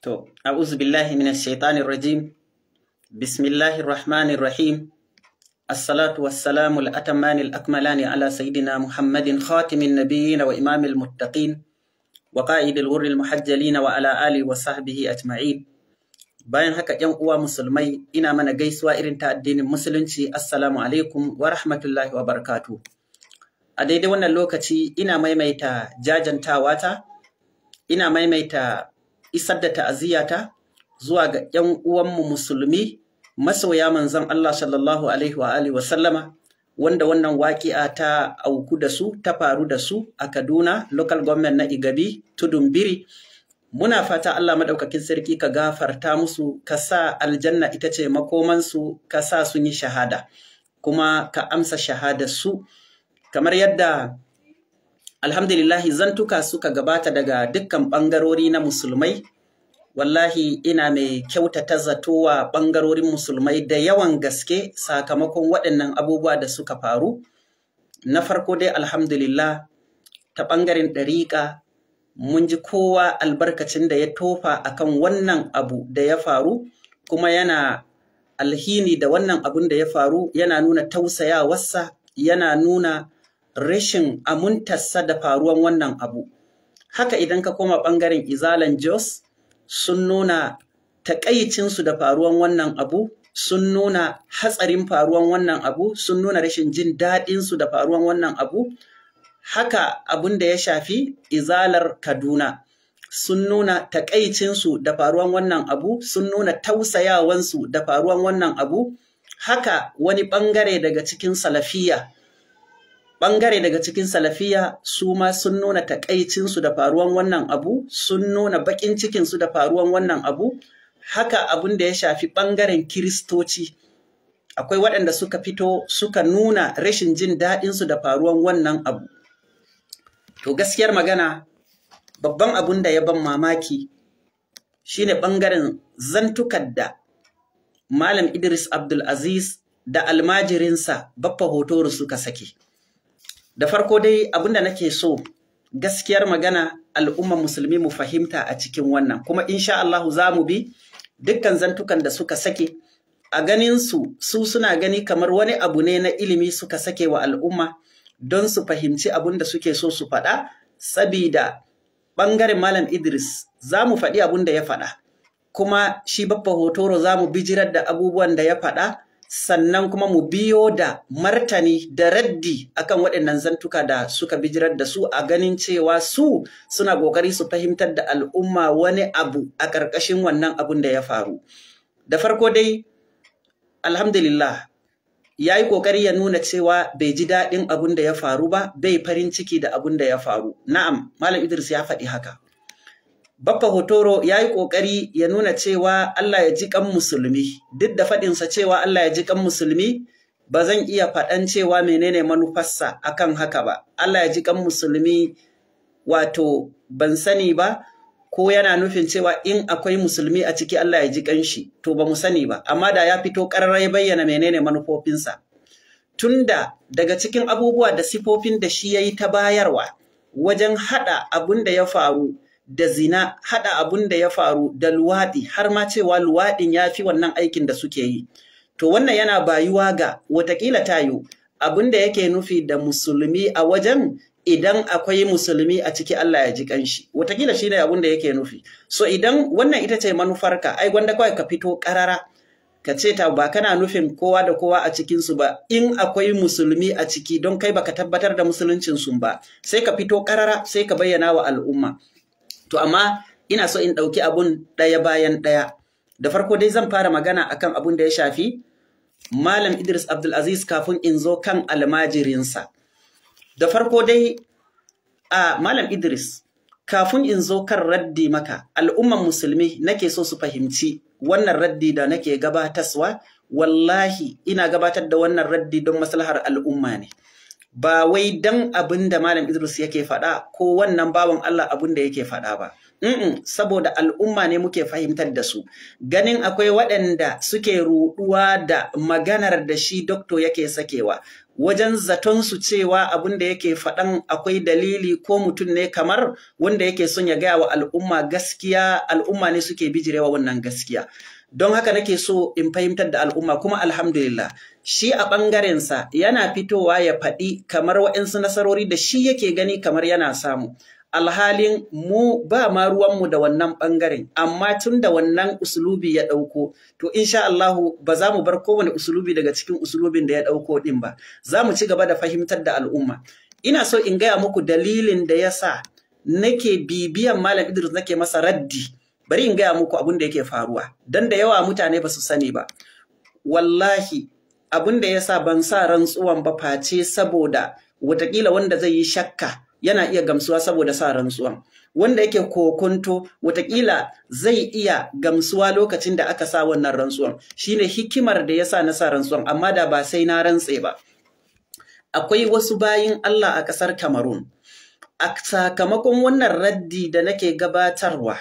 To, a'udhu billahi minash shaitanir rajim. Bismillahir rahmanir rahim. Assalatu salamu al-atammanil akmalani ala sayidina Muhammadin khatimin nabiyyin wa imamil muttaqin wa qa'idil wurril muhajjalin wa ala alihi wa sahbihi ajma'in. Bayan haka ‘yan uwa musulmai ina mana gaisuwa irin ta addinin musulunci assalamu alaikum wa rahmatullahi wa barakatuh. a daidai wannan lokaci ina maimaita jajantawa ta ina maimaita isar da ta'aziyata zuwa ga ‘yan uwanmu musulmi masoya manzon Allah sallallahu alaihi wa alihi wa sallama wanda wannan waƙi'a ta auku da su ta faru da su a Kaduna local government na Igabi Tudun Biri muna fata Allah madaukakin sarki ka gafarta musu ka sa aljanna ita ce makomansu ka sa sun yi shahada kuma ka amsa shahada su kamar yadda alhamdulillahi zantuka suka gabata daga dukkan ɓangarori na musulmai wallahi ina mai kyautata zato wa ɓangarorin musulmai da yawan gaske sakamakon waɗannan abubuwa da suka faru na farko dai alhamdulillah ta bangaren ɗariƙa mun ji kowa albarkacin da ya tofa akan wannan abu da ya faru kuma yana alhini da wannan abun da ya faru yana nuna tausayawarsa yana nuna rashin amintarsa da faruwan wannan abu. Haka idan ka koma ɓangaren izalan Jos sun nuna taƙaicinsu da faruwan wannan abu, sun nuna hatsarin faruwan wannan abu, sun nuna rashin jin daɗinsu da faruwan wannan abu. Haka abin da ya shafi izalar Kaduna. sun nuna taƙaicinsu da faruwan wannan abu, sun nuna tausayawansu da faruwan wannan abu, haka wani ɓangare daga cikin salafiya ɓangare daga cikin salafiya su ma sun nuna takaicinsu da faruwan wannan abu, sun nuna baƙin cikinsu da faruwan wannan abu, haka abin da ya shafi ɓangaren kiristoci. Akwai waɗanda suka fito suka nuna rashin jin daɗinsu da faruwan wannan abu. To gaskiyar magana, babban abin da ya ban mamaki shine ɓangaren zantukar da Malam Idris Abdulaziz da almajirinsa Baffa Hotoro suka sake. Da farko dai abin da nake so gaskiyar magana al'ummar musulmi mu fahimta a cikin wannan kuma insha Allah za mu bi dukkan zantukan da suka sake a ganin su su suna gani kamar wani abu ne na ilimi suka sake wa al'umma don su fahimci abin da suke so su faɗa sabida ɓangaren Malam Idris za mu faɗi abin da ya faɗa kuma shi babba hotoro za mu bijirar da abubuwan da ya faɗa sannan kuma mu biyo da martani da raddi akan waɗannan zantuka da suka bijirar da su a ganin cewa su suna ƙoƙari su fahimtar da al'umma wani abu a ƙarƙashin wannan abun da ya faru. Da farko dai, alhamdulillah, ya yi ƙoƙari ya nuna cewa bai ji daɗin abun da ya faru ba, bai farin ciki da abun da ya faru. Na'am, Malam Idris ya faɗi haka. Baffa Hotoro ya yi ƙoƙari ya nuna cewa Allah ya ji ƙan musulmi, duk da faɗinsa cewa Allah ya ji ƙan musulmi, ba zan iya faɗan cewa menene manufarsa akan haka ba. Allah ya ji ƙan musulmi wato ban sani ba, ko yana nufin cewa in akwai musulmi a ciki Allah ya ji ƙan shi, to ba mu sani ba, amma da ya fito ƙararrai bayyana menene manufofinsa. Tunda daga cikin abubuwa da sifofin da shi ya yi ta bayarwa wajen haɗa abin da ya faru, da zina haɗa abun da ya faru da luwaɗi har ma cewa luwaɗin ya fi wannan aikin da suke yi. To wannan yana bayuwa ga watakila tayo abun da yake nufi da musulmi a wajen idan akwai musulmi a ciki Allah ya ji kanshi watakila shi ne abun da yake nufi so idan wannan ita ce manufarka ai gwanda kawai ka fito karara ka ce ta ba kana nufin kowa da kowa a cikin su ba in akwai musulmi a ciki don kai baka tabbatar da musuluncin su ba sai ka fito karara sai ka bayyana wa al'umma To amma ina so in ɗauki abun ɗaya bayan ɗaya. Da farko dai zan fara magana a kan abun da ya shafi Malam Idris Abdulaziz kafin in zo kan almajirinsa. Da farko dai a Malam Idris kafin in zo kan raddi maka al'umman musulmi nake so su fahimci wannan raddi da nake gabataswa wallahi ina gabatar da wannan raddi don maslahar al'umma ne. ba wai dan abin da Malam Idris yake faɗa ko wannan bawan Allah abin da yake faɗa ba. Mm saboda al'umma ne muke fahimtar da su. Ganin akwai waɗanda suke ruɗuwa da maganar da shi dokto yake sakewa. Wajen zaton su cewa abin da yake faɗan akwai dalili ko mutum ne kamar wanda yake son ya gaya wa al'umma gaskiya, al'umma ne suke bijirewa wannan gaskiya. Don haka nake so in fahimtar da al'umma kuma alhamdulillah. shi a ɓangarensa yana fitowa ya faɗi kamar wa'insu nasarori da shi yake gani kamar yana samu. Alhalin mu ba ma ruwanmu da wannan ɓangaren, amma tun da wannan usulubi ya ɗauko, to insha Allahu ba za mu bar kowane usulubi daga cikin usulubin da ya ɗauko ɗin ba, za mu ci gaba da fahimtar da al'umma. Ina so in gaya muku dalilin da ya sa nake bibiyan Malam Idris nake masa raddi, bari in gaya muku abin da yake faruwa, don da yawa mutane ba su sani ba. Wallahi, abin da ya sa ban sa rantsuwan ba face saboda watakila wanda zai yi shakka yana iya gamsuwa saboda sa rantsuwan wanda yake kokonto watakila zai iya gamsuwa lokacin da aka sa wannan rantsuwan shine hikimar da ya sa na sa rantsuwan amma da ba sai na rantse ba akwai wasu bayin Allah a ƙasar Cameroon a sakamakon wannan raddi da nake gabatarwa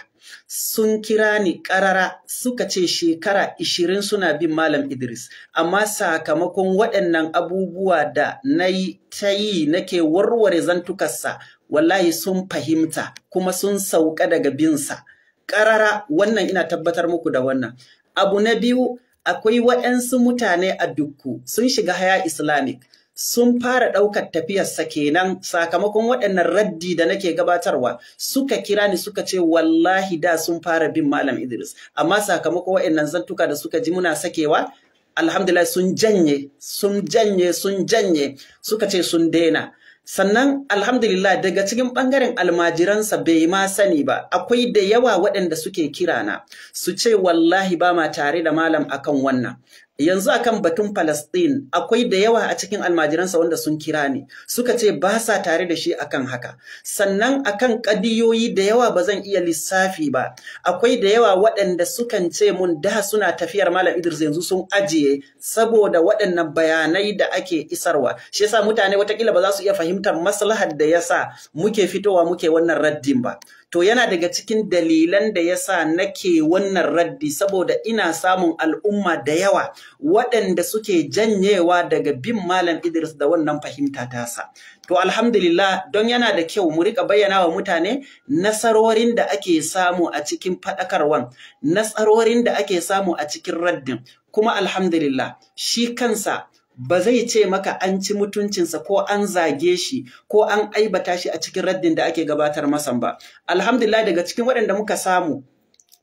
sun kira ni ƙarara suka ce shekara ishirin suna bin Malam Idris, amma sakamakon waɗannan abubuwa da na yi ta yi nake warware zantukarsa, wallahi sun fahimta kuma sun sauka daga binsa. Ƙarara wannan ina tabbatar muku da wannan. Abu na biyu, akwai waɗansu mutane a dukku sun shiga haya Islamic. sun fara ɗaukar tafiyarsa kenan sakamakon waɗannan raddi da nake gabatarwa suka kira ni suka ce wallahi da sun fara bin Malam Idris amma sakamakon waɗannan zantuka da suka ji muna sakewa alhamdulillah sun janye sun janye sun janye suka ce sun daina sannan alhamdulillah daga cikin ɓangaren almajiransa bai ma sani ba akwai da yawa waɗanda suke kirana su ce wallahi ba ma tare da malam akan wannan yanzu akan batun Palestine akwai da yawa a cikin almajiransa wanda sun kira ni suka ce ba sa tare da shi akan haka sannan akan kadiyoyi da yawa ba zan iya lissafi ba akwai da yawa waɗanda sukan ce mun da suna tafiyar Malam Idris yanzu sun ajiye saboda waɗannan bayanai da ake isarwa shi yasa mutane watakila ba za su iya fahimtar maslahar da yasa muke fitowa muke wannan raddin ba to yana daga cikin dalilan da ya sa nake wannan raddi saboda ina samun al'umma da yawa waɗanda suke janyewa daga bin Malam Idris da wannan fahimta tasa. To alhamdulillah don yana da kyau mu rika bayyana wa mutane nasarorin da ake samu a cikin faɗakarwan, nasarorin da ake samu a cikin raddin, kuma alhamdulillah shi kansa ba zai ce maka an ci mutuncinsa ko an zage shi ko an aibata shi a cikin raddin da ake gabatar masan ba alhamdulillah daga cikin waɗanda muka samu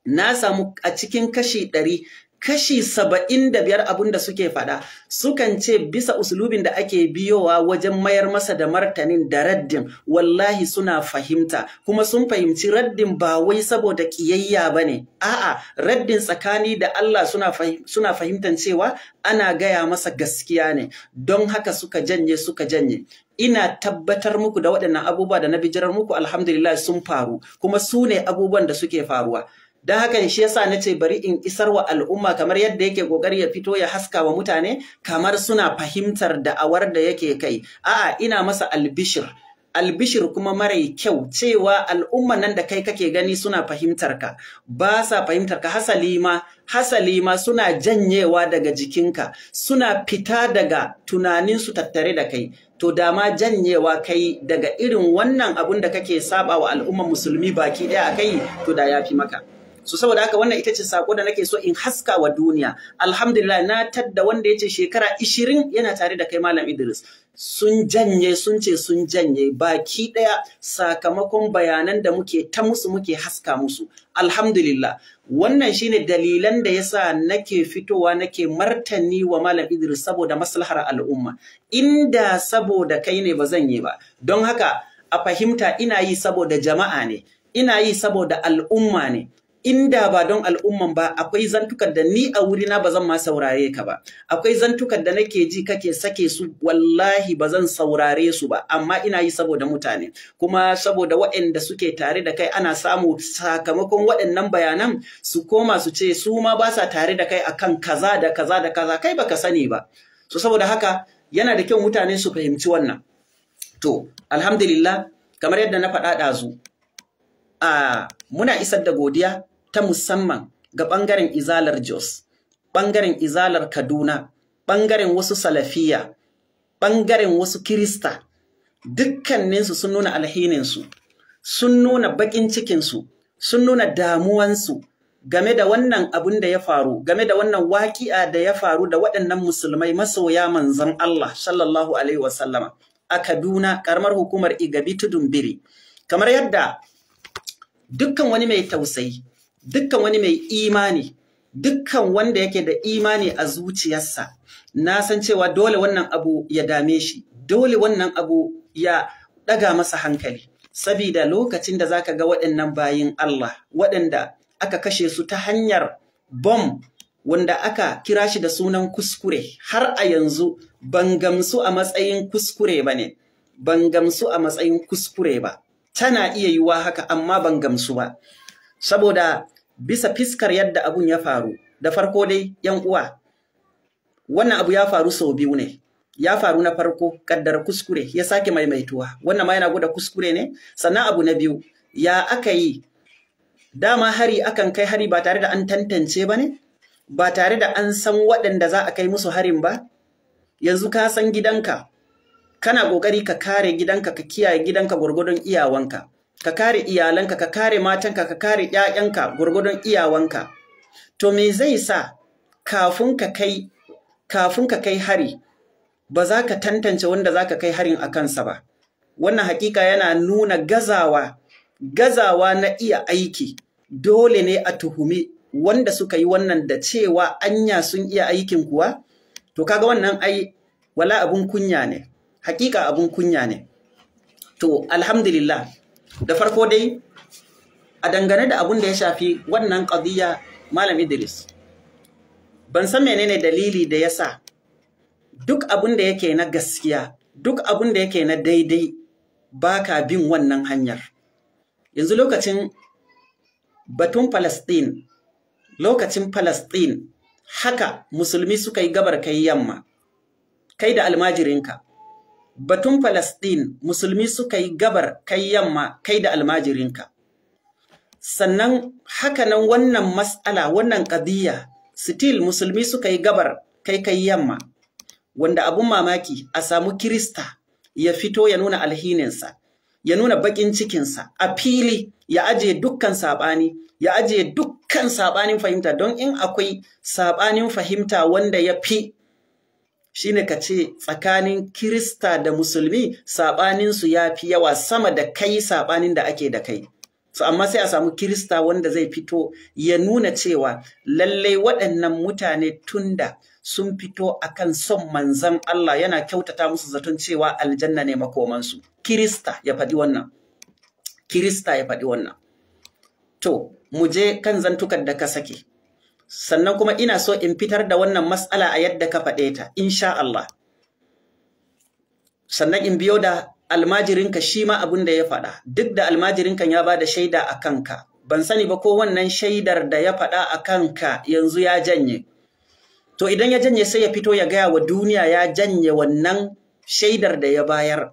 na samu a cikin kashi ɗari kashi saba'in da biyar abin da suke faɗa sukan ce bisa usulubin da ake biyowa wajen mayar masa da martanin da raddin wallahi suna fahimta kuma sun fahimci raddin ba wai saboda ƙiyayya ba ne a'a raddin tsakani da Allah suna, suna fahimtan cewa ana gaya masa gaskiya ne don haka suka janye suka janye ina tabbatar muku da waɗannan abubuwa da na bijirar muku alhamdulillah sun faru kuma su ne abubuwan da suke faruwa don haka shi yasa na ce bari in isar wa al'umma kamar yadda yake kokari ya fito ya haska wa mutane kamar suna fahimtar da'awar da yake kai a'a ina masa albishir albishir kuma mara kyau cewa al'umma nan da kai kake gani suna fahimtar ka ba sa fahimtar ka hasali ma hasali ma suna janyewa daga jikinka suna fita daga tunanin su tattare da kai to dama janyewa kai daga irin wannan abun da kake saba wa al'umman musulmi baki ɗaya a kai to da ya fi maka so saboda haka wannan ita ce sako da nake so in haska wa duniya alhamdulillah na tadda wanda yace shekara 20 yana tare da kai malam Idris sun janye sun ce sun janye baki ɗaya sakamakon bayanan da muke ta musu muke haska musu alhamdulillah wannan shine dalilan da yasa nake fitowa nake martani wa malam Idris saboda maslahar al'umma inda saboda kai ne ba zan yi ba don haka a fahimta ina yi saboda jama'a ne ina yi saboda al'umma ne inda ba don al'umman ba akwai zantukan da ni a wurina ba zan ma saurare ka ba akwai zantukan da nake ji kake sake su wallahi ba zan saurare su ba amma ina yi saboda mutane kuma saboda waɗanda suke tare da kai ana samu sakamakon waɗannan bayanan su koma su ce su ma ba sa tare da kai akan kaza da kaza da kaza kai baka sani ba so saboda haka yana da kyau mutane su fahimci wannan to alhamdulillah kamar yadda na faɗa ɗazu a muna isar da godiya ta musamman ga ɓangaren izalar Jos, ɓangaren izalar Kaduna, ɓangaren wasu salafiya, ɓangaren wasu Kirista, dukkaninsu sun nuna alhininsu, sun nuna baƙin cikinsu, sun nuna damuwansu game da wannan abin da ya faru, game da wannan waƙi'a da ya faru da waɗannan musulmai masoya manzon Allah sallallahu Alaihi wasallama a Kaduna, ƙaramar hukumar Igabi Tudun Biri. Kamar yadda dukkan wani mai tausayi, dukkan wani mai imani dukkan wanda yake da imani a zuciyarsa na san cewa dole wannan abu ya dame shi dole wannan abu ya ɗaga masa hankali sabida lokacin da zaka ga waɗannan bayin Allah waɗanda aka kashe su ta hanyar bom wanda aka kira shi da sunan kuskure har a yanzu ban gamsu a matsayin kuskure ba ne ban gamsu a matsayin kuskure ba tana iya yiwuwa haka amma ban gamsu ba saboda bisa fiskar yadda abun ya faru da farko dai yan uwa wannan abu ya faru sau biyu ne ya faru na farko kaddara kuskure ya sake maimaituwa wannan ma yana gwada kuskure ne sannan abu na biyu ya aka yi dama hari akan kai hari ba tare da an tantance ba ne ba tare da an san waɗanda za a kai musu harin ba yanzu ka san gidanka kana ƙoƙari ka kare gidanka ka kiyaye gidanka gwargwadon iyawanka ka kare iyalanka ka kare matanka ka kare 'ya'yanka gurgudun iyawanka to me zai sa kafin ka kai kafin ka kai hari ba za ka tantance wanda za ka kai harin a kansa ba wannan hakika yana nuna gazawa gazawa na iya aiki dole ne a tuhumi wanda suka yi wannan da cewa anya sun iya aikin kuwa to kaga wannan ai wala abun kunya ne hakika abun kunya ne to alhamdulillah da farko dai a dangane da abun da ya shafi wannan ƙadiyya malam idris ban san menene dalili da ya sa duk abun da yake na gaskiya duk abun da yake na daidai ba ka bin wannan hanyar yanzu lokacin batun Falasɗin, lokacin Falasɗin, haka musulmi suka yi gabar kai yamma kai da almajirinka batun Falasɗin musulmi suka yi gabar kai yamma kai da almajirinka. Sannan hakanan wannan matsala wannan ƙadiyya still musulmi suka yi gabar kai kai yamma wanda abun mamaki a samu Kirista ya fito ya nuna alhininsa, ya nuna baƙin cikinsa a fili ya ajiye dukkan saɓani, ya ajiye dukkan saɓanin fahimta don in akwai saɓanin fahimta wanda ya fi shine ka ce tsakanin Kirista da Musulmi saɓaninsu ya fi yawa sama da kai saɓanin da ake da kai. So, amma sai a samu Kirista wanda zai fito ya nuna cewa lallai waɗannan mutane tunda sun fito a kan son manzan Allah yana kyautata musu zaton cewa aljanna ne makomansu. Kirista ya faɗi wannan. Kirista ya faɗi wannan. To, mu je kan zantukan da ka sake. sannan kuma ina so in fitar da wannan matsala a yadda ka faɗe ta insha Allah sannan in biyo da almajirinka shi ma abin da ya faɗa duk da almajirinka ya ba da shaida a kanka ban sani ba ko wannan shaidar da ya faɗa a kanka yanzu ya janye to idan ya janye sai ya fito ya gaya wa duniya ya janye wannan shaidar da ya bayar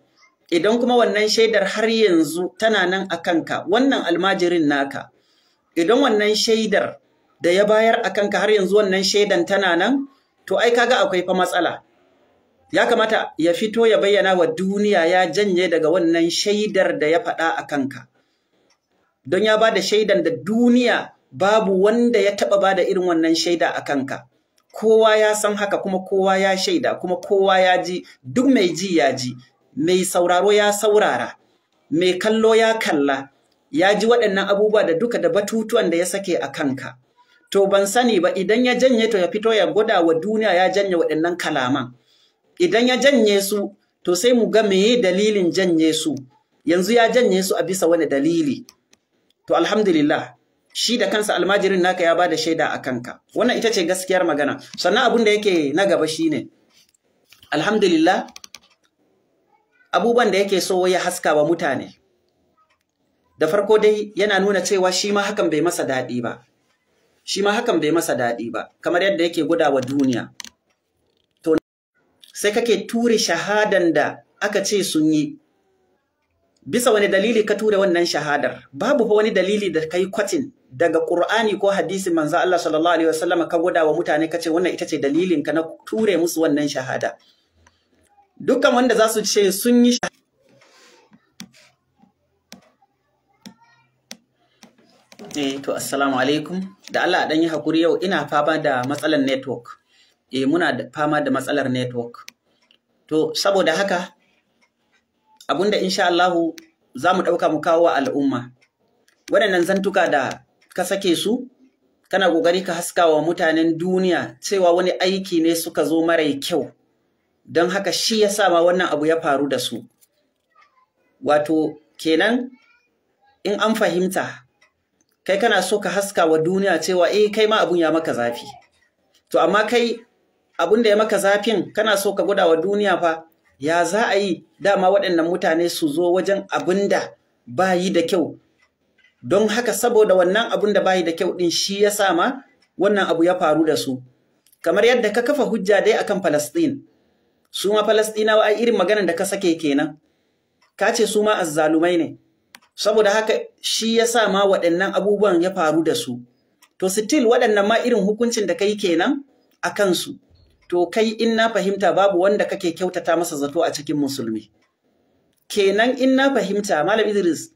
idan kuma wannan shaidar har yanzu tana nan a kanka wannan almajirin naka idan wannan shaidar da ya bayar a kanka har yanzu wannan shaidan tana nan to ai kaga akwai fa matsala ya kamata ya fito ya bayyana wa duniya ya janye daga wannan shaidar da ya faɗa a kanka don ya ba da shaidan da duniya babu wanda ya taɓa ba da irin wannan shaida a kanka kowa ya san haka kuma kowa ya shaida kuma kowa ya ji duk mai ji ya ji mai sauraro ya saurara mai kallo ya kalla ya ji waɗannan abubuwa da duka da batutuwan da ya sake a kanka to ban sani ba idan ya janye to ya fito ya gwada wa duniya ya janye waɗannan kalaman idan ya janye su to sai mu ga meye dalilin janye su yanzu ya janye su a bisa wani dalili to alhamdulillah shi da kansa almajirin naka ya ba da shaida a kanka wannan ita ce gaskiyar magana sannan abin da yake na gaba shine alhamdulillah abubuwan da yake so ya haska wa mutane da farko dai yana nuna cewa shi ma hakan bai masa daɗi ba shi ma hakan bai masa daɗi ba kamar yadda yake wa duniya to sai kake ture shahadan da aka ce sun yi bisa wani dalili ka ture wannan shahadar babu fa wani dalili da ka yi kwatin daga ƙur'ani ko hadisin manzo Allah sallallahu alaihi wasallam ka wa mutane ce wannan ita ce dalilin ka na ture musu wannan shahada dukkan wanda za su ce sun yi shahada. Eh to assalamu alaikum. Da Allah dan yi hakuri yau ina fama da matsalar network. Eh muna fama da matsalar network. To saboda haka abunda insha Allahu za mu ɗauka mu kawo al'umma. Waɗannan zantuka da ka sake su kana ƙoƙari ka haska wa mutanen duniya cewa wani aiki ne suka zo mara kyau. Don haka shi ya sa ma wannan abu ya faru da su. Wato kenan in an fahimta kai kana so ka haska wa duniya cewa eh kai ma abun ya maka zafi to amma kai abun da ya maka zafin kana so ka gwada wa duniya fa ya za a yi dama waɗannan mutane su zo wajen abun da ba yi da kyau don haka saboda wannan abun da ba yi da kyau ɗin shi ya sa ma wannan abu ya faru da su kamar yadda ka kafa hujja dai akan falasɗin su ma Palestinawa ai irin maganar da ka sake kenan ka ce su ma azzalumai ne Saboda haka shi ya sa ma waɗannan abubuwan ya faru da su. To still waɗannan ma irin hukuncin da kai kenan a kansu. To kai in na fahimta babu wanda kake kyautata masa zato a cikin musulmi. Kenan in na fahimta Malam Idris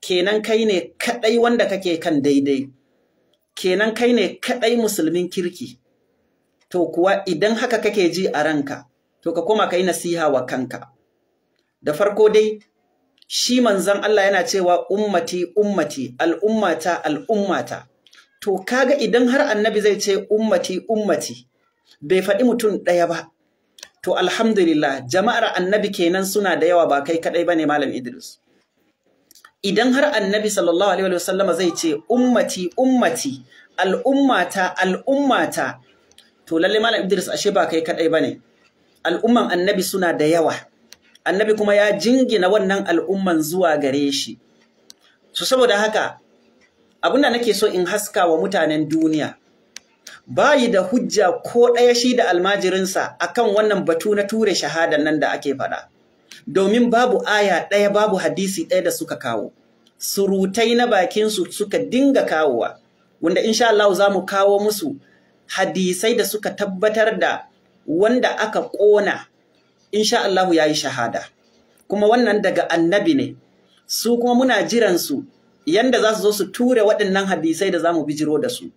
kenan kai ne kaɗai wanda kake kan daidai. Kenan kai ne kaɗai musulmin kirki. To kuwa idan haka kake ji a ranka, to ka koma ka yi nasiha wa kanka. Da farko dai, shi manzan Allah yana cewa ummati ummati al'ummata al'ummata to kaga idan har annabi zai ce ummati ummati bai faɗi mutum ɗaya ba to alhamdulillah jama'ar annabi kenan suna da yawa ba kai ba ne malam Idris idan har annabi sallallahu alaihi wasallam zai ce ummati ummati al'ummata al'ummata to lalle malam Idris ashe ba kai ba ne. al'umman annabi suna da yawa annabi kuma ya jingina wannan al'umman zuwa gare shi Su saboda haka abinda nake so in haska wa mutanen duniya bayi da hujja ko ɗaya shi da almajirinsa a kan wannan batu na ture shahada nan da ake faɗa domin babu aya ɗaya babu hadisi ɗaya da suka kawo surutai na bakinsu suka dinga kawowa wanda insha Allah za mu kawo musu hadisai da suka tabbatar da wanda aka ƙona insha Allah ya yi shahada kuma wannan daga annabi ne su kuma muna jiran su yanda za su zo su ture waɗannan hadisai da za mu bijiro da su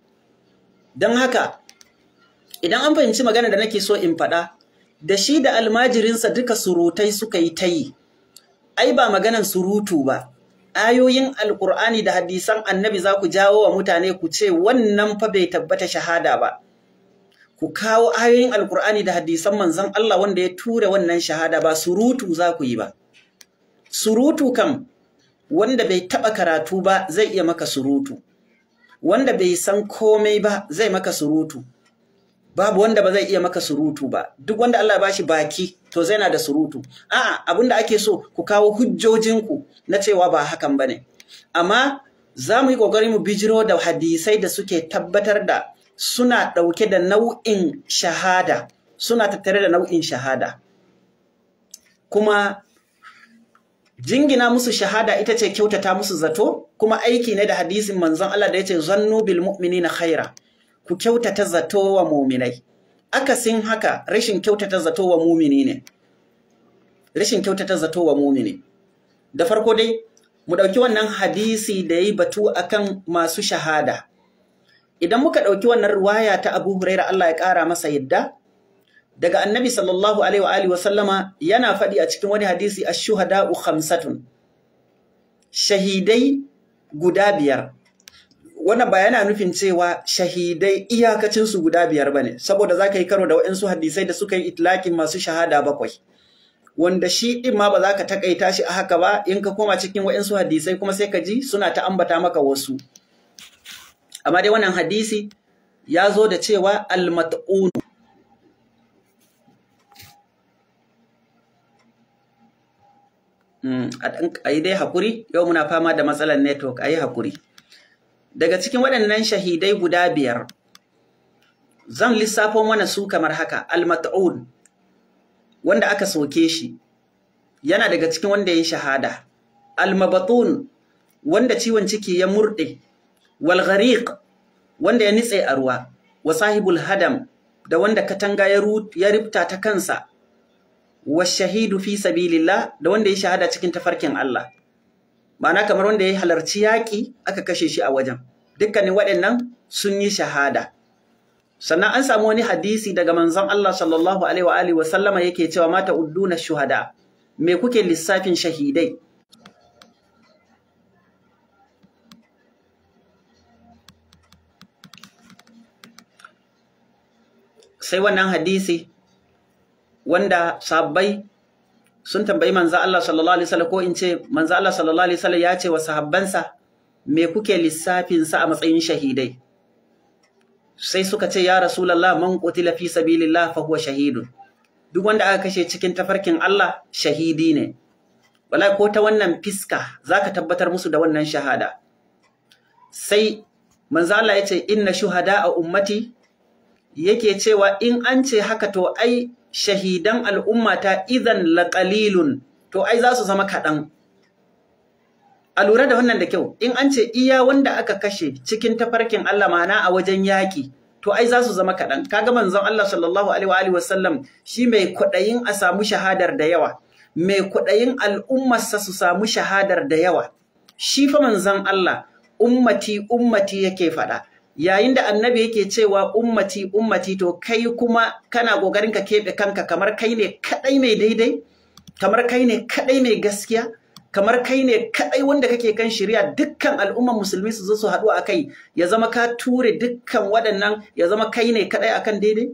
don haka idan an fahimci magana da nake so in faɗa da shi da almajirinsa duka surutai suka yi ta yi ai ba maganan surutu ba ayoyin alkur'ani da hadisan annabi za ku jawo wa mutane ku ce wannan fa bai tabbata shahada ba ku kawo ayoyin alkur'ani da hadisan manzon Allah wanda ya tura wannan shahada ba surutu za ku yi ba surutu kam wanda bai taba karatu ba zai iya maka surutu wanda bai san komai ba zai maka surutu babu wanda ba zai iya maka surutu ba duk wanda Allah shi baki to zai na da surutu a'a abinda ake so ku kawo hujjojinku na cewa ba hakan bane amma za mu yi ƙoƙari mu bijiro da hadisai da suke tabbatar da suna ɗauke da nau'in shahada suna tattare da nau'in shahada kuma jingina musu shahada ita ce kyautata musu zato kuma aiki ne da hadisin manzon Allah da ya yace zannu bil mu'minina khaira ku kyautata zato wa mu'minai akasin haka rashin kyautata zato wa mu'mini ne rashin kyautata zato wa mu'mini da farko dai mu dauki wannan hadisi da yi batu akan masu shahada idan muka ɗauki wannan ruwaya ta Abu Huraira Allah ya ƙara masa yadda daga Annabi sallallahu alaihi wa wa sallama yana faɗi a cikin wani hadisi ash-shuhada'u khamsatun shahidai guda biyar wannan ba yana nufin cewa shahidai iyakacin su guda biyar bane saboda zaka yi karo da waɗansu hadisai da suka yi itlaqin masu shahada bakwai wanda shi din ma ba za ka takaita shi a haka ba in ka koma cikin waɗansu hadisai kuma sai ka ji suna ta ambata maka wasu amma dai wannan hadisi ya zo da cewa al-mat'un hmm, a dai hakuri yau muna fama da matsalar network ayi hakuri daga cikin waɗannan shahidai guda biyar zan lissafo mana su kamar haka al-mat'un wanda aka soke shi yana daga cikin wanda ya yi shahada al wanda ciwon ciki ya murɗe wal wanda ya nitse a ruwa wa sahibul hadam da wanda katanga ya ribta ta kansa wa shahidu fi sabilillah da wanda ya shahada cikin tafarkin Allah ma'ana kamar wanda ya halarci yaƙi aka kashe shi a wajen dukkanin waɗannan sun yi shahada sannan an samu wani hadisi daga manzon Allah sallallahu alaihi wa alihi wa sallama yake cewa mata udduna shuhada me kuke lissafin shahidai sai wannan hadisi wanda sahabbai sun tambayi manzo Allah sallallahu alaihi wasallam ko in ce manzo Allah sallallahu alaihi wasallam ya ce wa sahabbansa me kuke lissafin sa a matsayin shahidai sai suka ce ya rasulullah man qutila fi sabilillah fa huwa shahidun duk wanda aka kashe cikin tafarkin Allah shahidi ne wallahi ko ta wannan fiska zaka tabbatar musu da wannan shahada sai manzo Allah ya ce inna shuhada a ummati yake cewa in an ce haka to ai shahidan al'ummata idan laƙalilun to ai za su zama kaɗan. A lura da wannan da kyau, in an ce iya wanda aka kashe cikin tafarkin Allah ma'ana a wajen yaƙi, to ai za su zama kaɗan. Kaga manzon Allah sallallahu alaihi Wasallam shi mai kwaɗayin a samu shahadar da yawa, mai kwaɗayin al'ummarsa su samu shahadar da yawa. Shi fa manzon Allah ummati ummati yake faɗa. yayin da annabi yake cewa ummati ummati to kai kuma kana kokarin ka keɓe kanka kamar kai ne kadai mai daidai kamar kai ne kadai mai gaskiya kamar kai ne kadai wanda kake kan shirya dukkan al'umman musulmi su zo su haɗu a kai ya zama ka ture dukkan waɗannan ya zama kai ne kadai akan daidai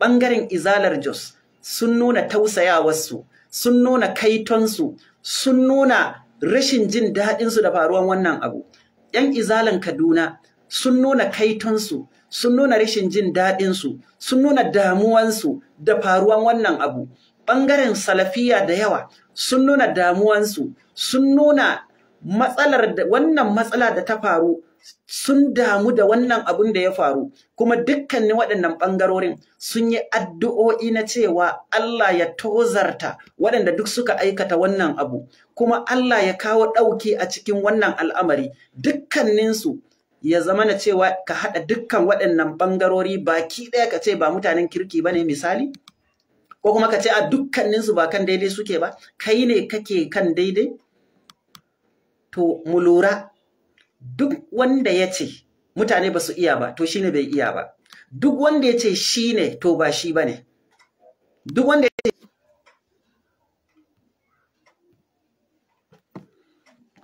Bangaren izalar jos sun nuna tausayawarsu sun nuna kaitonsu sun nuna rashin jin daɗinsu da faruwan wannan abu ‘yan izalan kaduna sun nuna kaitonsu sun nuna rashin jin daɗinsu sun nuna damuwansu da faruwan wannan abu ɓangaren salafiya da yawa sun nuna damuwansu sun nuna matsalar da wannan matsala da ta faru sun damu da wannan abun da ya faru kuma dukkanin waɗannan ɓangarorin sun yi addu'o'i na cewa Allah ya tozarta waɗanda duk suka aikata wannan abu kuma Allah ya kawo ɗauki a cikin wannan al'amari dukkaninsu ya zama na cewa ka haɗa dukkan waɗannan ɓangarori baki ɗaya ka ce ba mutanen kirki ba ne misali? Ko kuma ka ce a dukkaninsu ba kan daidai suke ba, kai ne kake kan daidai? To, mu lura duk wanda ya ce mutane ba su iya ba, to shi ne bai iya ba. Duk wanda ya ce shi ne, to ba shi ba ne. Duk wanda ya ce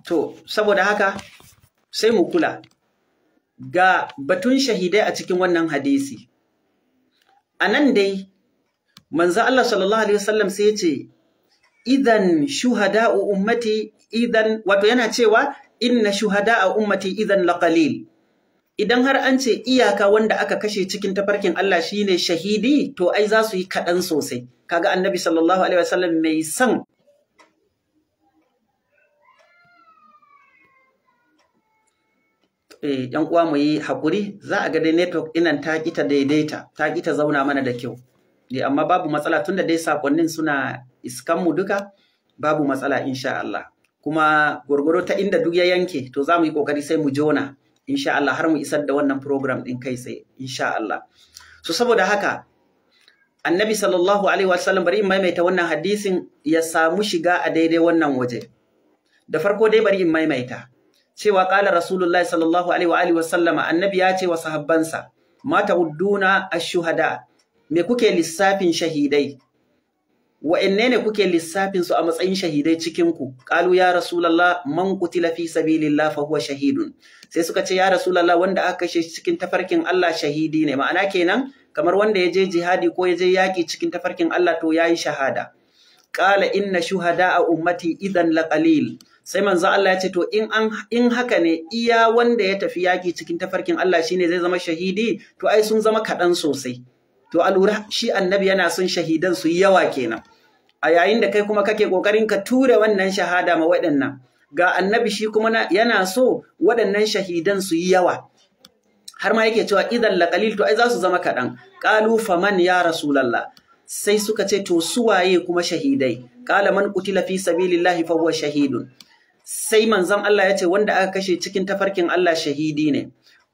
To, saboda haka, sai mu kula. ga batun shahidai a cikin wannan hadisi. A nan dai, manzo Allah sallallahu Alaihi wasallam sai ce, Idan shuhada a ummati idan, wato yana cewa, inna shuhada a ummati idan laƙalil. Idan har an ce iyaka wanda aka kashe cikin tafarkin Allah shine shahidi, to ai za su yi kaɗan sosai. Kaga annabi sallallahu Alaihi wasallam mai san Eh, yan uwa mu yi hakuri za a ga dai network dinan ta ki ta daidaita ta kita zauna mana da kyau eh, amma babu matsala tun da dai sakonnin suna iskan mu duka babu matsala insha Allah kuma gwargwaro ta inda duk ya yanke to za mu yi kokari sai mu jona insha Allah har mu isar da wannan program din kai sai insha Allah so saboda haka annabi sallallahu alaihi wasallam bari in maimaita wannan hadisin ya samu shiga a daidai wannan waje da farko dai bari in maimaita cewa ƙalar rasulullahi sallallahu alaihi wa alihi annabi ya ce wa sahabbansa mata udduna a shuhada me kuke lissafin shahidai wa'anne ne kuke lissafin su a matsayin shahidai cikin ku qalu ya rasulullah man qutila fi sabilillah fa huwa shahidun sai suka ce ya rasulullah wanda aka kashe cikin tafarkin Allah shahidi ne ma'ana kenan kamar wanda ya je jihadi ko ya je yaki cikin tafarkin Allah to yayi shahada Ƙala inna shuhada a ummati idan laqalil sai manzo Allah ya ce to in an in haka ne iya wanda ya tafi yaki cikin tafarkin Allah shine zai zama shahidi to ai sun zama kaɗan sosai to alura shi annabi yana son shahidan su yawa kenan a yayin da kai kuma kake kokarin ka ture wannan shahada ma waɗannan ga annabi shi kuma yana so waɗannan shahidan su yawa har ma yake cewa idan la qalil to ai za su zama kaɗan qalu faman ya rasulullah sai suka ce to su waye kuma shahidai qala man qutila fi sabilillahi fa huwa shahidun sai manzon Allah ya ce wanda aka kashe cikin tafarkin Allah shahidi ne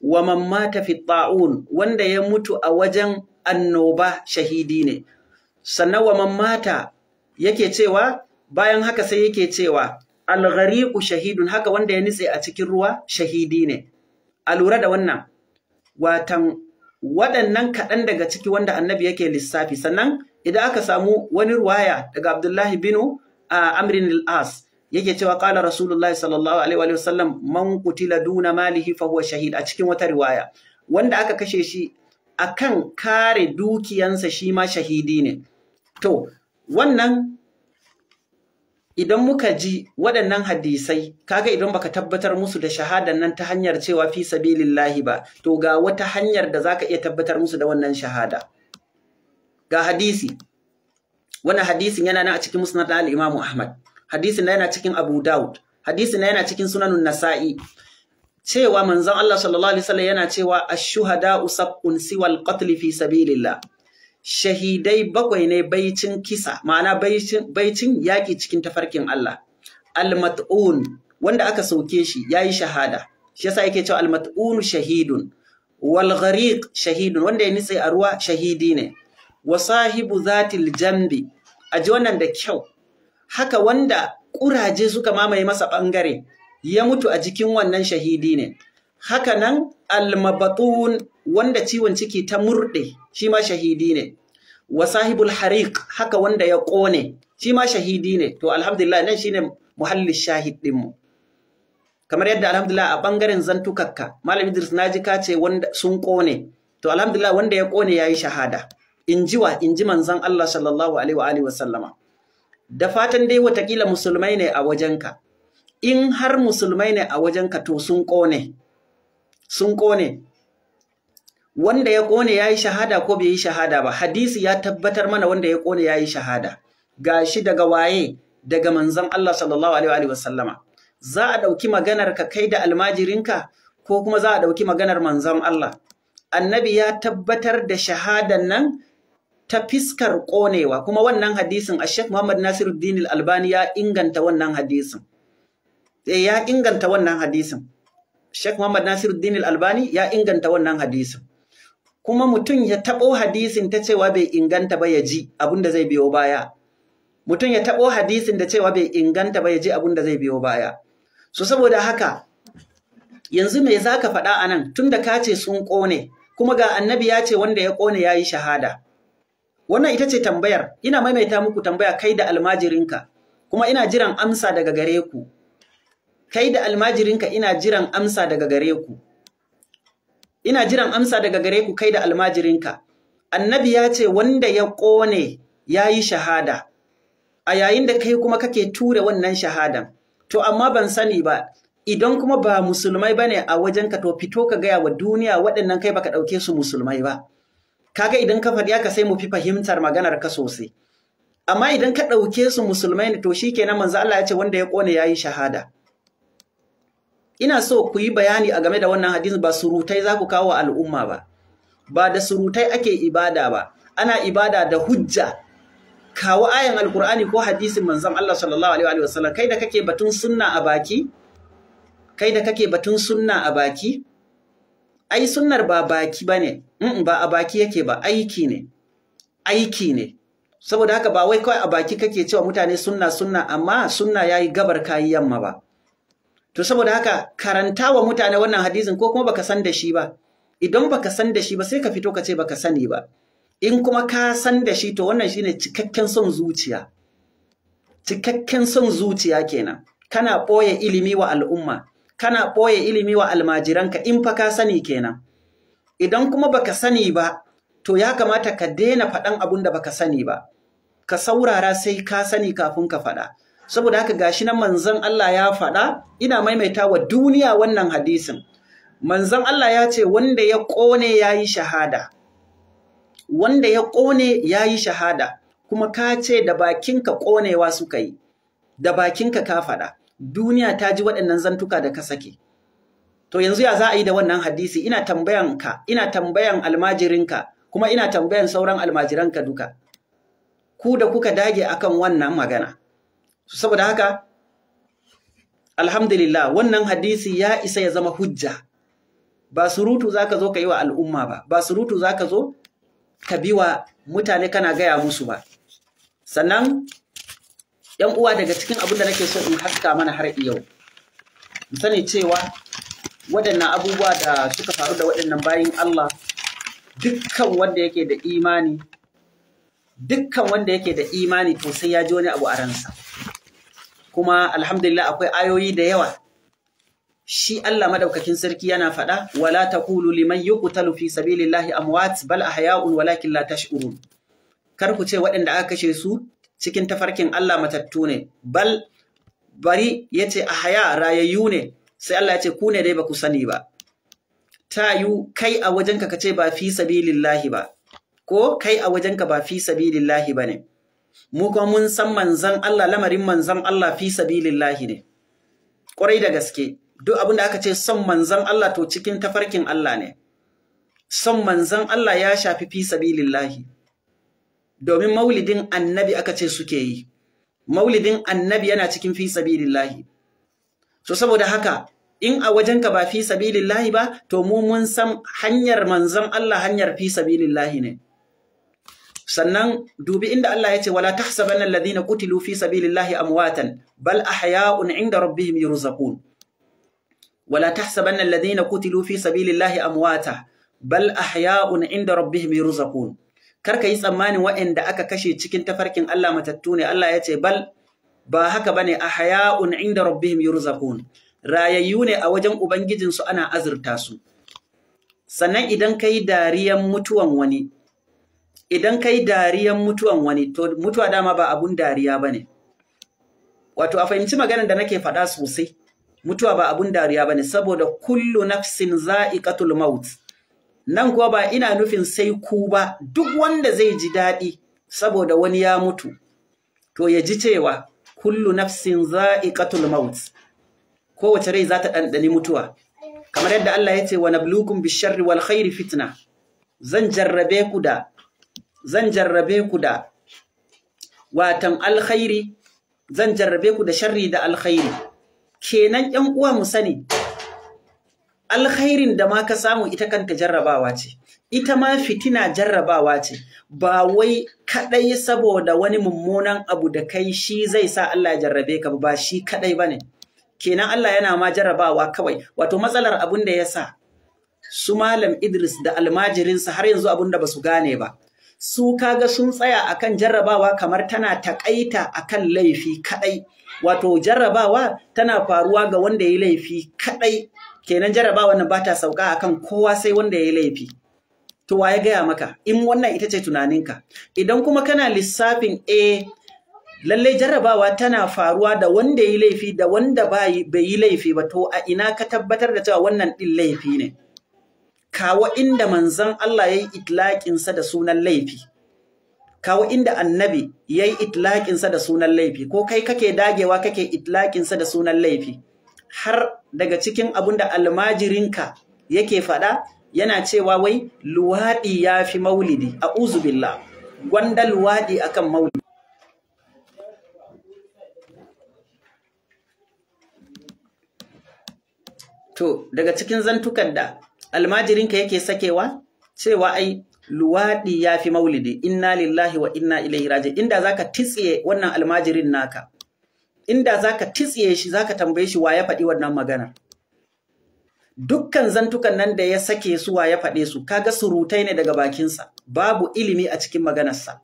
wa mamma tafi fi ta'un wanda ya mutu a wajen annoba shahidi ne sannan wa man yake cewa bayan haka sai yake cewa al shahidun haka wanda ya nitse a cikin ruwa shahidi ne a lura da wannan watan waɗannan kaɗan daga ciki wanda annabi yake lissafi sannan idan aka samu wani ruwaya daga Abdullahi binu a Amrin as yake cewa kala rasulullahi sallallahu alaihi wa sallam man kutila duna malihi fa huwa shahid a cikin wata riwaya wanda aka kashe shi akan kare dukiyansa shi ma shahidi ne to wannan idan muka ji waɗannan hadisai kaga idan baka tabbatar musu da shahadan nan ta hanyar cewa fi sabilillahi ba to ga wata hanyar da zaka iya tabbatar musu da wannan shahada ga hadisi wannan hadisin yana nan a cikin musnad al-Imam Ahmad hadisin yana cikin Abu Dawud hadisin yana cikin Sunanun Nasa'i cewa manzon Allah sallallahu alaihi wasallam yana cewa ash shuhada usab'un siwal qatl fi sabilillah shahidai bakwai ne baicin kisa ma'ana baicin baicin yaki cikin tafarkin Allah al-mat'un wanda aka sauke shi yayi shahada shi yasa yake cewa al-mat'un shahidun wal ghariq shahidun wanda ya nitse a ruwa shahidi ne wa sahibu zatil jambi aji wannan da kyau haka wanda ƙuraje suka mamaye masa ɓangare ya mutu a jikin wannan shahidi ne. Haka nan almabatun wanda ciwon ciki ta murɗe shi ma shahidi ne. Wa harik haka wanda ya ƙone shi ma shahidi ne. To alhamdulillah nan ne muhallin shahid ɗinmu. Kamar yadda alhamdulillah a ɓangaren zantukakka Malam Idris naji ka ce wanda sun ƙone. To alhamdulillah wanda ya ƙone ya yi shahada. In ji wa in ji manzon Allah sallallahu alaihi wa alihi wa sallama. da fatan dai watakila musulmai ne a wajenka in har musulmai ne a wajenka to sun ƙone sun ƙone wanda ya ƙone ya yi shahada ko bai yi shahada ba hadisi ya tabbatar mana wanda ya kone ya yi shahada Ga shi daga waye daga manzan Allah sallallahu alaihi wasallama, za a ɗauki maganar ka kai da almajirinka ko kuma za a ɗauki maganar manzan Allah annabi ya tabbatar da shahadan nan ta fiskar ƙonewa kuma wannan hadisin a Sheikh Muhammad Nasiruddin Al-Albani ya inganta wannan hadisin eh ya inganta wannan hadisin Sheikh Muhammad Nasiruddin Al-Albani ya inganta wannan hadisin kuma mutum ya tabo hadisin ta cewa bai inganta ba ya ji abin da zai biyo baya mutum ya tabo hadisin da cewa bai inganta ba ya ji abin da zai biyo baya so saboda haka yanzu me zaka faɗa anan tunda ka ce sun ƙone kuma ga annabi ya ce wanda ya ƙone ya yi shahada Wannan ita ce tambayar, ina maimaita muku tambaya kai da almajirinka, kuma ina jiran amsa daga gare ku. Kai da almajirinka ina jiran amsa daga gare ku. Ina jiran amsa daga gare ku kai da almajirinka. Annabi ya ce wanda ya ƙone ya yi shahada, a yayin da kai kuma kake ture wannan shahadan. To amma ban sani ba, idan kuma ba musulmai ba a wajenka to fito ka gaya wa duniya waɗannan kai baka ɗauke su musulmai ba. kaga idan ka faɗi haka sai mu fi fahimtar maganar ka sosai amma idan ka ɗauke su musulmai ne to shikenan manzo Allah ya ce wanda ya kone yayi shahada ina so ku yi bayani a game da wannan hadisi ba surutai za ku kawo al'umma ba ba da surutai ake ibada ba ana ibada da hujja kawo ayan alkur'ani ko hadisin manzon Allah sallallahu alaihi wa sallam kai da kake batun sunna a baki kai da kake batun sunna a baki ai sunnar ba baki ba ne ba a baki yake ba aiki ne aiki ne saboda haka ba wai kawai a baki kake cewa mutane sunna sunna amma sunna ya yi gabar kayi yamma ba to saboda haka karanta wa mutane wannan hadisin ko kuma baka san da shi ba idan baka san da shi ba sai ka fito ka ce baka sani ba in kuma ka san da shi to wannan shine cikakken son zuciya cikakken son zuciya kenan kana ɓoye ilimi wa al'umma kana ɓoye ilimi wa almajiranka in fa ka sani kenan idan kuma baka sani ba to ya kamata ka daina faɗan abun da baka sani ba ka saurara sai ka sani kafin ka faɗa saboda haka gashi nan manzon Allah ya faɗa ina maimaita wa duniya wannan hadisin manzon Allah ya ce wanda ya ƙone ya yi shahada wanda ya ƙone ya yi shahada kuma ka ce da bakinka ƙonewa suka yi da bakinka ka faɗa duniya ta ji waɗannan zantuka da ka sake to yanzu ya za a yi da wannan hadisi ina tambayan ka ina tambayan almajirinka kuma ina tambayan sauran almajiranka duka ku da kuka dage akan wannan magana saboda haka alhamdulillah wannan hadisi ya isa ya zama hujja ba surutu za ka zo ka yi wa al'umma ba ba surutu za ka zo ka bi wa mutane kana gaya musu ba sannan yan uwa daga cikin abin da nake so in haska mana har yau mu sani cewa waɗannan abubuwa da suka faru da waɗannan bayin Allah dukkan wanda yake da imani dukkan wanda yake da imani to sai ya ji wani abu a ransa kuma alhamdulillah akwai ayoyi da yawa shi Allah madaukakin sarki yana faɗa wala taqulu liman yuqtalu fi sabilillahi amwat bal ahya'un walakin la tash'urun kar ku ce waɗanda aka kashe su cikin tafarkin Allah matattu ne bal bari ya ce a haya rayayyu ne sai Allah ya ce ku ne dai ku sani ba ta yi kai a wajenka ka ce ba fi lillahi ba ko kai a wajenka ba fi ba ne? mu kuma mun san manzan Allah lamarin manzan Allah fi lillahi ne Ƙwarai da gaske duk abin da aka ce son manzan Allah to cikin tafarkin Allah ne son manzan Allah ya shafi fi lillahi. domin maulidin annabi aka ce suke yi maulidin annabi yana cikin fi sabilillahi so saboda haka in a wajenka ba fi lahi ba to mu mun san hanyar manzan Allah hanyar fi lahi ne sannan dubi inda Allah ya ce wala sabanin alladhina kutilu fi lahi amwatan bal a ahya'un 'inda rabbihim yurzaqun wala sabanin alladhina kutilu fi lahi amwata bal a ahya'un 'inda rabbihim yurzaqun kar ka yi tsammanin waɗanda aka kashe cikin tafarkin Allah matattu ne Allah ya ce bal ba haka bane haya'un inda rabbihim yurzaqun rayayyu ne a wajen ubangijin su ana azurta su sannan idan kai dariyan mutuwan wani idan kai dariyan mutuwan wani to mutuwa dama ba abun dariya bane wato a fahimci maganar da nake faɗa sosai mutuwa ba abun dariya bane saboda kullu nafsin za'iqatul maut nan kuwa ba ina nufin sai ku ba duk wanda zai ji daɗi saboda wani ya mutu to ya ji cewa kullu nafsin za'iqatul maut kowace rai za ta ɗanɗani mutuwa kamar yadda Allah ya ce wa nablukum bisharri wal khairi fitna zan jarrabe ku da zan jarrabe ku da watan alkhairi zan jarrabe ku da sharri da alkhairi kenan 'yan uwa mu sani alkhairin da ma ka samu ita kanta jarrabawa ce ita ma fitina jarrabawa ce ba wai kaɗai saboda wani mummunan abu da kai shi zai sa Allah ya jarrabe ka ba shi kaɗai ba ne. kenan Allah yana ma jarrabawa kawai wato matsalar abun da ya sa su malam Idris da almajirinsa har yanzu abun da ba su gane ba su kaga sun tsaya akan jarrabawa kamar tana takaita akan laifi kaɗai. wato jarrabawa tana faruwa ga wanda ya laifi kaɗai. kenan jaraba nan ba ta sauka kan kowa sai wanda ya yi laifi to wa ya gaya maka in wannan ita ce tunaninka idan kuma kana lissafin a eh, lallai jarrabawa tana faruwa da wanda yi laifi da wanda bai yi laifi ba to a ina ka tabbatar da cewa wannan ɗin laifi ne kawo inda manzon Allah yayi yi itlaƙinsa da sunan laifi kawo inda annabi yayi yi itlaƙinsa da sunan laifi ko kai kake dagewa kake itlaƙinsa da sunan laifi har daga cikin abun da almajirinka yake faɗa yana cewa wai luwaɗi ya fi maulidi a uzubillah gwanda luwaɗi akan maulidi to daga cikin zantukan da almajirinka yake sakewa cewa ai luwaɗi ya fi maulidi inna lillahi wa inna ilaihi raji inda zaka titsiye wannan almajirin naka inda zaka titsiye shi za ka tambaye shi wa ya faɗi wannan maganar dukkan zantukan nan da ya sake su wa ya faɗe su kaga surutai ne daga bakinsa babu ilimi a cikin maganarsa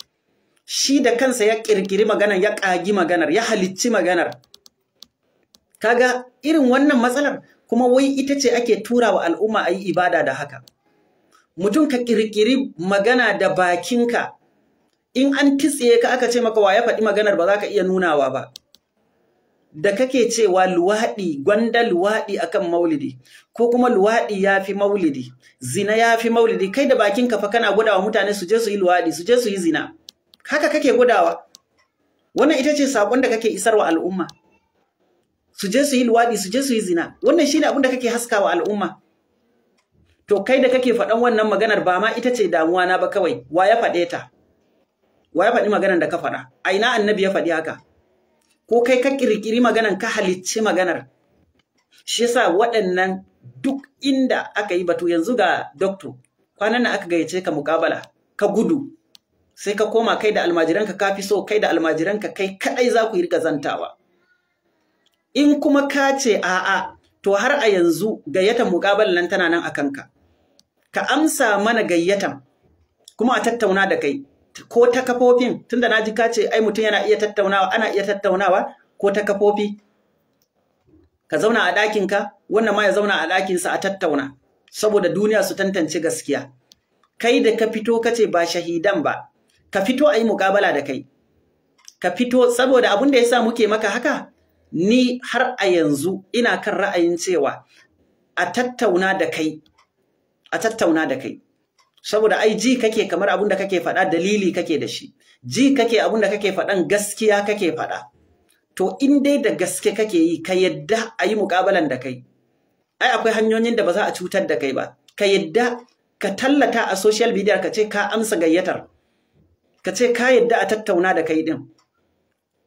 shi da kansa ya kirkiri maganar ya ƙagi maganar ya halicci maganar kaga irin wannan matsalar kuma wai ita ce ake tura wa al'umma a yi ibada da haka mutum ka kirkiri magana da bakinka in an titsiye ka aka ce maka wa ya faɗi maganar ba za ka iya nunawa ba da kake cewa luwaɗi gwanda luwaɗi akan maulidi ko kuma luwaɗi ya fi maulidi zina ya fi maulidi kai da bakin kafa kana gudawa mutane su je su yi luwaɗi su je su yi zina haka kake gudawa wannan ita ce saƙon da kake isarwa al'umma su je su yi luwaɗi su je su yi zina wannan shine abin da kake haskawa al'umma to kai da kake faɗan wannan maganar ba ma ita ce damuwa na ba kawai wa ya faɗe ta wa ya faɗi maganar da ka faɗa a ina annabi ya faɗi haka ko kai ka kirkiri maganar ka halicci maganar shi yasa waɗannan duk inda aka yi batu yanzu ga doctor kwanan aka gayyace ka mukabala ka gudu sai ka koma kai da almajiranka ka fi so kai da almajiranka kai kaɗai za ku yi rika zantawa in kuma ka ce a'a to har a yanzu gayyatan mukabalan nan tana nan a kanka ka amsa mana gayyatan kuma a tattauna da kai ko ta kafofin tunda na ji kace ai mutum yana iya tattaunawa ana iya tattaunawa ko ta kafofi ka zauna a ɗakin ka wannan ma ya zauna a sa a tattauna saboda duniya su tantance gaskiya kai da ka fito ka ce ba shahidan ba ka fito a yi muƙabala da kai ka fito saboda abin da ya sa muke maka haka ni har a yanzu ina kan ra'ayin cewa a tattauna da kai a tattauna da kai saboda ai ji kake kamar abin da kake faɗa dalili kake da shi ji kake abin da kake faɗan gaskiya kake faɗa to in dai da gaske kake yi ka yadda a yi muƙabalan da kai ai akwai hanyoyin da ba za a cutar da kai ba ka yadda ka tallata a social media ka ce ka amsa gayyatar ka ce ka yadda a tattauna da kai din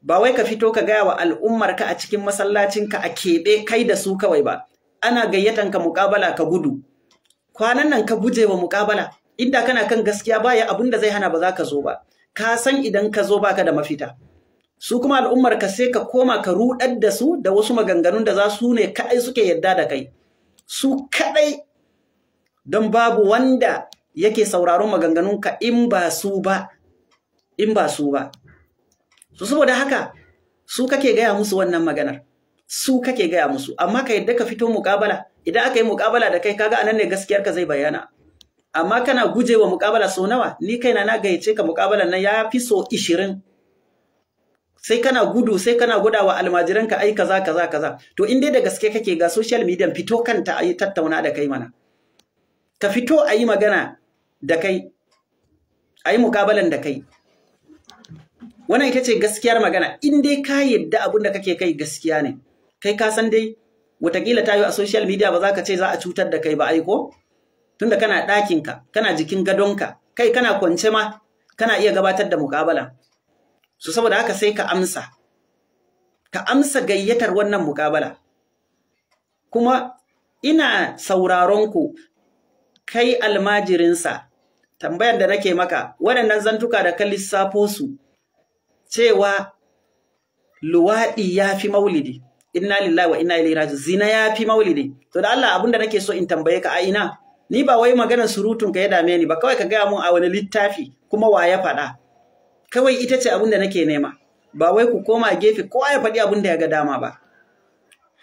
ba wai ka fito ka gaya wa al'ummar ka a cikin masallacin ka a keɓe kai da su kawai ba ana gayyatan ka muƙabala ka gudu kwanan nan ka guje wa muƙabala inda kana kan gaskiya baya abin da zai hana ba za ka zo ba ka san idan ka zo baka da mafita su kuma al'ummar ka sai ka koma ka rudar da su da wasu maganganun da za su ne kadai suke yadda da kai su kadai don babu wanda yake sauraron maganganun ka in ba su ba in ba su ba su saboda haka su kake gaya musu wannan maganar su kake gaya musu amma ka yadda ka fito muƙabala idan aka yi muƙabala da kai kaga anan ne gaskiyar ka zai bayyana amma kana guje wa mukabala sau nawa ni kaina na gayyace ka mukabalan nan ya fi so ishirin sai kana gudu sai kana gudawa almajiranka ai kaza kaza kaza to in dai da gaske kake ga social media fito kanta ayi tattauna da kai mana ka fito ayi magana da kai ayi mukabalan da kai wannan ita ce gaskiyar magana in dai ka yadda abin da kake kai gaskiya ne kai ka san dai watakila ta yi a social media ba za ka ce za a cutar da kai ba aiko tunda kana ɗakinka kana jikin gadonka kai kana kwance ma kana iya gabatar da muƙabala so saboda haka sai ka amsa ka amsa gayyatar wannan muƙabala kuma ina sauraron ku kai almajirinsa tambayar da nake maka waɗannan zantuka da ka lissafo su cewa luwaɗi ya fi maulidi inna lillahi wa inna ilaihi raji zina ya fi maulidi to da Allah abinda nake so in tambaye ka a ina ni ba wai maganar surutun ka ya dame ni ba kawai ka gaya mun a wani littafi kuma wa ya faɗa kawai ita ce abin da nake nema ba wai ku koma gefe kowa ya faɗi abin da ya ga dama ba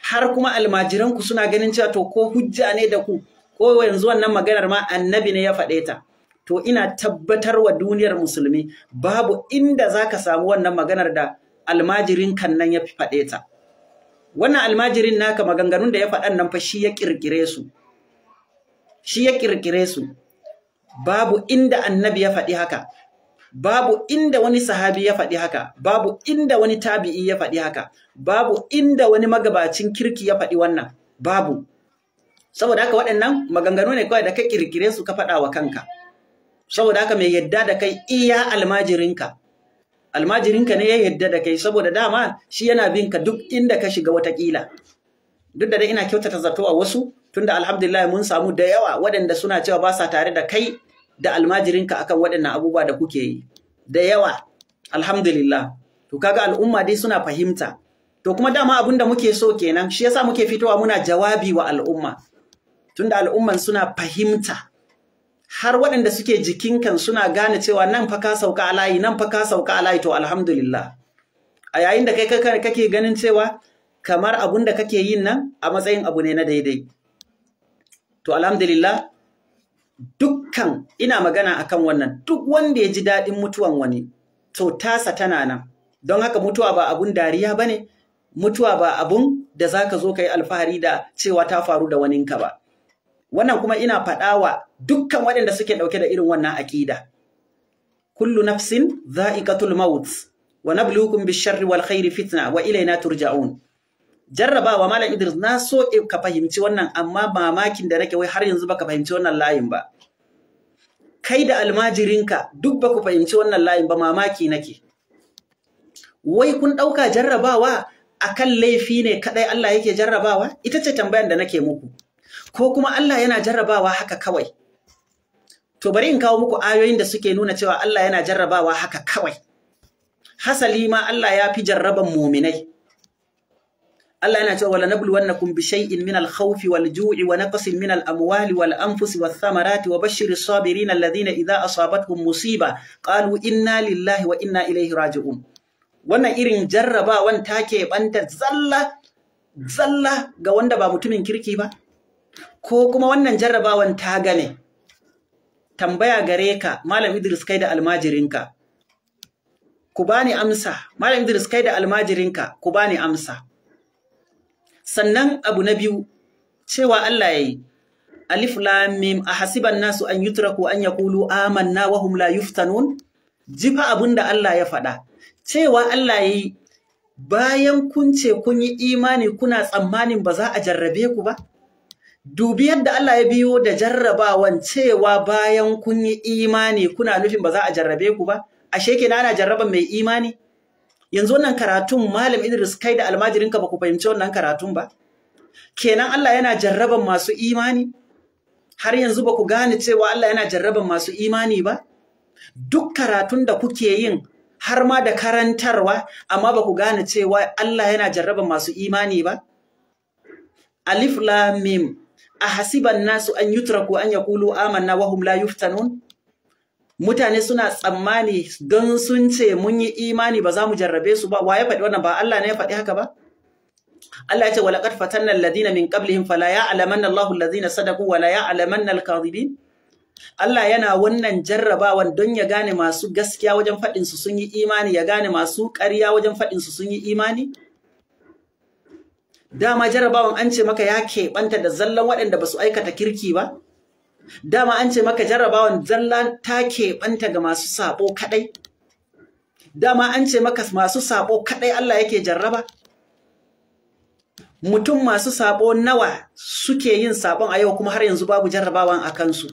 har kuma almajiranku suna ganin cewa to ko hujja ne da ku ko yanzu wannan maganar ma annabi ne ya faɗe ta to ina tabbatar wa duniyar musulmi babu inda za ka samu wannan maganar da almajirin kan nan ya faɗe ta wannan almajirin naka maganganun da ya faɗan nan fa shi ya ƙirƙire su shi ya kirkire su babu inda annabi ya faɗi haka babu inda wani sahabi ya faɗi haka babu inda wani tabi'i ya faɗi haka babu inda wani magabacin kirki ya faɗi wannan babu saboda haka waɗannan maganganu ne kawai da kai kirkire su ka faɗa wa kanka saboda haka mai yadda da kai iya almajirinka almajirinka ne ya yadda da kai saboda dama shi yana bin ka duk inda ka shiga wata watakila duk da dai ina kyautata zato a wasu tunda alhamdulillah mun samu da yawa waɗanda suna cewa ba sa tare da kai da almajirinka akan waɗannan abubuwa da kuke yi da yawa alhamdulillah to kaga al'umma dai suna fahimta to kuma dama abun da muke so kenan shi yasa muke fitowa muna jawabi wa al'umma tunda al'umman suna fahimta har waɗanda suke jikin kan suna gane cewa nan fa ka sauka a layi nan fa ka sauka a layi to alhamdulillah a yayin da kai kake ganin cewa kamar abun da kake yin nan a matsayin abu ne na daidai to alhamdulillah dukkan ina magana akan wannan duk wanda ya ji daɗin mutuwan wani to tasa tana nan don haka mutuwa ba abun dariya ba ne mutuwa ba abun da za ka zo ka yi alfahari da cewa ta faru da waninka ba wannan kuma ina faɗawa dukkan waɗanda suke ɗauke da irin wannan aƙida kullu nafsin za'iqatul maut wa nabluukum bish-sharri wal khairi fitna wa ilayna turja'un jarrabawa malam Idris na so ka fahimci wannan amma mamakin da nake wai har yanzu baka fahimci wannan layin ba kai da almajirinka duk baku fahimci wannan layin ba mamaki nake wai kun ɗauka jarrabawa akan laifi ne kaɗai Allah yake jarrabawa ita ce tambayar da nake muku ko kuma Allah yana jarrabawa haka kawai to bari in kawo muku ayoyin da suke nuna cewa Allah yana jarrabawa haka kawai hasali ma Allah ya fi jarraban muminai Allah yana cewa wala nabluwannakum bi shay'in min al-khawfi wal ju'i wa naqsin min al-amwali wal anfusi wath thamarati wa bashshiris sabirin alladhina idha asabatkum musiba qalu inna lillahi wa inna ilaihi raji'un wannan irin jarrabawan take banta zalla zalla ga wanda ba mutumin kirki ba ko kuma wannan jarrabawan ta gane tambaya gare ka malam Idris kai da almajirinka ku bani amsa malam Idris kai da almajirinka ku bani amsa sannan abu na biyu cewa Allah ya yi, alif lam mim hasiban nasu an yutraku an yaqulu amanna wa hum la yuftanun jifa abinda Allah ya faɗa cewa Allah ya yi, bayan kun ce kun yi imani kuna tsammanin ba za a jarrabe ku ba dubi yadda Allah ya biyo da jarrabawan cewa bayan kun yi imani kuna nufin ba za a jarrabe ku ba ashe kenan ana jarraban mai imani yanzu wannan karatun malam Idris kai da almajirin ba ku fahimci wannan karatun ba kenan Allah yana jarraban masu imani har yanzu ba ku gane cewa Allah yana jarraban masu imani ba duk karatun da kuke yin har ma da karantarwa amma ba ku gane cewa Allah yana jarraban masu imani ba alif lam mim ahasiban nasu an yutraku an yaqulu amanna wa la yuftanun mutane suna tsammani don sun ce mun yi imani ba za mu jarrabe su ba wa ya faɗi wannan ba Allah ne ya faɗi haka ba Allah ya ce wala qad fatanna alladhina min qablihim fala ya'lamanna Allahu alladhina sadaqu wala ya'lamanna al-kadhibin Allah yana wannan jarrabawan don ya gane masu gaskiya wajen faɗin su sun yi imani ya gane masu ƙarya wajen faɗin su sun yi imani dama jarrabawan an ce maka ya keɓanta da zallan waɗanda ba su aikata kirki ba dama an ce maka jarrabawan zallan ta banta ga masu sabo kaɗai dama an ce maka masu sabo kaɗai Allah yake jarraba mutum masu sabo nawa suke yin sabon a yau kuma har yanzu babu jarrabawan a kansu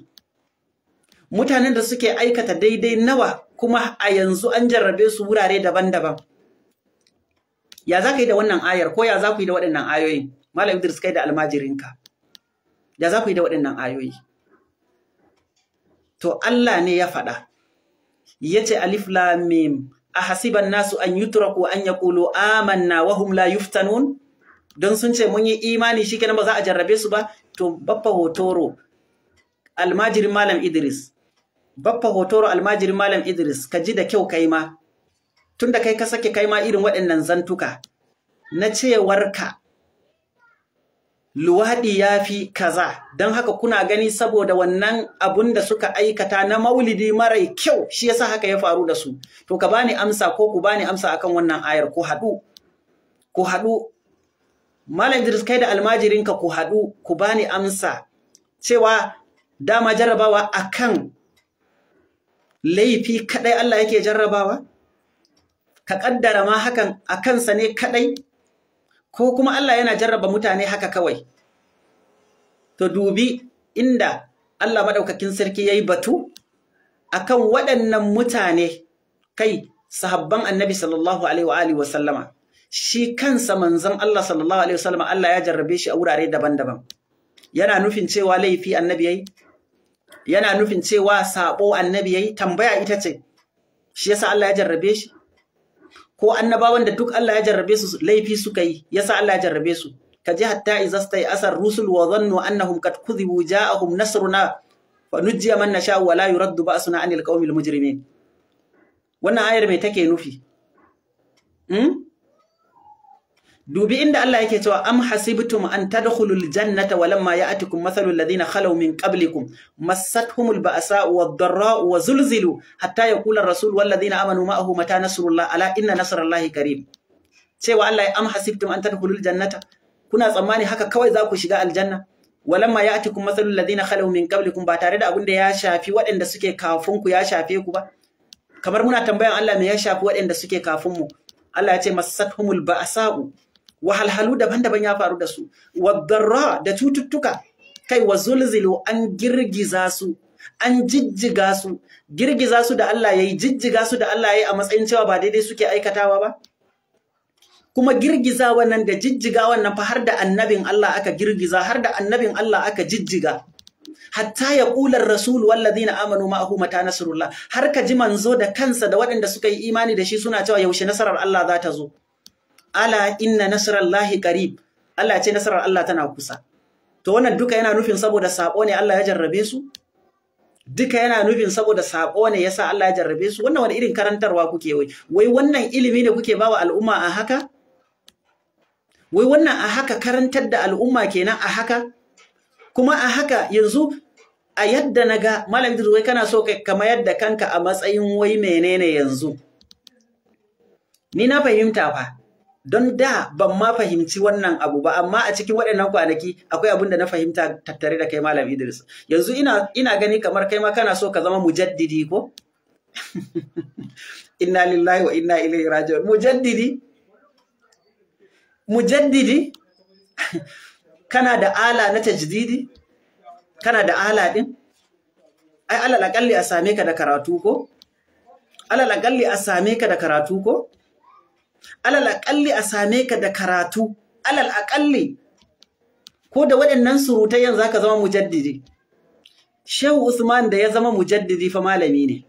mutanen da suke aikata daidai nawa kuma a yanzu an jarrabe su wurare daban-daban ya za ka yi da wannan ayar ko ya za ku yi da waɗannan ayoyin malam idris kai da almajirinka ya za ku yi da waɗannan ayoyi to Allah ne ya faɗa Ya ce alif Lamim, a hasiban nasu an turaku an ƙulo amanna wa humla yuftanun don sun ce mun yi imani shi kenan ba za a jarrabe su ba to baffa hotoro almajirin malam Idris baffa hotoro almajirin malam Idris ka ji da kyau kai ma tunda kai ka sake kai ma irin waɗannan zantuka na cewarka luwaɗi ya fi kaza don haka kuna gani saboda wannan abun da suka aikata na maulidi marai kyau shi yasa haka ya faru da su to ka bani amsa ko ku bani amsa akan wannan ayar ku haɗu ku haɗu malam Idris kai da almajirinka ku haɗu ku bani amsa cewa dama jarrabawa akan laifi kaɗai Allah yake jarrabawa ka ƙaddara ma hakan a kansa ne kaɗai ko kuma Allah yana jarraba mutane haka kawai to dubi inda Allah maɗaukakin sarki ya yi batu akan waɗannan mutane kai sahabban annabi sallallahu alaihi Wasallama, shi kansa manzon Allah sallallahu alaihi Wasallama, Allah ya jarrabe shi a wurare daban-daban yana nufin cewa laifi annabi yana nufin cewa sabo annabi yayi tambaya ita ce shi yasa Allah ya jarrabe shi ko annabawan da duk Allah ya jarrabe su laifi suka yi yasa Allah ya jarrabe su ka ji hatta izastai asar rusul wa dhannu annahum qad kudhibu ja'ahum nasruna fa nujjiya man nasha wa la ba'suna 'anil qaumil mujrimin wannan ayar me take nufi hmm? dubi inda Allah yake cewa am hasibtum an tadkhulul jannata walamma ya'tikum mathalul ladina khalaw min qablikum massathumul ba'sa'u wad-dharra'u wa zulzilu hatta yaqula ar-rasul wal ladina amanu ma'ahu mata nasrullah ala inna nasrallahi cewa Allah ya am hasibtum an tadkhulul jannata kuna tsammani haka kawai za ku shiga aljanna walamma ya'tikum mathalul ladina khalaw min qablikum ba tare da abin da ya shafi waɗanda suke kafin ku ya shafe ku ba kamar muna tambayan Allah me ya shafi waɗanda suke kafin mu Allah ya ce masathumul ba'sa'u wahalhalu daban-daban ya faru da su wadarra da cututtuka kai wa zulzulu an girgiza su an jijjiga su girgiza su da Allah yayi jijjiga su da Allah yayi a matsayin cewa ba daidai suke aikatawa ba kuma girgiza wannan da jijjiga wannan fa har da annabin Allah aka girgiza har da annabin Allah aka jijjiga hatta ya ƙular rasul wallazina amanu ma'ahu mata nasrullah har ka ji manzo da kansa da waɗanda suka yi imani da shi suna cewa yaushe nasarar Allah za ta zo ala inna lahi karib Allah ce nasarar Allah tana kusa to wannan duka yana nufin saboda sabo ne Allah ya jarrabe su duka yana nufin saboda saƙo ne yasa Allah ya jarrabe su wannan wani irin karantarwa kuke wai wai wannan ilimi ne kuke bawa al'umma a haka wai wannan a haka karantar da al'umma kenan a haka kuma a haka yanzu a yadda na ga malam Idris wai kana so ka mayar da kanka a matsayin wai menene yanzu ni na fahimta fa don da ban ma fahimci wannan abu ba amma a cikin waɗannan kwanaki akwai abin da na fahimta tattare da kai malam Idris yanzu ina ina gani kamar kai ma kana so ka zama mujaddidi ko inna lillahi wa inna ilaihi raji'un mujaddidi mujaddidi kana da ala na tajdidi kana da ala din ai alal akalli a same ka da karatu ko alal akalli a same ka da karatu ko alal aƙalli a same ka da karatu alal aƙalli ko da waɗannan surutayen za ka zama mujaddidi shehu usman da ya zama mujaddidi fa malami ne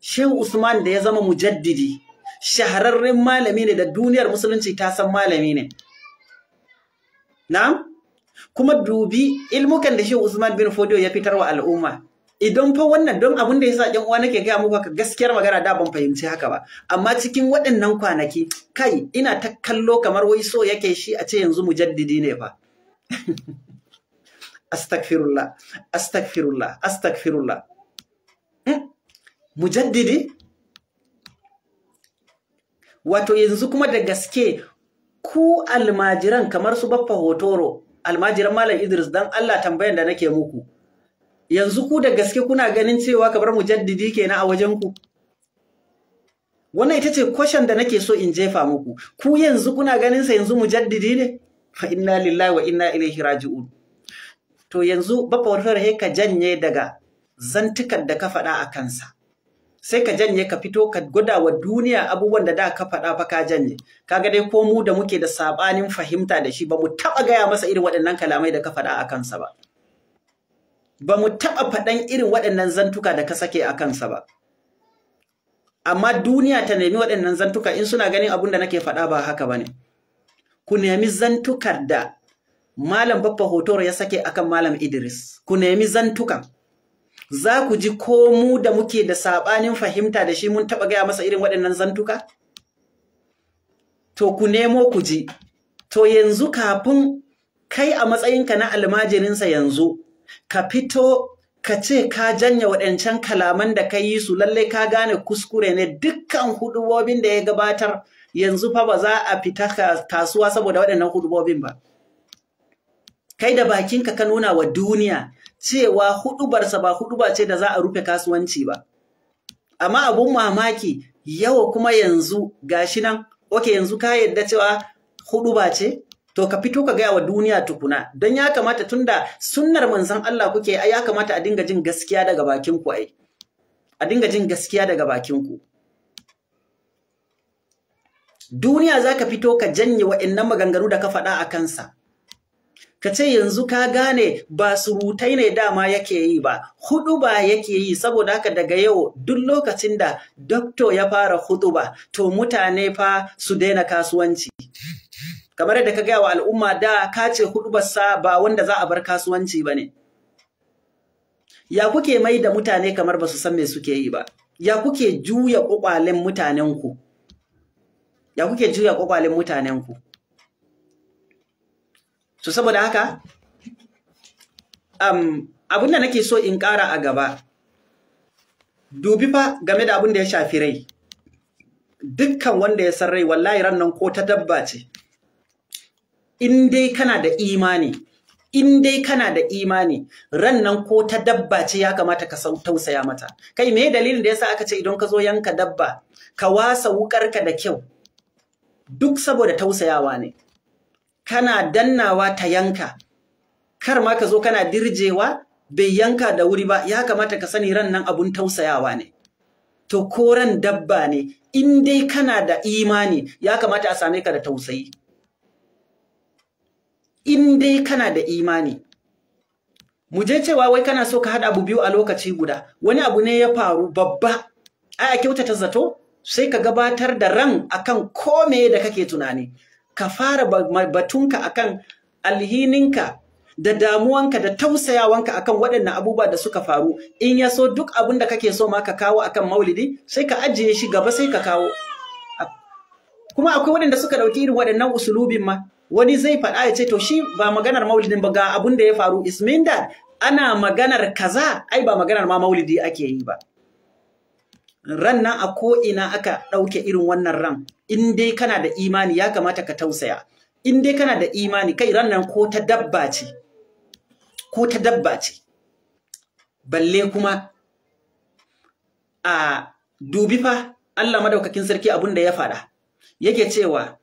shehu usman da ya zama mujaddidi shahararren malami ne da duniyar musulunci ta san malami ne na'am kuma dubi ilmukan da shehu usman bin fodio ya fitar wa al'umma idan fa wannan don abin da ya sa ɗan uwa nake gaya muku haka gaskiyar magana da ban fahimci haka ba amma cikin waɗannan kwanaki kai ina ta kallo kamar wai so yake shi a ce yanzu jaddidi ne fa astagfirullah astagfirullah astagfirullah hmm? jaddidi? wato yanzu kuma da gaske ku almajiran kamar su baffa hotoro almajiran malam Idris dan Allah tambayan da nake muku yanzu ku da gaske kuna ganin cewa ka kamar mujaddidi kenan a wajen ku wannan ita ce kwashen da nake so in jefa muku ku yanzu kuna ganin sa yanzu mujaddidi ne fa inna lillahi wa inna ilaihi raji'un to yanzu baba warfar he ka janye daga zantukan da ka faɗa a kansa sai ka janye ka fito ka gwada wa duniya abubuwan da da ka faɗa fa ka janye kaga dai ko mu da muke da sabanin fahimta da shi ba mu taɓa gaya masa irin waɗannan kalamai da ka faɗa a kansa ba ba mu taɓa faɗan irin waɗannan zantuka da ka sake a kansa ba. Amma duniya ta nemi waɗannan zantuka in suna ganin abin da nake faɗa ba haka ba ne. Ku nemi zantukar da Malam Baffa Hotoro ya sake akan Malam Idris. Ku nemi zantuka. Za ku ji ko mu da muke da saɓanin fahimta da shi mun taɓa gaya masa irin waɗannan zantuka? To ku nemo ku ji. To yanzu kafin kai a matsayinka na almajirinsa yanzu, ka fito ka ce ka janya waɗancan kalaman da ka yi su lallai ka gane kuskure ne dukkan hudubobin da ya gabatar yanzu fa ba za a fita kasuwa saboda waɗannan hudubobin ba kai da bakinka ka nuna wa duniya cewa hudubarsa ba huduba ce da za a rufe kasuwanci ba amma abun mamaki yawa kuma yanzu gashi nan oke yanzu ka yarda cewa huduba ce to ka fito ka gaya wa duniya tukuna don ya kamata tunda sunnar manzon Allah kuke ai ya kamata a dinga jin gaskiya daga bakin ku ai a dinga jin gaskiya daga bakin ku duniya zaka fito ka janye wa'annan maganganu da ka faɗa a kansa ka ce yanzu ka gane ba surutai ne dama yake yi ba hudu ba yake yi saboda haka daga yau duk lokacin da dokto ya fara hudu ba to mutane fa su daina kasuwanci kamar yadda ka gaya wa al'umma da ka ce hudubarsa ba wanda za a bar kasuwanci ba ne ya kuke mai da mutane kamar ba su san me suke yi ba ya kuke juya kwakwalen mutanenku ya kuke juya kwakwalen mutanenku so saboda haka um, abin da nake so in kara a gaba dubi fa game da abin da ya shafi rai dukkan wanda ya san rai wallahi ran nan ko ta dabba ce in dai kana da imani in dai kana da imani ran nan ko ta dabba ce ya kamata ka tausaya mata kai me dalilin da yasa aka ce idan ka zo yanka dabba ka wasa wukarka da kyau duk saboda tausayawa ne kana dannawa ta yanka kar ma ka zo kana dirjewa bai yanka da wuri ba ya kamata ka sani ran nan abun tausayawa ne to ko ran dabba ne in dai kana da imani ya kamata a same ka da tausayi in dai kana da imani mu je cewa wai kana so ka haɗa abu biyu a lokaci guda wani abu ne ya faru babba ai a kyautata zato sai ka gabatar da ran akan kome da kake tunani ka fara batunka akan alhininka da damuwanka da tausayawanka akan waɗannan abubuwa da suka faru in ya so duk abin da kake so ma ka kawo akan maulidi sai ka ajiye shi gaba sai ka kawo kuma akwai waɗanda suka ɗauki irin waɗannan usulubin ma wani zai faɗa ya ce to shi ba maganar maulidin ba ga abun da ya faru ismin da ana maganar kaza ai ba maganar ma maulidi ake yi ba ran nan a ko'ina aka ɗauke irin wannan ran in dai kana da imani ya kamata ka tausaya in dai kana da imani kai ran nan ko ta dabba ce ko ta dabba ce balle kuma a dubi fa Allah madaukakin sarki abin da ya faɗa yake cewa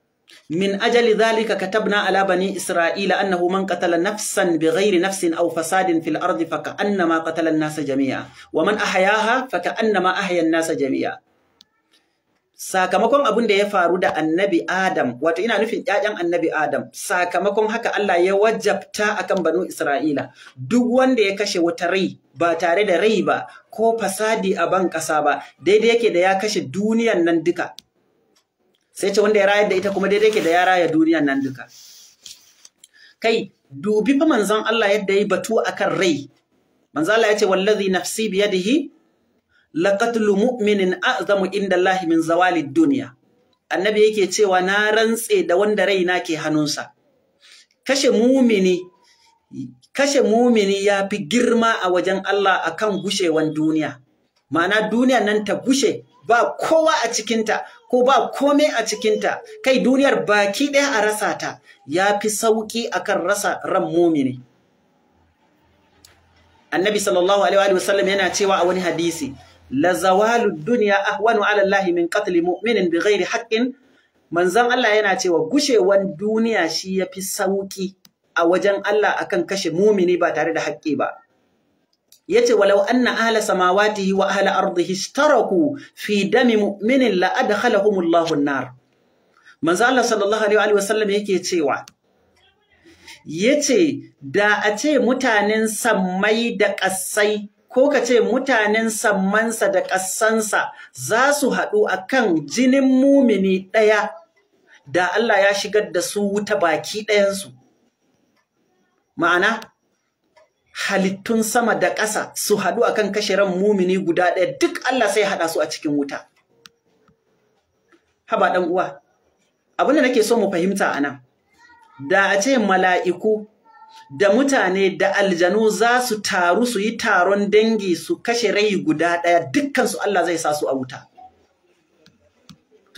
min ajali ذلك كتبنا ala بني isra'ila annahu من قتل nafsan بغير nafsin أو fasadin في الأرض fa قتل الناس جميعا nasa jami'a wa أحيا الناس fa nasa jami'a sakamakon abin da ya faru da annabi Adam, wato ina nufin ƴaƴan annabi Adam, sakamakon haka Allah ya wajabta akan banu Isra'ila, duk wanda ya kashe wata rai ba tare da rai ba ko fasadi a ban ƙasa ba, daidai yake da ya kashe duniyan nan duka. sai ce wanda ya rayar da ita kuma daidai ke da ya raya duniyan nan duka kai dubi fa manzon Allah yadda ya yi batu akan rai Manzala Allah ya ce wallazi nafsi biyadihi laqatlu mu'minin a'zamu inda Allah min zawali duniya annabi yake cewa na rantse da wanda raina ke hannunsa kashe mumini kashe mumini ya fi girma a wajen Allah akan gushewan duniya ma'ana duniya nan ta gushe ba kowa a cikinta ko ba komai a cikinta kai duniyar baki ɗaya a rasa ta ya fi sauƙi akan rasa ran mumini annabi sallallahu alaihi wasallam yana cewa a wani hadisi la zawalu dunya ahwanu ala min qatl mu'minin bighairi haƙƙin." Manzan Allah yana cewa gushewan duniya shi ya fi sauƙi a wajen Allah akan kashe mumini ba tare da haƙƙi ba yace walau anna ahla samawatihi wa ahla ardihi ishtaraku fi dami mu'minin la adkhalahum Allahu an-nar manzo Allah sallallahu alaihi wa sallam yake cewa yace da a ce mutanen sammai da ƙasai ko ka ce mutanen sammansa da ƙasansa za su haɗu akan jinin mumini ɗaya da Allah ya shigar da su wuta baki ɗayansu ma'ana halittun sama da ƙasa su haɗu akan kashe ran mumini guda ɗaya duk Allah sai haɗa su a cikin wuta haba ɗan uwa abin da nake so mu fahimta a nan da a ce mala'iku da mutane da aljanu za su taru su yi taron dangi su kashe rai guda ɗaya dukkansu Allah zai sa su a wuta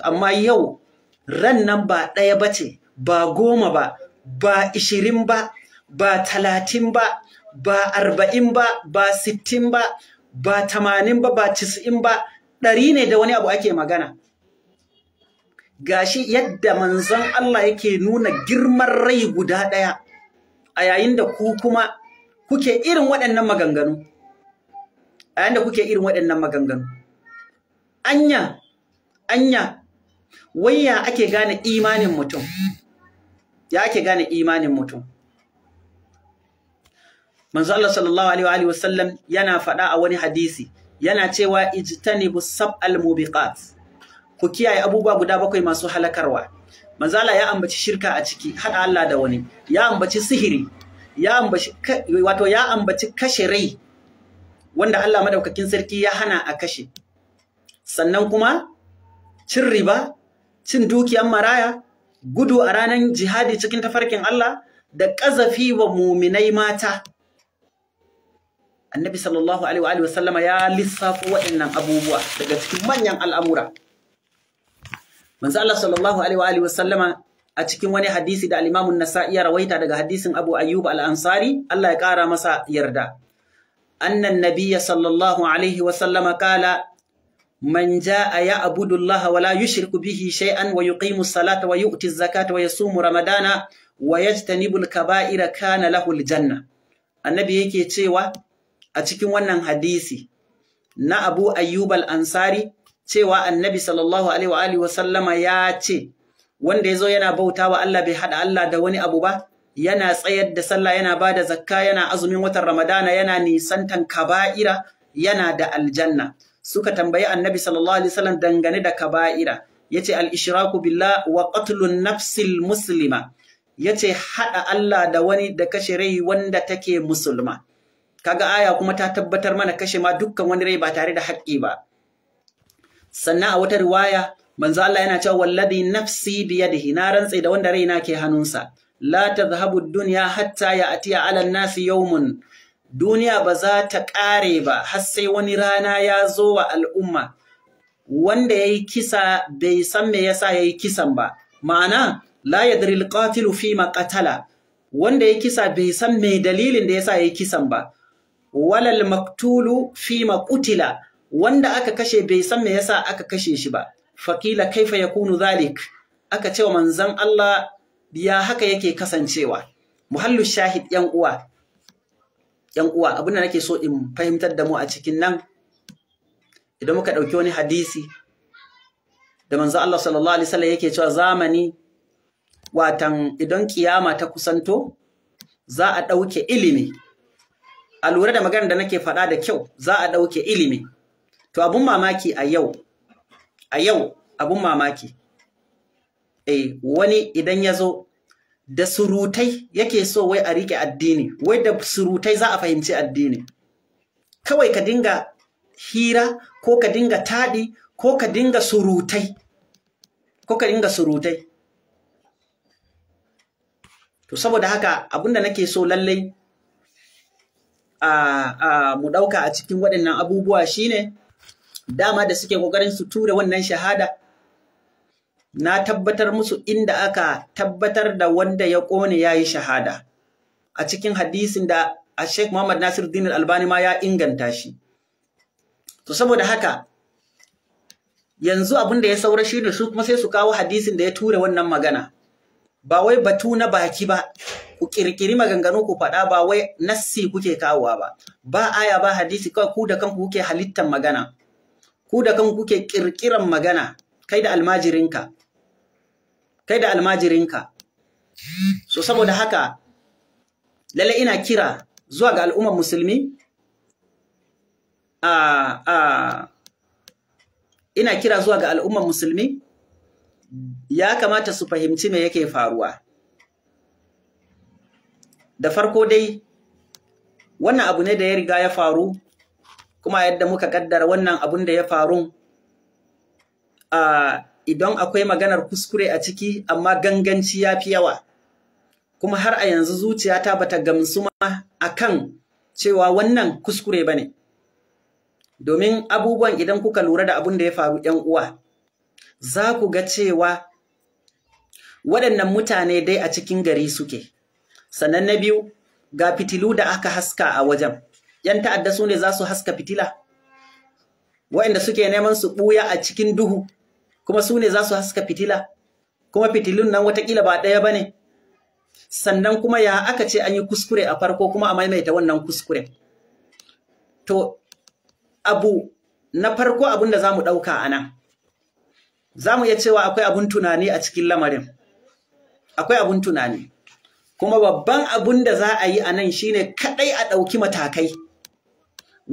amma yau ran nan ba ɗaya ba ba goma ba ba ishirin ba ba talatin ba ba arba'in ba ba sittin ba ba tamanin ba ba cis'in ba ɗari ne da wani abu ake magana gashi yadda manzon Allah yake nuna girman rai guda ɗaya a yayin da ku kuma kuke irin waɗannan maganganu a yayin da kuke irin waɗannan maganganu anya anya wai ya ake gane imanin mutum ya ake gane imanin mutum manzo Allah sallallahu alaihi wa sallam yana faɗa a wani hadisi yana cewa ijtanibu sab'al mubiqat ku kiyaye abubuwa guda bakwai masu halakarwa manzo Allah ya ambaci shirka a ciki hada Allah da wani ya ambaci sihiri ya ambaci wato ya ambaci kashe rai wanda Allah madaukakin sarki ya hana a kashe sannan kuma cin riba cin dukiyar maraya gudu a ranar jihadi cikin tafarkin Allah da ƙazafi wa muminai mata annabi sallallahu alaihi wa sallama ya lissafo waɗannan abubuwa daga cikin manyan al'amura manzo Allah sallallahu alaihi wa sallama a cikin wani hadisi da al nasai ya rawaita daga hadisin Abu Ayyub al-Ansari Allah ya kara masa yarda annan Nabiya sallallahu alaihi wa sallama kala man jaa ya'budu Allah wa la yushriku bihi shay'an wa yuqimu as-salata wa yu'ti az-zakata wa yasumu ramadana wa yajtanibul kabaira kana lahul janna annabi yake cewa a cikin wannan hadisi na Abu Ayyub al-Ansari cewa Annabi sallallahu alaihi wa alihi ya ce wanda yazo yana bauta wa Allah bai hada Allah da wani abu ba yana tsayar da sallah yana bada zakka yana azumin watan Ramadana yana nisantan kaba'ira yana da aljanna suka tambayi Annabi sallallahu alaihi wasallam dangane da kaba'ira yace al-ishraku billah wa qatlun nafsil muslima yace hada Allah da wani da kashe rai wanda take musulma kaga aya kuma ta tabbatar mana kashe ma dukkan wani rai ba tare da haƙƙi ba sannan a wata riwaya manzo Allah yana cewa wallazi nafsi yadihi na rantse da wanda raina ke hannunsa la tadhhabu dunya hatta ya'tiya 'ala an-nasi yawmun duniya ba za ta ƙare ba har sai wani rana ya zo wa al'umma wanda ya yi kisa bai san me yasa yi kisan ba ma'ana la yadri fi ma qatala wanda yayi kisa bai san me dalilin da yasa yayi kisan ba walal maktulu fima Kutila. wanda aka kashe bai san me yasa aka kashe shi ba fakila kaifa yakunu zalik aka cewa manzan Allah ya haka yake kasancewa muhallu shahid yan uwa yan uwa abin da nake so in fahimtar da mu a cikin nan idan muka ɗauki wani hadisi da manzan Allah sallallahu alaihi wasallam yake cewa zamani watan idan kiyama ta kusanto za a ɗauke ilimi a lura da magana da nake faɗa da kyau za a ɗauke ilimi to abun mamaki a yau a yau abun mamaki eh wani idan ya zo da surutai yake so wai a riƙe addini wai da surutai za a fahimci addini kawai ka dinga hira ko ka dinga taɗi ko ka dinga surutai ko ka dinga surutai to saboda haka abinda nake so lallai mu ɗauka a cikin waɗannan abubuwa shine dama da suke ƙoƙarin su tura wannan shahada na tabbatar musu inda aka tabbatar da wanda ya ƙone ya yi shahada a cikin hadisin da a Sheikh Muhammad Nasir Dinar Albani ma ya inganta shi. To saboda haka yanzu abin da ya saura shi ne su kuma sai su kawo hadisin da ya tura wannan magana. ba wai batu na baki ba ku kirkiri maganganu ku faɗa ba wai nassi kuke kawowa ba ba aya ba hadisi kawai ku da kanku kuke halittar magana ku da kanku kuke kirkiran magana kai da almajirinka kai da almajirinka so saboda haka lalle ina kira zuwa ga al'ummar musulmi a ah, a ah, ina kira zuwa ga al'ummar musulmi ya kamata su fahimci me yake faruwa. Da farko dai, wannan abu ne da ya riga ya faru, kuma yadda muka kaddara wannan abun da ya faru, idan akwai maganar kuskure a ciki, amma ganganci ya fi yawa. Kuma har a yanzu zuciyata bata gamsu ma a kan cewa wannan kuskure ba ne. Domin abubuwan idan kuka lura da abun da ya faru ‘yan uwa, za ku ga cewa waɗannan mutane dai a cikin gari suke sannan na biyu ga fitilu da aka haska a wajen ‘yan ta'adda su ne za su haska fitila waɗanda suke neman su ɓuya a cikin duhu kuma su ne za su haska fitila kuma fitilun nan watakila ba ɗaya ba ne sannan kuma ya aka ce an yi kuskure a farko kuma a maimaita wannan kuskure to abu na farko abin da za mu ɗauka a nan za mu iya cewa akwai abin tunani a cikin lamarin akwai abun tunani kuma babban abun da za a yi a nan shine kaɗai a ɗauki matakai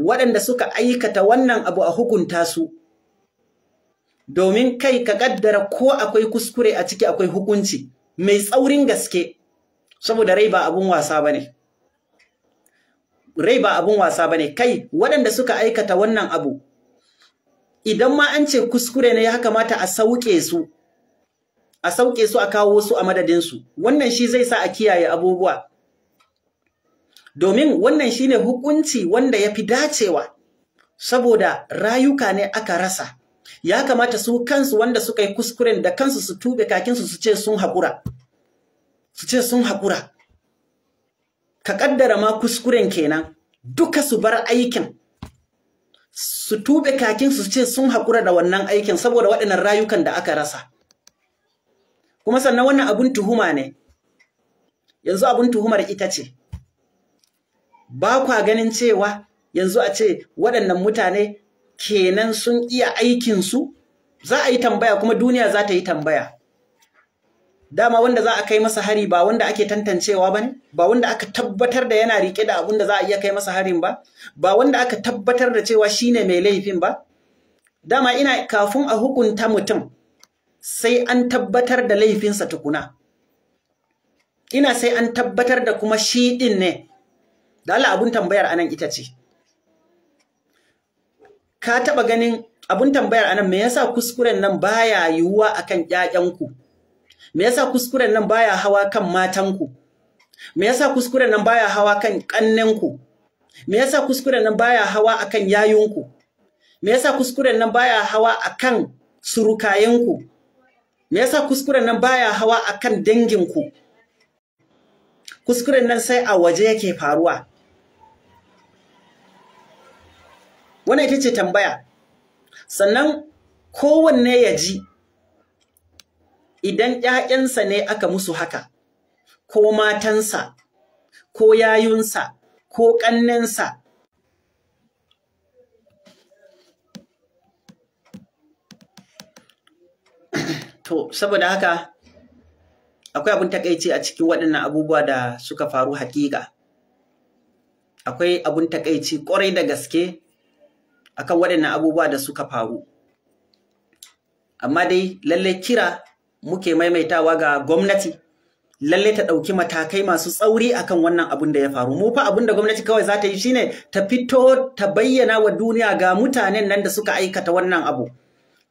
waɗanda suka aikata wannan abu a hukunta su domin kai ka kaddara ko akwai kuskure a ciki akwai hukunci mai tsaurin gaske saboda rai ba abun wasa bane rai ba abun wasa bane kai waɗanda suka aikata wannan abu idan ma an ce kuskure ne ya kamata a sauke su a sauke su a kawo su a madadinsu wannan shi zai sa a kiyaye abubuwa domin wannan shi ne hukunci wanda ya fi dacewa saboda rayuka ne aka rasa ya kamata su kansu wanda suka yi kuskuren da kansu su tube kakinsu su ce sun haƙura su ce sun haƙura ka ƙaddara ma kuskuren kenan duka su bar aikin su tube kakinsu su ce sun haƙura da wannan aikin saboda waɗannan rayukan da aka rasa kuma sannan wannan abun tuhuma ne yanzu abun tuhumar ita ce ba kwa ganin cewa yanzu a ce waɗannan mutane kenan sun iya aikinsu za a yi tambaya kuma duniya za ta yi tambaya dama wanda za a kai masa hari ba wanda ake tantancewa ba ne ba wanda aka tabbatar da yana rike da abun da za a iya kai masa harin ba ba wanda aka tabbatar da cewa shine mai laifin ba dama ina kafin a hukunta mutum sai an tabbatar da laifinsa tukuna ina sai an tabbatar da kuma shi ɗin ne da Allah abun tambayar anan ita ce ka taɓa ganin abun tambayar anan me yasa kuskuren nan baya yiwuwa a kan 'ya'yanku? me yasa kuskuren nan baya hawa kan matanku me yasa kuskuren nan baya hawa kan ƙannenku me yasa kuskuren nan baya hawa akan yayunku me yasa kuskuren nan baya hawa akan surukayenku me yasa kuskuren nan baya hawa akan danginku kuskuren nan sai a waje yake faruwa wannan ita ce tambaya sannan kowanne ya ji idan ‘ya'yansa ne aka musu haka ko matansa ko yayunsa ko ƙannensa To, saboda haka akwai abin takaici a cikin waɗannan abubuwa da suka faru hakika. Akwai abin takaici ƙwarai da gaske akan waɗannan abubuwa da suka faru. Amma dai lalle kira muke maimaitawa ga gwamnati lalle ta ɗauki matakai masu tsauri akan wannan abin da ya faru. Mu fa abin da gwamnati kawai za ta yi shine ta fito ta bayyana wa duniya ga mutanen nan da suka aikata wannan abu.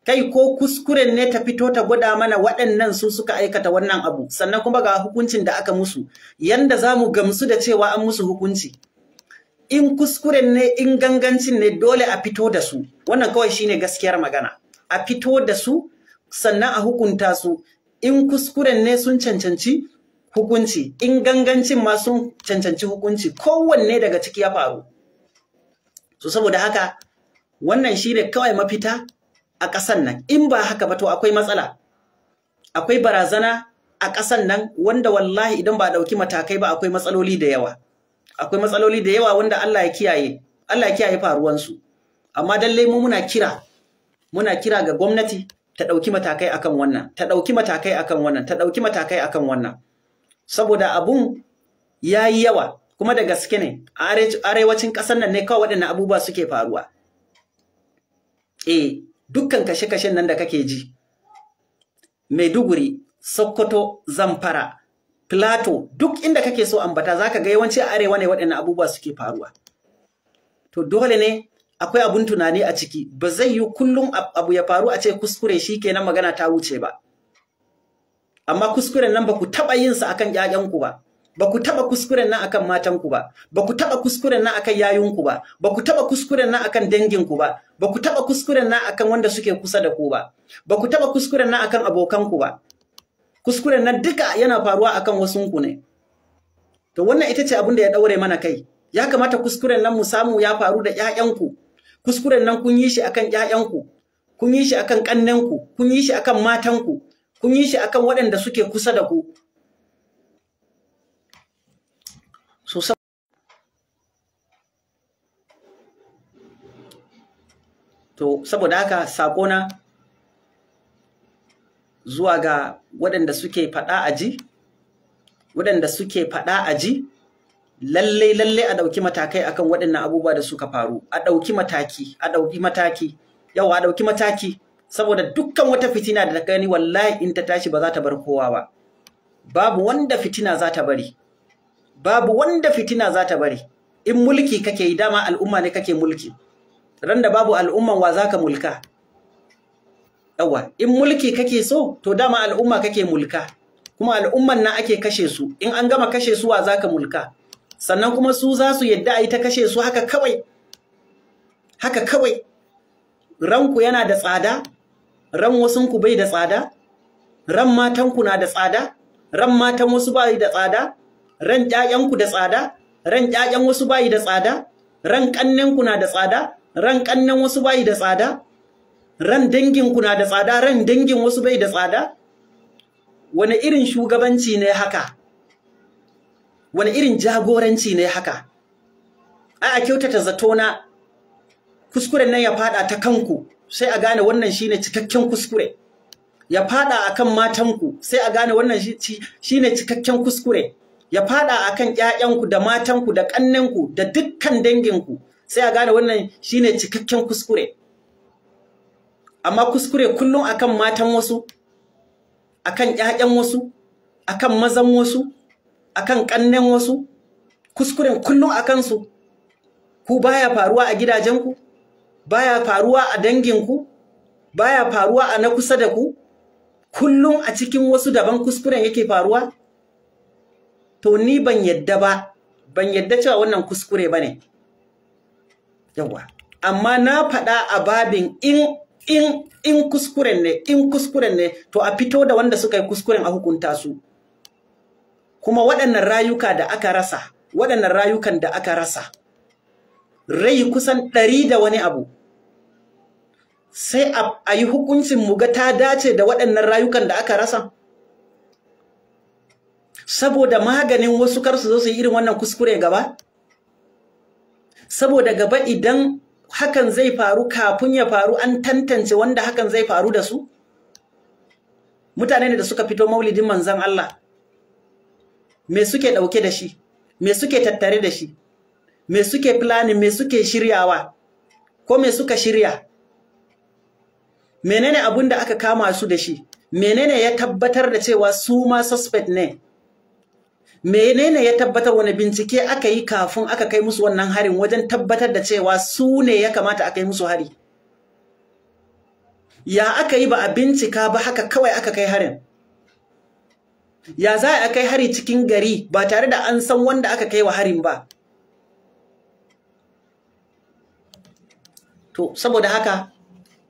kai ko kuskuren ne ta fito ta gwada mana waɗannan su suka aikata wannan abu sannan kuma ga hukuncin da aka musu yanda za mu gamsu da cewa an musu hukunci in kuskuren ne in gangancin ne dole a fito da su wannan kawai shine gaskiyar magana a fito da su sannan a hukunta su in kuskuren ne sun cancanci hukunci in gangancin ma sun cancanci hukunci kowanne daga ciki ya faru so saboda haka wannan shine kawai mafita a ƙasan nan in ba haka ba to akwai matsala akwai barazana a ƙasan nan wanda wallahi idan ba ɗauki matakai ba akwai matsaloli da yawa akwai matsaloli da yawa wanda Allah ya kiyaye Allah ya kiyaye faruwansu amma dalle mu muna kira muna kira ga gwamnati ta ɗauki matakai akan wannan ta ɗauki matakai akan wannan ta ɗauki matakai akan wannan saboda abun ya yi yawa kuma da gaske ne arewacin ƙasar nan ne kawai waɗannan abubuwa suke faruwa eh dukkan kashe-kashen nan da kake ji Maiduguri Sokoto Zamfara Plato, duk inda kake so ambata za ka ga yawanci a arewa ne waɗannan abubuwa suke faruwa to dole ne akwai abun tunani a ciki ba zai yi kullum abu ya faru a ce kuskure shi kenan magana ta wuce ba amma kuskuren nan ba ku taɓa yinsa sa akan ƴaƴanku ba ba ku taba kuskuren na akan matanku ba ba ku taba kuskuren na akan yayunku ba ba ku taba kuskuren nan akan danginku ba ba ku taba kuskuren nan akan wanda suke kusa da ku ba ba ku taba kuskuren nan akan abokanku ba kuskuren nan duka yana faruwa akan wasunku ne to wannan ita ce abin da ya daure mana kai ya kamata kuskuren nan mu samu ya faru da ƴaƴanku kuskuren nan kun yi shi akan ƴaƴanku kun yi shi akan ƙannenku kun yi shi akan matanku kun yi shi akan waɗanda suke kusa da ku to saboda haka sakona zuwa ga waɗanda suke faɗa aji waɗanda suke faɗa aji lalle lalle a ɗauki matakai akan waɗannan abubuwa da suka faru a ɗauki mataki a ɗauki mataki yawa a ɗauki mataki saboda dukkan wata fitina da ta gani wallahi in ta tashi ba za ta bar kowa ba babu wanda fitina za ta bari babu wanda fitina za ta bari in mulki kake yi dama al'umma ne kake mulki ran da babu al'umman wa za ka mulka yawa in mulki kake so to dama al'umma kake mulka kuma al'umman na ake kashe su in an gama kashe su wa za ka mulka sannan kuma su za su yadda a yi ta kashe su haka kawai haka kawai ranku yana da tsada ran wasunku bai da tsada ran matanku na da tsada ran matan wasu bai da tsada ran ƴaƴanku da tsada ran ƴaƴan wasu bai da tsada ran ƙannenku na da tsada ran kannan wasu bai da tsada ran dangin na da tsada ran dangin wasu bai da tsada wani irin shugabanci ne haka wani irin jagoranci ne haka ai a kyautata zato na. kuskuren nan ya fada ta kanku sai a gane wannan shine cikakken kuskure ya fada akan matanku sai a gane wannan shine cikakken kuskure ya fada akan ƴaƴanku da matanku da ƙannenku da dukkan danginku sai a gane wannan shine cikakken kuskure amma kuskure kullum akan matan wasu akan 'ya'yan wasu akan mazan wasu akan ƙannen wasu kuskuren kullum a kansu ku baya faruwa a gidajenku baya faruwa a danginku baya faruwa a na kusa da ku kullum a cikin wasu daban kuskuren yake faruwa to ni ban yadda ba ban yadda cewa wannan kuskure bane yawa amma na faɗa a babin in in in kuskuren ne in kuskuren ne to a fito da wanda suka yi kuskuren a hukunta su kuma waɗannan rayuka da aka rasa waɗannan rayukan da aka rasa rai kusan ɗari da wani abu sai a yi hukuncin muga ta dace da waɗannan rayukan da aka rasa saboda maganin wasu kar su zo su yi irin wannan kuskure gaba saboda gaba idan hakan zai faru kafin ya faru an tantance wanda hakan zai faru da su mutane ne da suka fito maulidin manzan Allah me suke ɗauke da shi me suke tattare da shi me suke planning me suke shiryawa ko me suka shirya menene abun da aka kama su da shi menene ya tabbatar da cewa su ma suspect ne menene ya tabbatar wani bincike aka yi kafin aka kai musu wannan harin wajen tabbatar da cewa su ne ya kamata aka yi musu hari ya aka yi ba a bincika ba haka kawai aka kai harin ya za a kai hari cikin gari ba tare da an san wanda aka kai wa harin ba to saboda haka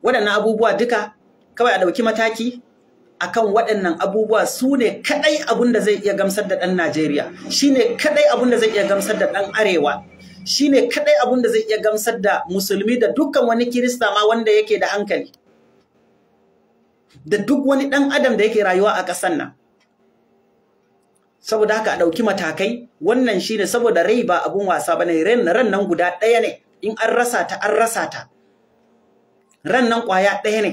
waɗannan abubuwa duka kawai a ɗauki mataki akan waɗannan abubuwa su ne kaɗai abin da zai iya gamsar da ɗan Najeriya shi ne kaɗai abin da zai iya gamsar da ɗan Arewa shi ne kaɗai abin da zai iya gamsar da musulmi da dukkan wani kirista ma wanda yake da hankali da duk wani ɗan adam da yake rayuwa a ƙasar nan saboda haka a ɗauki matakai wannan shi ne saboda rai ba abin wasa ba ne ran nan guda ɗaya ne in an rasa ta an rasa ta ran nan ƙwaya ɗaya ne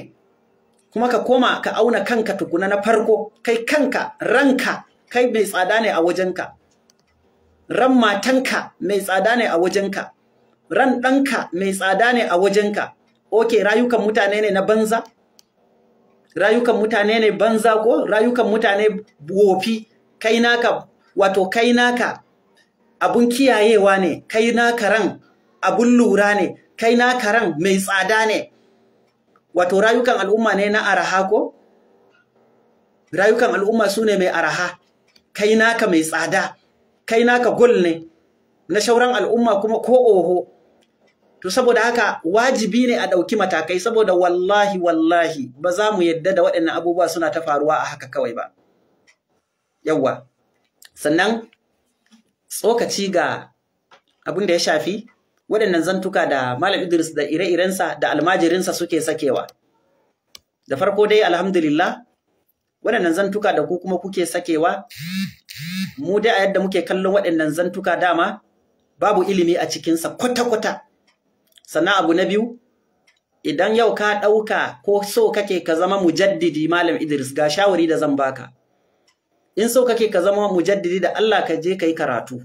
kuma ka koma ka auna kanka tukuna na farko kai kanka ranka kai mai tsada ne a wajenka ran matanka mai tsada ne a wajenka ran ɗanka mai tsada ne a wajenka oke rayukan mutane ne na banza rayukan mutane ne banza ko rayukan mutane wofi kai naka wato kai naka abun kiyayewa ne kai naka ran abun lura ne kai naka ran mai tsada ne wato rayukan al'umma ne na araha ko rayukan al'umma su ne mai araha kai naka mai tsada kai naka gul ne na shauran al'umma kuma ko oho to saboda haka wajibi ne a ɗauki matakai saboda wallahi wallahi ba za mu yadda da waɗannan abubuwa suna ta faruwa a haka kawai ba yawwa sannan tsokaci ga abin da ya shafi waɗannan zantuka da Malam Idris da ire-irensa da almajirinsa suke sakewa. Da farko dai alhamdulillah waɗannan zantuka da ku kuma kuke sakewa mu dai a yadda muke kallon waɗannan zantuka dama babu ilimi a cikinsa kwata-kwata. Sannan abu na biyu idan yau ka ɗauka ko so kake ka zama mujaddidi Malam Idris ga shawari da zan baka. In so kake ka zama mujaddidi da Allah ka je ka yi karatu.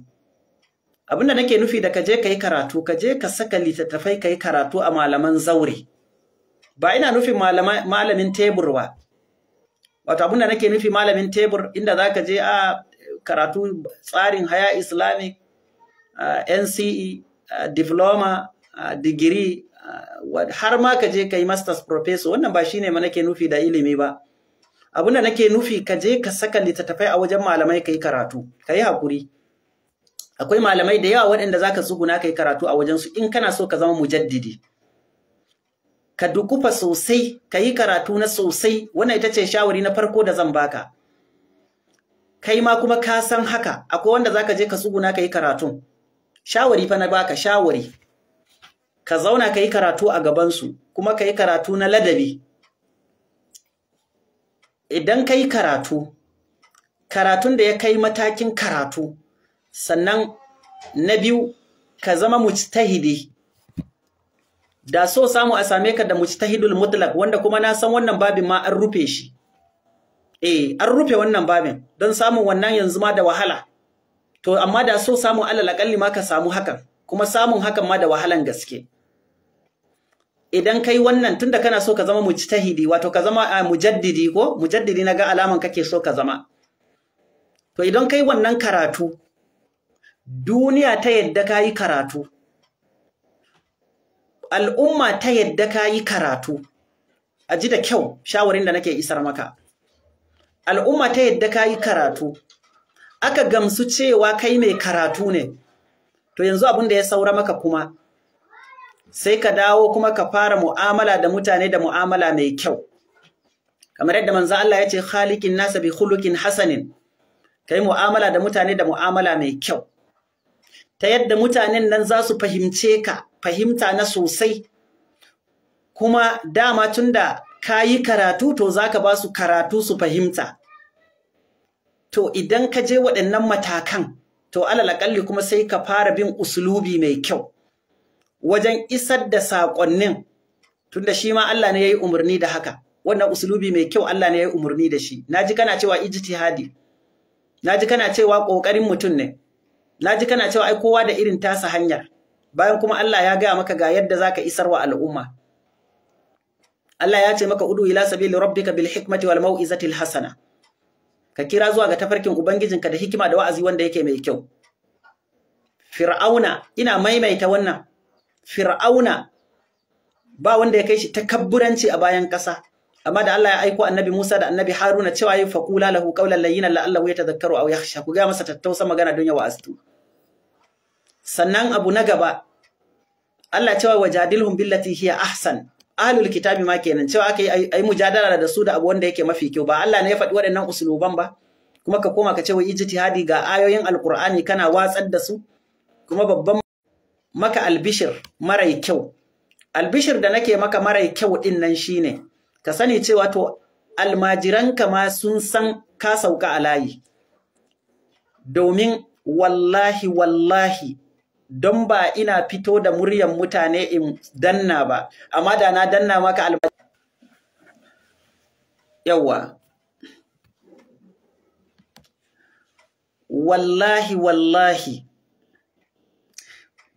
abinda nake nufi da kaje kai karatu kaje ka saka littattafai kai karatu a malaman zaure ba ina nufin malamin tebur ba wato abinda nake nufi malamin tebur inda za ka je a karatu tsarin haya islamic uh, NCE uh, diploma uh, digiri har ma ka je ka yi masters professor wannan ba shine ma nake nufi da ilimi ba abinda nake nufi kaje ka saka littattafai a wajen malamai ka yi karatu ka yi hakuri akwai malamai da yawa waɗanda za ka tsuguna ka yi karatu a wajen su in kana so ka zama mujaddidi ka dukufa sosai ka yi karatu na sosai wannan ita ce shawari na farko da zan baka kai ma kuma ka san haka akwai wanda za ka je ka tsuguna ka yi karatun shawari fa na baka shawari ka zauna ka yi karatu a gabansu kuma ka yi karatu na ladabi idan ka yi karatu karatun da ya kai matakin karatu sannan na biyu ka zama mujtahidi da so samu a same ka da mujtahidul mutlaq wanda kuma na san wannan babin ma an rufe shi eh an rufe wannan babin don samun wannan yanzu ma da wahala to amma da so samu alal akalli ma ka samu hakan kuma samun hakan ma da wahalan gaske idan kai wannan tunda kana so ka zama mujtahidi wato ka zama ah, mujaddidi ko mujaddidi naga alaman kake so ka zama to idan kai wannan karatu duniya ta yadda ka yi karatu al'umma ta yadda ka yi karatu a ji da kyau shawarin da nake isar maka al'umma ta yadda ka yi karatu aka gamsu cewa kai mai karatu ne to yanzu abin da ya saura maka kuma sai ka dawo kuma ka fara mu'amala da mutane da mu'amala mai kyau kamar yadda manzo Allah ya ce halikin nasa bi hulukin hasanin kai mu'amala da mutane da mu'amala mai kyau ta yadda mutanen nan za su fahimce ka fahimta na sosai kuma dama tunda ka yi karatu to za ka ba su karatu su fahimta to idan ka je waɗannan matakan to alal ƙalli kuma sai ka fara bin usulubi mai kyau wajen isar da saƙonnin tunda shi ma Allah ne ya yi umarni da haka wannan usulubi mai kyau Allah ne ya yi umarni da shi na ji kana cewa ijtihadi na ji kana cewa ƙoƙarin mutum ne Na ji kana cewa ai kowa da irin tasa hanyar bayan kuma Allah ya gaya maka ga yadda zaka isar wa al'umma Allah ya ce maka udu ila sabili rabbika bil hikmati wal mau'izatil hasana ka kira zuwa ga tafarkin ubangijinka da hikima da wa'azi wanda yake mai kyau fir'auna ina maimaita wannan fir'auna ba wanda ya kai shi takabburanci a bayan ƙasa amma da Allah ya aiko annabi Musa da annabi Haruna cewa yi faqula lahu qawlan layyinan la'allahu yatadhakkaru aw yakhsha ku ga masa tattausa magana don ya wa'astu sannan abu na gaba Allah cewa wajadilhum billati hiya ahsan ahlul kitabi ma kenan cewa aka yi ai mujadala da su da abu wanda yake mafi kyau ba Allah ne ya faɗi waɗannan usuluban ba kuma ka koma ka ce wai ijtihadi ga ayoyin alqur'ani kana watsar da su kuma babban maka albishir marai kyau albishir da nake maka marai kyau din nan shine ka sani cewa to almajiranka ma sun san ka sauka a layi domin wallahi wallahi don ba ina fito da muryan mutane in danna ba amma da na danna maka almajiranka yawa wallahi wallahi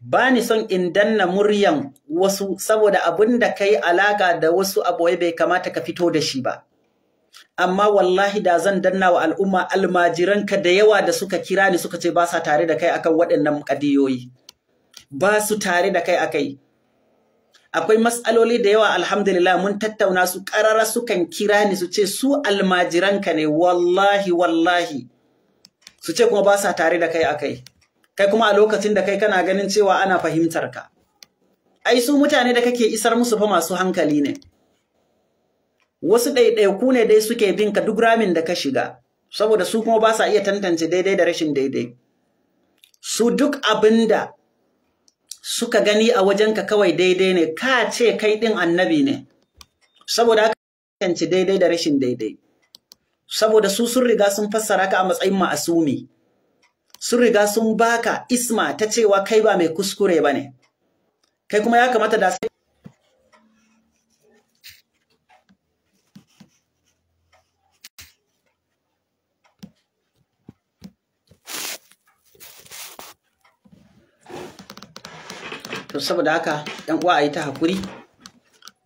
ba ni son in danna muryan wasu saboda abin da ka yi alaƙa da wasu abuwai bai kamata ka fito da shi ba. Amma wallahi da zan danna wa al'umma almajiranka da yawa da suka kira ni suka ce ba sa tare da kai akan waɗannan ƙadiyoyi. Ba su tare da kai akai. Akwai matsaloli da yawa alhamdulillah mun tattauna su ƙarara sukan kira ni su ce su almajiranka ne wallahi wallahi. Su ce kuma ba sa tare da kai akai. kai kuma a lokacin da kai kana ganin cewa ana fahimtar ka ai su mutane da kake isar musu fa masu hankali ne wasu ɗaiɗaiku ne dai suke bin ka duk ramin da ka shiga saboda su kuma ba sa iya tantance daidai da rashin daidai su duk abinda suka gani a wajen ka kawai daidai ne ka ce kai ɗin annabi ne saboda haka tantance daidai da rashin daidai saboda su sun riga sun fassara ka a matsayin ma'asumi sun riga sun baka isma ta cewa kai ba mai kuskure ba ne kai kuma ya kamata da sai to saboda haka yan uwa yi ta hakuri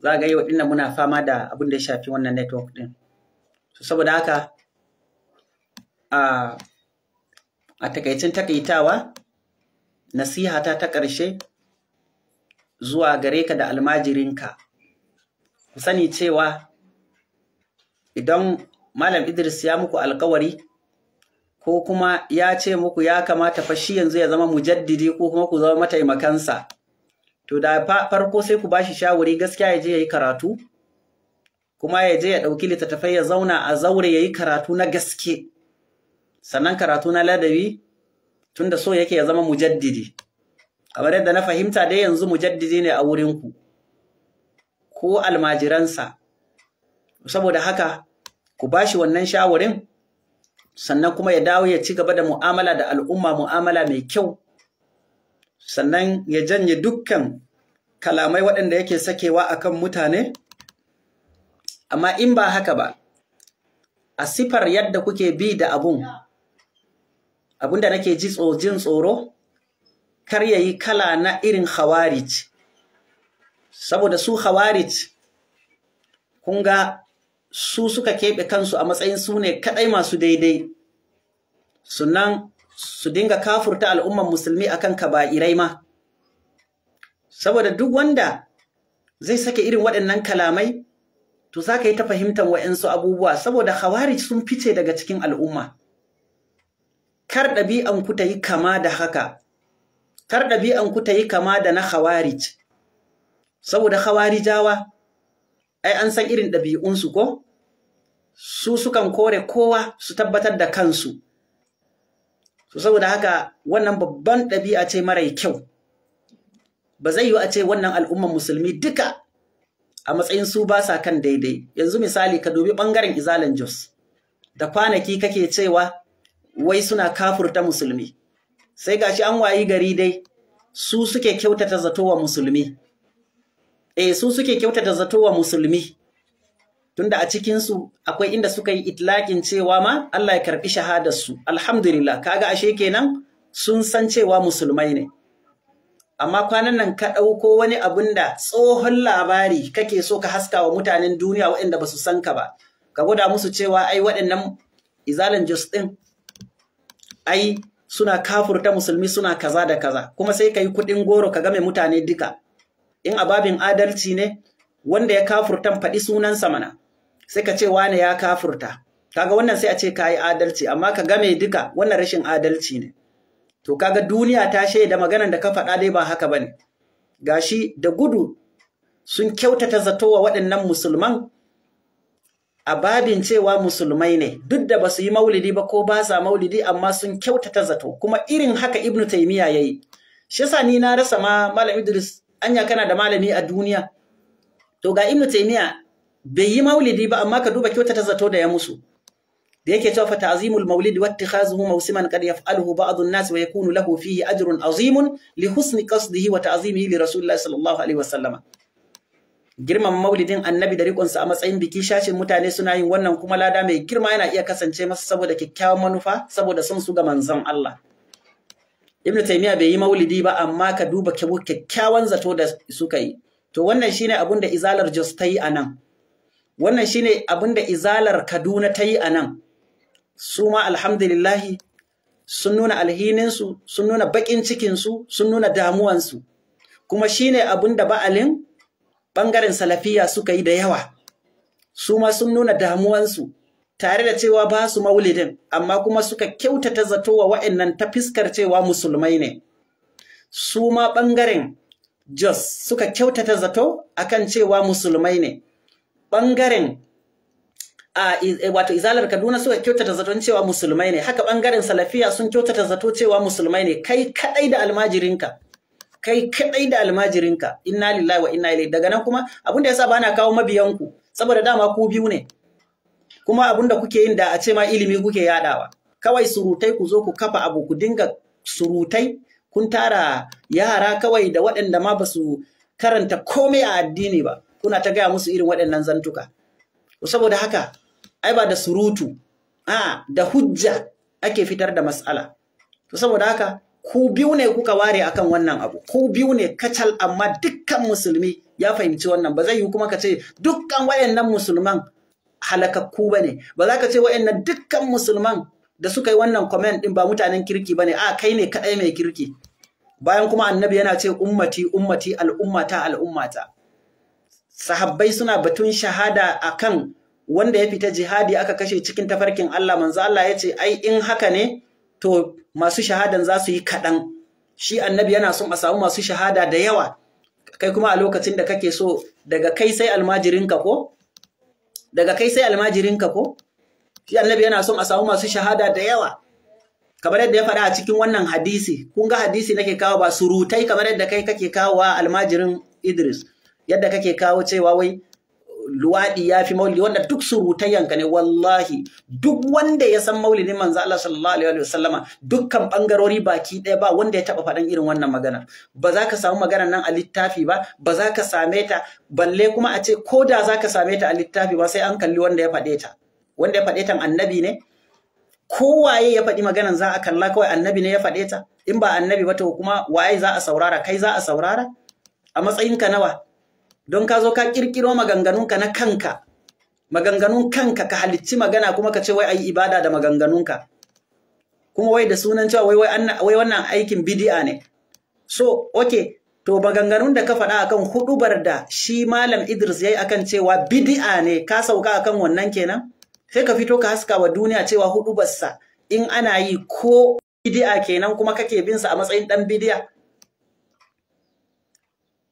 za a yau dinnan muna fama da abin da ya shafi wannan network ɗin, to saboda haka a takaicin takaitawa nasiha ta ta ƙarshe zuwa gare ka da almajirinka ku sani cewa idan malam idris ya muku alkawari ko kuma ya ce muku ya kamata fa shi yanzu ya zama mujaddidi ko kuma ku zama mataimakansa to da farko sai ku bashi shawari gaskiya ya je ya yi karatu kuma ya je ya ɗauki littattafai ya zauna a zaure ya yi karatu na gaske sannan karatu na ladabi tunda so yake ya zama mujaddidi kamar yadda na fahimta dai yanzu mujaddidi ne a wurinku ko almajiransa saboda haka ku ba shi wannan shawarin sannan kuma ya dawo ya ci gaba da mu'amala da al'umma mu'amala mai kyau sannan ya janye dukkan kalamai waɗanda yake sakewa a kan mutane amma in ba haka ba a sifar yadda kuke bi da abun abinda nake ji jin tsoro kar yayi kala na irin khawarij saboda su khawarij kun ga su suka keɓe kansu a matsayin su ne kaɗai masu daidai sannan su dinga kafurta al'umman musulmi akan kaba'irai ma saboda duk wanda zai sake irin waɗannan kalamai to za ka yi ta fahimtar wa'yansu abubuwa saboda khawarij sun fice daga cikin al'umma kar ɗabi'anku ta yi kama da haka, kar ɗabi'anku ta yi kama da na Khawarij, saboda Khawarijawa, ai an san irin ɗabi'unsu ko? Su sukan kore kowa su tabbatar da kansu. So saboda haka wannan babban ɗabi'a ce marai kyau. Ba zai wa a ce wannan al'umman musulmi duka a matsayin su ba sa kan daidai. Yanzu misali ka dubi ɓangaren izalan Jos. Da kwanaki kake cewa wai suna kafurta musulmi sai ga shi an wayi gari dai su suke kyautata zato musulmi eh su suke kyautata zato wa musulmi tunda a cikinsu akwai inda suka yi itlakin cewa ma Allah ya karbi shahadarsu alhamdulillah kaga ashe kenan sun san cewa musulmai ne amma kwanan nan ka ɗauko wani abun da tsohon labari kake so ka haska wa mutanen duniya waɗanda ba su san ka ba ka gwada musu cewa ai waɗannan izalan jos ɗin ai suna kafurta musulmi suna kaza da kaza kuma sai ka yi kuɗin goro ka game mutane duka in ababin adalci ne wanda ya kafurtan faɗi sunansa mana sai ka ce wane ya kafurta kaga wannan sai a ce ka yi adalci amma ka game duka wannan rashin adalci ne to kaga duniya ta shaida maganan da ka faɗa dai ba haka bane gashi da gudu sun kyautata zatowa waɗannan musulman a babin cewa musulmai ne duk da basu yi maulidi ba ko ba sa maulidi amma sun kyautata zato kuma irin haka ibnu ya yi. shi yasa ni na rasa ma malam idris anya kana da malami a duniya to ga ibnu taimiya bai yi maulidi ba amma ka duba kyautata zato da ya musu da yake cewa fa ta'zimul maulidi wa ittikhazuhu mawsiman qad yaf'aluhu ba'dhu an-nas wa yakunu lahu fihi ajrun azimun li husni qasdihi wa ta'zimihi li rasulillahi sallallahu alaihi wasallama girman maulidin annabi da riƙonsa a matsayin biki shashin mutane suna yin wannan kuma lada mai girma yana iya kasance masa saboda kyakkyawan manufa saboda son su ga manzon Allah Ibn Taymiyyah bai yi maulidi ba amma ka duba kyakkyawan zato da suka yi to wannan shine abin da izalar Jos ta yi anan wannan shine abin da izalar Kaduna ta yi anan su ma alhamdulillah sun nuna alhininsu sun nuna cikin su sun nuna su kuma shine abin da ba'alin ɓangaren salafiya suka yi da yawa su ma sun nuna damuwansu tare da cewa ba su maulidin amma kuma suka kyautata zato wa wa'annan ta fiskar cewa musulmai ne su ma ɓangaren Jos suka kyautata zato akan cewa musulmai ne ɓangaren a e, wato izalar Kaduna suka kyautata zato cewa musulmai ne haka ɓangaren salafiya sun kyautata zato cewa musulmai ne kai kaɗai da almajirinka kai kaɗai da almajirinka inna lillahi wa inna ilaihi daga nan kuma abinda yasa bana kawo mabiyanku saboda dama ku biyu ne kuma abinda kuke yin da a ce ma ilimi kuke yadawa kawai surutai ku zo ku kafa abu ku dinga surutai kun tara yara kawai da waɗanda ma ba su karanta komai a addini ba kuna ta gaya musu irin waɗannan zantuka saboda haka ai ba da surutu a da hujja ake fitar da mas'ala saboda haka ku biyu ne kuka ware akan wannan abu ku biyu ne kacal amma dukkan musulmi ya fahimci wannan ba zai yi kuma ka ce dukkan wayannan musulman halakakku bane ba za ka ce wayannan dukkan musulman da suka yi wannan kwamen din ba mutanen kirki bane a kai ne kaɗai mai kirki bayan kuma annabi yana ce ummati ummati al'ummata al'ummata sahabbai suna batun shahada akan wanda ya fita jihadi aka kashe cikin tafarkin Allah manzo Allah ya ce ai in haka ne to masu shahadan za su yi kaɗan shi annabi yana son a samu masu shahada da yawa kai kuma a lokacin da kake so daga kai sai almajirinka ko daga kai sai almajirinka ko shi annabi yana son a samu masu shahada da yawa kamar yadda ya faɗa a cikin wannan hadisi kun ga hadisi nake kawo ba surutai kamar yadda kai kake kawo wa almajirin Idris yadda kake kawo cewa wai luwaɗi ya fi maulidi wanda duk yanka ne wallahi duk wanda ya san maulidin manzo Allah sallallahu alaihi wasallama dukkan bangarori baki ɗaya ba wanda ya taɓa faɗan irin wannan magana ba za ka samu maganar nan a littafi ba ba za ka same ta balle kuma a ce ko da za ka same ta a littafi ba sai an kalli wanda ya faɗe ta wanda ya faɗe ta annabi ne kowaye ya faɗi maganan za a kalla kawai annabi ne ya faɗe ta in ba annabi ba to kuma waye za a saurara kai za a saurara a matsayinka nawa don ka zo ka kirkiro maganganunka na kanka maganganun kanka ka halicci magana kuma ka ce wai ayi ibada da maganganunka kuma wai da sunan cewa wai wai wannan aikin bidi'a ne so okay to maganganun da ka faɗa akan hudubar da shi malam Idris ya yi akan cewa bidi'a ne ka sauka akan wannan kenan sai ka fito ka haska wa duniya cewa hudubarsa in ana yi ko bidi'a kenan kuma kake bin sa a matsayin ɗan bidi'a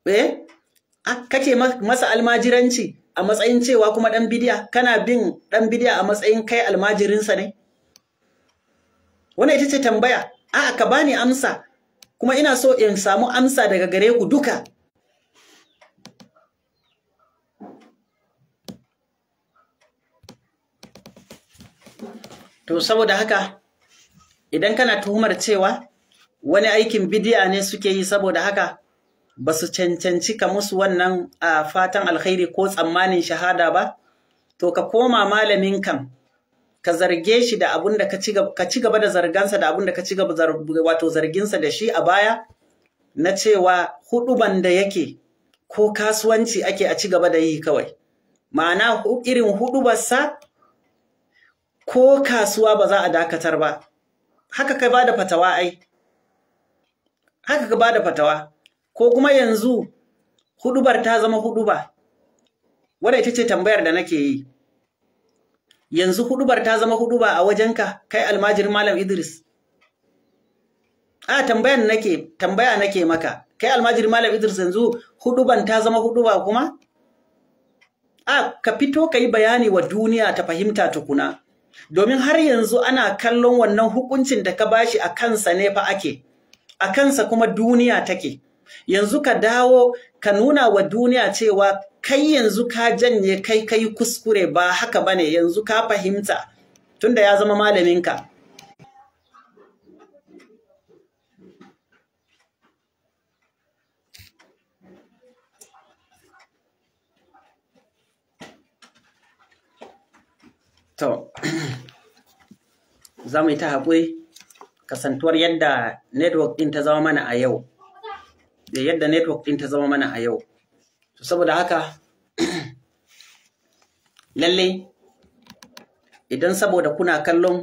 eh kake masa almajiranci a matsayin cewa kuma ɗan bidiya kana bin ɗan bidiya a matsayin kai almajirinsa ne wannan ita ce tambaya a'a ka bani amsa kuma ina so in samu amsa daga gare ku duka to saboda haka idan kana tuhumar cewa wani aikin bidiya ne suke yi saboda haka ba su cancanci ka musu wannan a fatan alkhairi ko tsammanin shahada ba to ka koma malamin kan ka zarge shi da abin da ka ci gaba da zargansa da abun da ka ci gaba zarginsa da shi a baya na cewa hudu da yake ko kasuwanci ake a ci gaba da yi kawai ma'ana irin hudu hudubarsa ko kasuwa ba za a dakatar ba haka kai ba da fatawa ai haka ka ba da fatawa ko kuma yanzu hudubar ta zama huduba wadda ita ce tambayar da nake yi yanzu hudubar ta zama huduba a wajenka kai almajir malam Idris a tambayar nake tambaya nake maka kai almajir malam Idris yanzu huduban ta zama huduba kuma a ka fito ka yi bayani wa duniya ta fahimta tukuna domin har yanzu ana kallon wannan hukuncin da ka bashi a kansa ne fa ake a kansa kuma duniya take yanzu ka dawo ka nuna wa duniya cewa kai yanzu ka janye kai kai kuskure ba haka bane yanzu ka fahimta tunda ya zama malaminka To, za mu yi ta haƙuri kasantuwar yadda network ɗin ta zama mana a yau. da yadda network ɗin ta zama mana a yau to saboda haka lallai idan saboda kuna kallon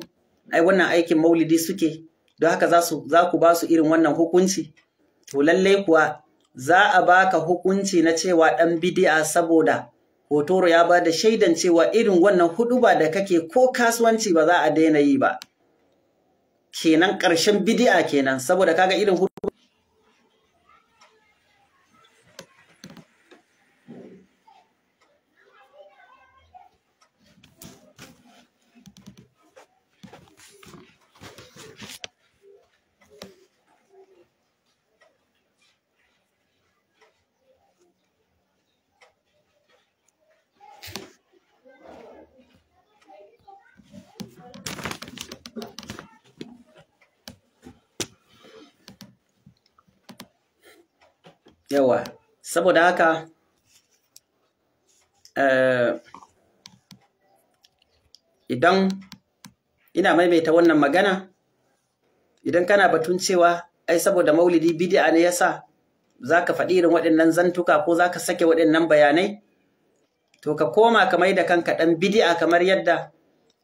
ai wannan aikin maulidi suke don haka za, su, ku ba su irin wannan hukunci to lallai kuwa za a baka hukunci na cewa ɗan bidi'a saboda hotoro ya ba da shaidan cewa irin wannan huduba da kake ko kasuwanci ba za a daina yi ba kenan ƙarshen bidi'a kenan saboda kaga irin huduba saboda haka eh, idan ina maimaita wannan magana idan kana batun cewa ai saboda maulidi bid'a ne yasa za ka faɗi irin waɗannan zantuka ko zaka sake waɗannan bayanai to ka koma ka mai da kanka ɗan bidi'a kamar yadda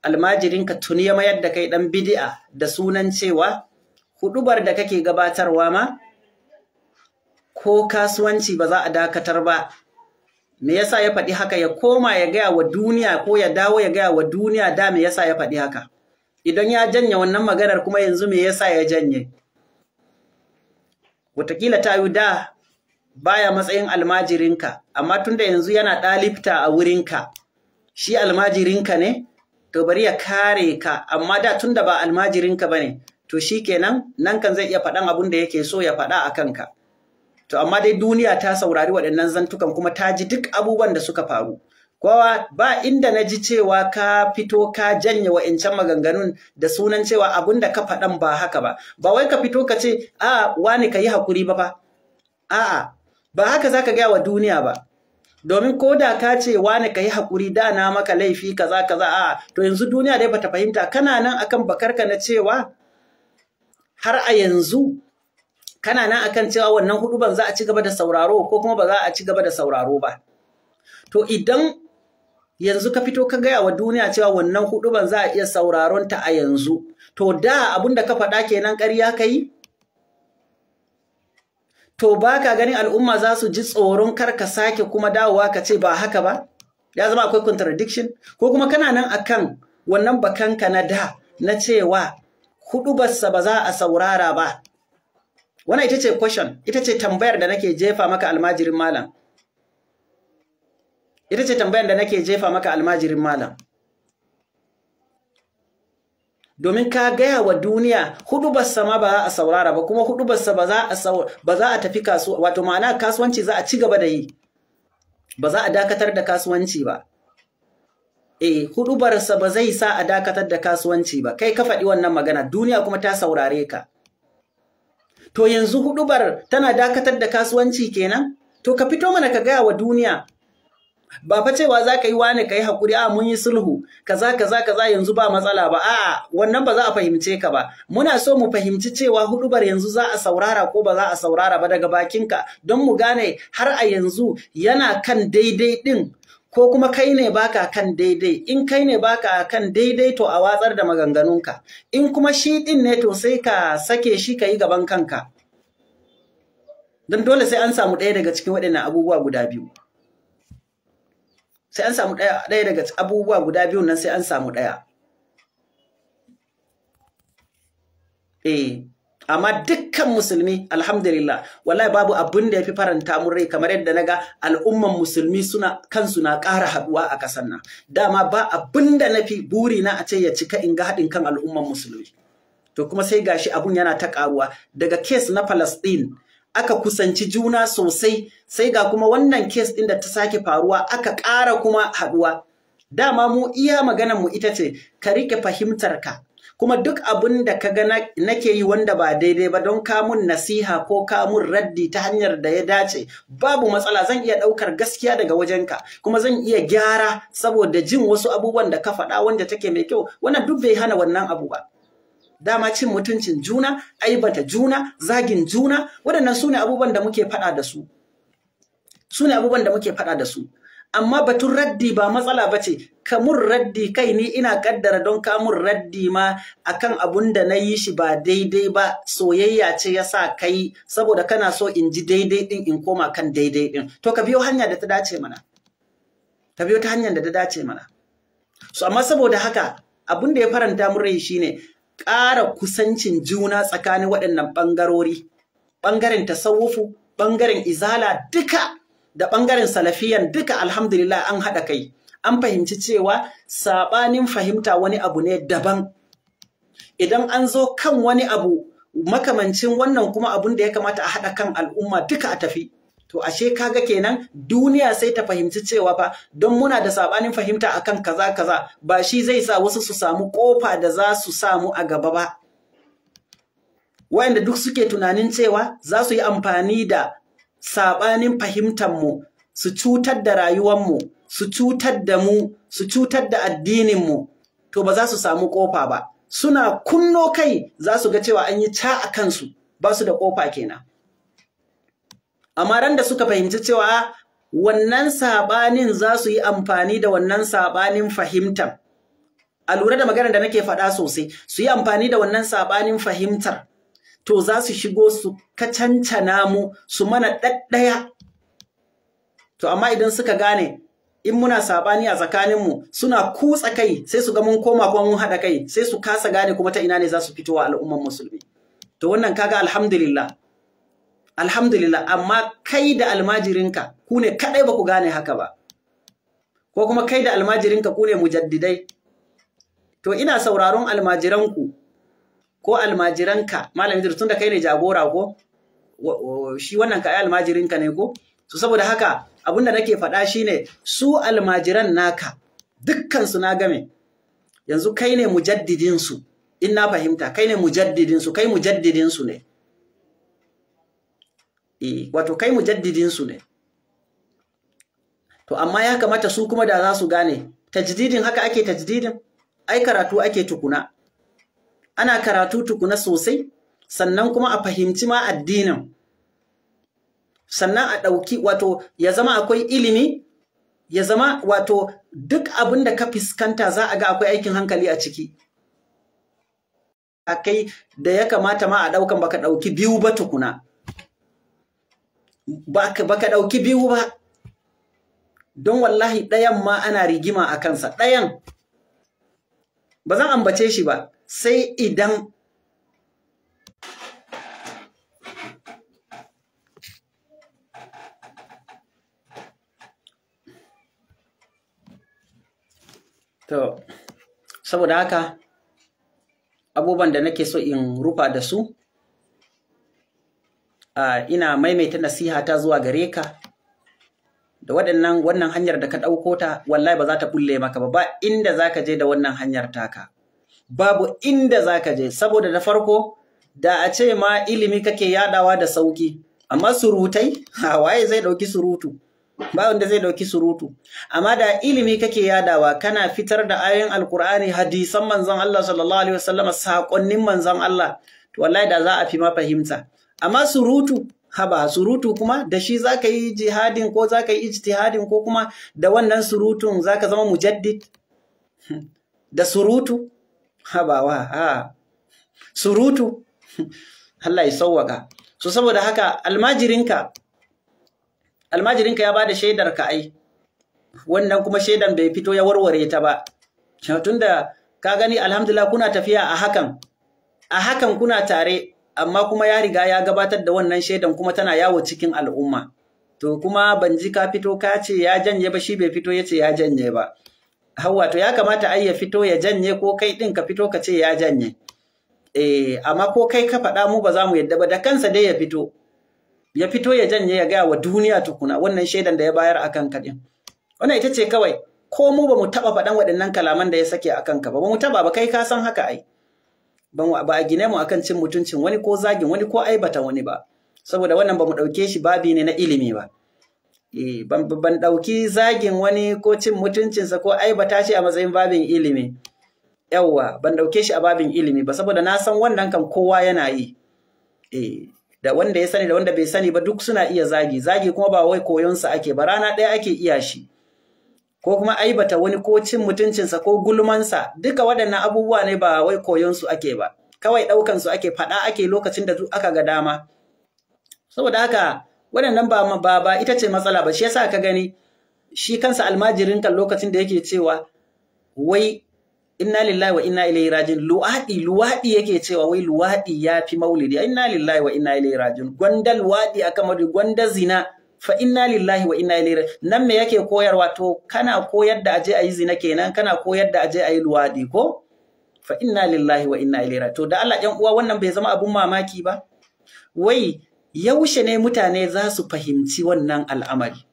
almajirinka tuni ya mayar da kai ɗan bidi'a da sunan cewa huɗubar da kake gabatarwa ma ko kasuwanci ba za a dakatar ba me yasa ya faɗi haka ya koma ya gaya wa duniya ko ya dawo ya gaya wa duniya da me yasa ya faɗi haka idan ya janye wannan maganar kuma yanzu me yasa ya janye watakila ta yi da baya matsayin almajirinka amma tunda yanzu yana ɗalifta a wurinka shi almajirinka ne to bari ya kare ka amma da tunda ba almajirinka ba ne, to shi kenan nan kan zai iya faɗan abin da yake so ya faɗa a kanka to amma dai duniya ta saurari waɗannan zantukan kuma ta ji duk abubuwan da suka faru kowa ba inda na ji cewa ka fito ka janye wa'incan maganganun da sunan cewa abun da ka faɗan ba haka ba ba wai ka fito ka ce a wani ka yi hakuri ba ba a'a ba haka za ka gaya wa duniya ba domin ko da ka ce wani ka yi haƙuri da na maka laifi kaza kaza a to yanzu duniya dai bata fahimta kana nan akan bakarka na cewa har a yanzu kana nan akan cewa wannan ban za a ci gaba da sauraro ko kuma ba za a ci gaba da sauraro ba to idan yanzu ka fito ka gaya wa duniya cewa wannan ban za a iya sauraron ta a yanzu to da abun da ka faɗa kenan ƙarya ka yi to ba ka gani al'umma za su ji tsoron kar ka sake kuma dawowa ka ce ba haka ba ya zama akwai contradiction ko kuma kana nan akan wannan bakanka na da na cewa sa ba za a saurara ba Wannan ita ce question, ita ce tambayar da nake jefa maka almajirin malam. Ita ce tambayar da nake jefa maka almajirin malam. Domin ka gaya wa duniya hudubarsa ma ba za a saurara ba kuma hudu ba za a ba za a tafi kasuwa wato ma'ana kasuwanci za a ci gaba da yi. Ba za a dakatar da kasuwanci ba. eh hudubarsa ba zai sa a dakatar da kasuwanci ba kai ka faɗi wannan magana duniya kuma ta saurare ka to yanzu hudubar tana dakatar da kasuwanci kenan to ka fito mana ka gaya wa duniya ba fa cewa za ka yi wani ka yi haƙuri a ah, mun yi sulhu kaza kaza kaza yanzu ba matsala ba a'a wannan ba za a fahimce ka ba muna so mu fahimci cewa hudubar yanzu za a saurara ko ba za a saurara ba daga bakinka don mu gane har a yanzu yana kan daidai ɗin? ko kuma kai ne baka kan daidai in kai ne baka kan daidai to a watsar da maganganunka in kuma shi din ne to sai ka sake shi ka yi gaban kanka don dole sai an samu ɗaya daga cikin waɗannan abubuwa guda biyu sai an samu ɗaya daga abubuwa guda biyu nan sai an samu ɗaya eh amma dukkan musulmi alhamdulillah wallahi babu abin da yafi faranta mun rai kamar yadda naga al'umman musulmi suna kansu na ƙara haduwa a ƙasar nan dama ba abin da nafi buri na a ce ya cika in ga haɗin kan al'umman musulmi to kuma sai gashi abun yana ta ƙaruwa daga kes na Palestine aka kusanci juna sosai sai ga kuma wannan kes ɗin da ta sake faruwa aka ƙara kuma haduwa dama mu iya maganar mu ita ce ka rike fahimtar ka kuma duk abin da ka ga nake yi wanda ba daidai ba don kamun nasiha ko kamun raddi ta hanyar da ya dace babu matsala zan iya ɗaukar gaskiya daga wajenka kuma zan iya gyara saboda jin wasu abubuwan da ka faɗa wanda take mai kyau wannan duk bai hana wannan abu ba dama cin mutuncin juna aibata juna zagin juna waɗannan su abubuwan da muke faɗa da su su abubuwan da muke faɗa da su amma batun raddi ba matsala ba ce ka kamun raddi kai ni ina kaddara don kamun raddi ma akan abun da na yi shi ba daidai ba soyayya ce ya sa kai saboda kana so in ji daidai din in koma kan daidai din to ka biyo hanya da ta dace mana ka biyo ta hanyar da ta dace mana so amma saboda haka abun da ya faranta mun rai shine ƙara kusancin juna tsakanin waɗannan ɓangarori ɓangaren tasawufu ɓangaren izala duka da ɓangaren salafiyan duka alhamdulillah an haɗa kai an fahimci cewa saɓanin fahimta wani abu ne daban idan an zo kan wani abu makamancin wannan kuma abun da ya kamata a haɗa kan al'umma duka a tafi to ashe kaga kenan duniya sai ta fahimci cewa fa don muna da saɓanin fahimta akan kaza kaza ba shi zai sa wasu su samu ƙofa da za su samu a gaba ba wayanda duk suke tunanin cewa za su yi amfani da saɓanin fahimtanmu su cutar da rayuwanmu su cutar da mu su cutar da addininmu to ba za su samu ƙofa ba suna kunno kai za su ga cewa an yi ca a kansu ba su da ƙofa kenan amma ran da suka fahimci cewa wannan saɓanin za su yi amfani da wannan saɓanin fahimtar a lura da maganar da nake faɗa sosai su yi amfani da wannan saɓanin fahimtar to za su shigo su kacancana mu su mana ɗaɗɗaya to amma idan suka gane in muna sabani a tsakaninmu suna kutsa kai sai su ga mun koma kuma mun haɗa kai sai su kasa gane kuma ta ina ne za su fitowa al'umman musulmi to wannan kaga alhamdulillah alhamdulillah amma kai da almajirinka ku ne kaɗai ba ku gane haka ba ko kuma kai da almajirinka ku ne mujaddidai to ina sauraron almajiranku ko almajiranka malami Idris tun kai ne jagora ko shi wannan ka almajirinka ne ko so saboda haka abinda nake faɗa shine su almajiran naka dukkan su na game yanzu kai ne mujaddidin su in na fahimta kai ne mujaddidin su kai mujaddidin su ne eh wato kai mujaddidin su ne to amma ya kamata su kuma da za su gane tajdidin haka ake tajdidin ai karatu ake tukuna ana karatu tukuna sosai sannan kuma a fahimci ma addinin sannan a ɗauki wato ya zama akwai ilimi ya zama wato duk abin da ka fiskanta za a ga akwai aikin hankali a ciki kai da ya kamata ma a ɗaukan baka ɗauki biyu ba tukuna baka ɗauki biyu ba don wallahi ɗayan ma ana rigima a kansa ɗayan ba zan ambace shi ba sai idan To, saboda haka abubuwan da nake so in rufa da su, ina maimaita nasiha ta zuwa gare ka, da waɗannan wannan hanyar da ka ɗauko ta wallahi ba za ta bulle maka ba, ba inda za ka je da wannan hanyar taka. babu inda za ka je saboda da farko da a ce ma ilimi kake yadawa da sauki amma surutai waye zai ɗauki surutu ba wanda zai ɗauki surutu amma da ilimi kake yadawa kana fitar da ayoyin alkur'ani hadisan manzon Allah sallallahu alaihi wasallam sakonnin manzon Allah to za a fi ma fahimta amma surutu haba surutu kuma da shi zaka yi jihadin ko zaka yi ijtihadin ko kuma da wannan surutun zaka zama mujaddid da surutu habawa ha surutu Allah ya sauwaka so saboda haka almajirinka almajirinka ya bada shaidar ka ai wannan kuma shaidan bai fito ya warware ta ba tunda ka gani alhamdulillah kuna tafiya a hakan a hakan kuna tare amma kuma ya riga ya gabatar da wannan shaidan kuma tana yawo cikin al'umma to kuma ban ji ka fito ka ce ya janye ba shi bai fito ya ce ya janye ba Hauwa to ya kamata ai ya fito ya janye ko kai din ka fito ka ce ya janye eh amma ko kai ka faɗa mu ba za mu yadda ba da kansa dai ya fito ya fito ya janye ya gaya wa duniya tukuna wannan shaidan da ya bayar akan ka din wannan ita ce kawai ko mu ba mu taɓa faɗan waɗannan kalaman da ya sake akan ka ba ba mu taɓa ba kai ka san haka ai ba a gine mu akan cin mutuncin wani ko zagin wani ko aibata wani ba saboda wannan ba mu ɗauke shi babi ne na ilimi ba Eh, ban ɗauki zagin wani ko cin mutuncinsa ko aibata shi a matsayin babin ilimi yawwa ban ɗauke shi a babin ilimi ba saboda na san wannan kan kowa yana yi eh, da wanda ya sani da wanda bai sani ba duk suna iya zagi zagi kuma ba wai koyonsa ake ba rana ɗaya ake iya shi ko kuma aibata wani ko cin mutuncinsa ko gulmansa duka waɗannan abubuwa ne ba wai koyonsu ake ba kawai ɗaukansu ake faɗa ake lokacin da aka ga dama saboda haka waɗannan ba ba ba ita ce matsala ba shi yasa ka gani shi kansa almajirin kan lokacin da yake cewa wai inna lillahi wa inna ilaihi rajiun luwadi luwadi yake cewa wai luwadi yafi maulidi inna lillahi wa inna ilaihi rajiun gwanda luwadi akan maulidi gwanda zina fa inna lillahi wa inna ilaihi nan me yake koyarwa to kana koyar da aje ayi zina kenan kana koyar da aje ayi luwadi ko fa inna lillahi wa inna ilaihi to da Allah ɗan uwa wannan bai zama abun mamaki ba wai yaushe ne mutane za su fahimci wannan al'amari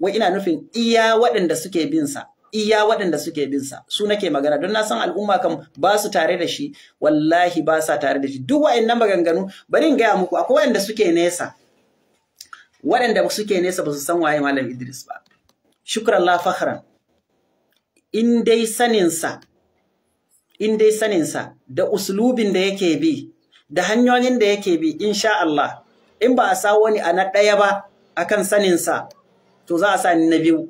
wai ina nufin iya waɗanda suke binsa. iya waɗanda suke binsa. su nake magana don na san al'umma kan ba su tare da shi wallahi ba sa tare da shi duk waɗannan maganganu bari in gaya muku akwai waɗanda suke nesa waɗanda suke nesa ba su san waye malam Idris ba shukrallah fakhran in dai saninsa in dai saninsa da uslubin da yake bi da hanyoyin da yake bi insha Allah in ba a sa wani a na ɗaya ba akan saninsa to za a sa ni na biyu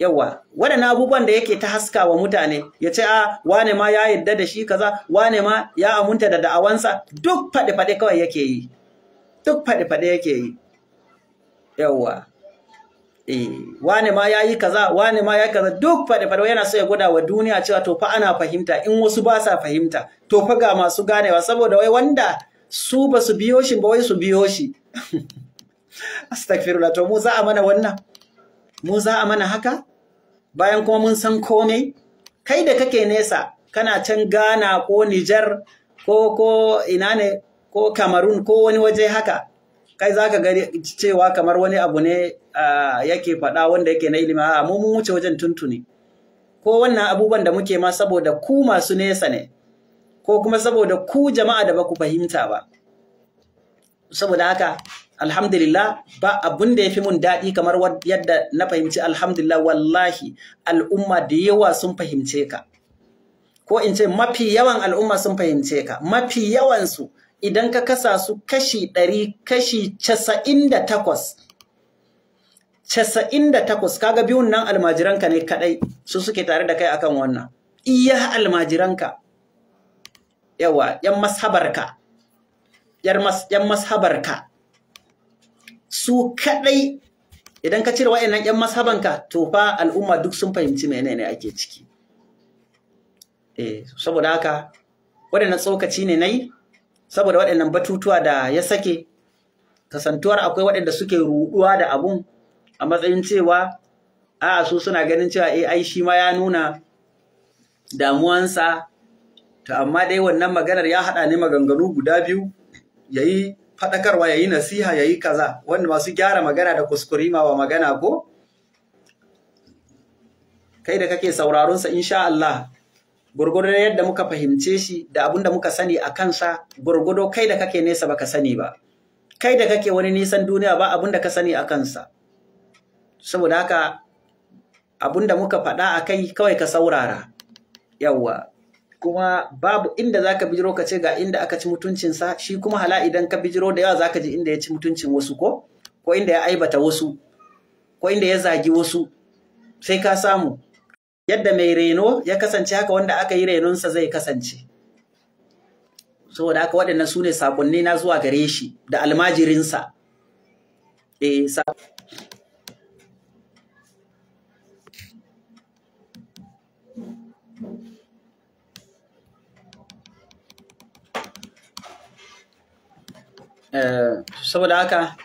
Yawwa waɗannan abubuwan da yake ta haska wa mutane ya ce a ah, wane ma ya yarda da shi kaza wane ma ya amunta da da'awansa duk faɗi faɗi kawai yake yi duk faɗi-faɗi yake yi yawwa e eh, wane ma ya yi kaza wane ma ya yi kaza duk faɗi faɗi yana so ya gwada wa duniya cewa to fa ana fahimta in wasu ba sa fahimta to fa ga masu ganewa saboda wai wanda su ba su biyo shi ba wai su biyo shi astagfirullah to mu za a mana wannan mu za a mana haka bayan kuma mun san komai kai da kake nesa kana can gana, ko Nijar ko ko ina ne ko Cameroon ko wani waje haka kai za ka cewa kamar wani abu ne yake faɗa wanda yake na ilimi a mu mun wuce wajen tuntuni ko wannan abubuwan da muke ma saboda ku masu nesa ne ko kuma saboda ku jama'a da ba ku fahimta ba saboda haka alhamdulillah ba abun da ya fi mun daɗi kamar yadda na fahimci alhamdulillah wallahi al'umma da yawa sun fahimce ka ko in ce mafi yawan al'umma sun fahimce ka mafi yawansu idan ka kasa su kashi ɗari kashi casa'in da takwas casa'in da takwas kaga biyun nan almajiranka ne kaɗai su suke tare da kai akan wannan iya almajiranka yawa yan mashabarka yan mashabarka su kaɗai idan ka cire wa'annan yan mashabanka to fa al'umma duk sun fahimci menene ake ciki eh saboda haka waɗannan tsokaci ne nayi saboda waɗannan batutuwa da ya sake kasantuwar akwai waɗanda suke ruɗuwa da abun a matsayin cewa a su suna ganin cewa eh, ai shi ma ya nuna damuwansa ta amma dai wannan maganar ya haɗa ne maganganu guda biyu ya yi faɗakarwa ya yi nasiha ya yi kaza wanda masu gyara magana da kuskuri ma wa magana ko kai da kake sauraronsa insha Allah gurgudo yadda muka fahimce shi da abin da muka sani a kansa gurgudo kai da kake nesa baka sani ba kai da kake wani nisan duniya ba abin da ka sani a kansa saboda haka abin da muka faɗa a kai kawai ka saurara yawwa kuma babu inda za ka bijiro ka ce ga inda aka ci mutuncinsa shi kuma hala idan ka bijiro da yawa za ka ji inda ya ci mutuncin wasu ko ko inda ya aibata wasu ko inda ya zagi wasu sai ka samu yadda mai reno ya kasance haka wanda aka yi renonsa zai kasance saboda haka waɗannan su ne sakonni na zuwa gare shi da almajirinsa eh, Eh, saboda haka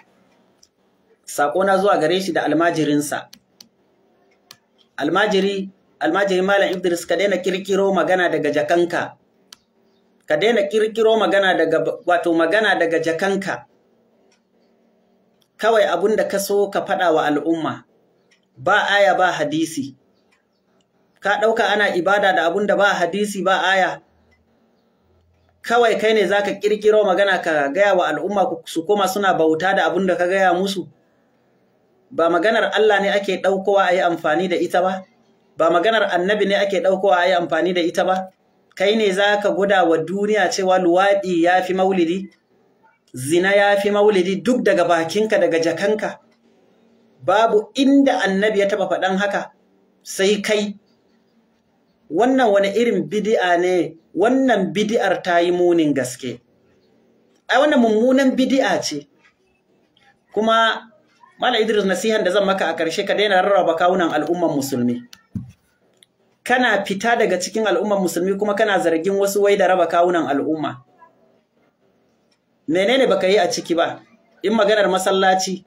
na zuwa gare shi da almajirinsa almajiri almajiri malam idris ka daina kirkiro magana daga jakanka ka daina kirkiro magana daga wato magana daga jakanka kawai abun da ka so ka faɗa wa al'umma ba aya ba hadisi ka ɗauka ana ibada da abun da ba hadisi ba aya kawai kai ne zaka kirkiro magana ka gaya wa al'umma su koma suna bauta da abin da ka gaya musu ba maganar Allah ne ake ɗaukowa a yi amfani da ita ba ba maganar annabi ne ake ɗaukowa a yi amfani da ita ba kai ne za ka guda wa duniya cewa luwaɗi ya fi maulidi zina ya fi maulidi duk daga bakinka daga jakanka babu inda annabi ya taɓa faɗan haka sai kai wannan wani irin bidi'a ne wannan bidi'ar ta yi munin gaske ai wannan mummunan bidi'a ce kuma Mala Idris nasihan da zan maka a ƙarshe ka daina rarraba kawunan al'umman musulmi kana fita daga cikin al'umman musulmi kuma kana zargin wasu wai da raba kawunan al'umma menene baka yi a ciki ba in maganar masallaci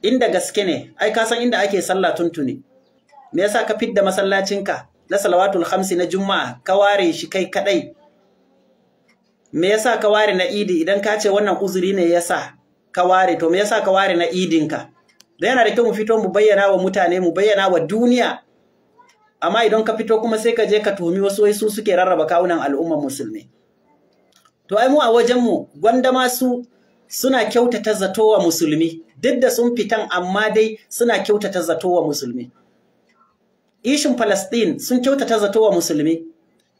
inda gaske ne ai ka san inda ake sallah tuntuni me yasa ka fidda masallacinka na salawatul khamsi na juma'a ka ware shi kai kadai me yasa ka ware na idi idan ka ce wannan uzuri ne yasa ka ware to me yasa ka ware na idinka da yana da kyau mu fito mu bayyana wa mutane mu bayyana wa duniya amma idan ka fito kuma sai ka je ka tuhumi wasu wai su suke rarraba kawunan al'ummar musulmi to ai mu a wajen mu gwanda ma su suna kyautata zato wa musulmi duk da sun fitan amma dai suna kyautata zato wa musulmi ishin Falastin sun kyautata zato wa musulmi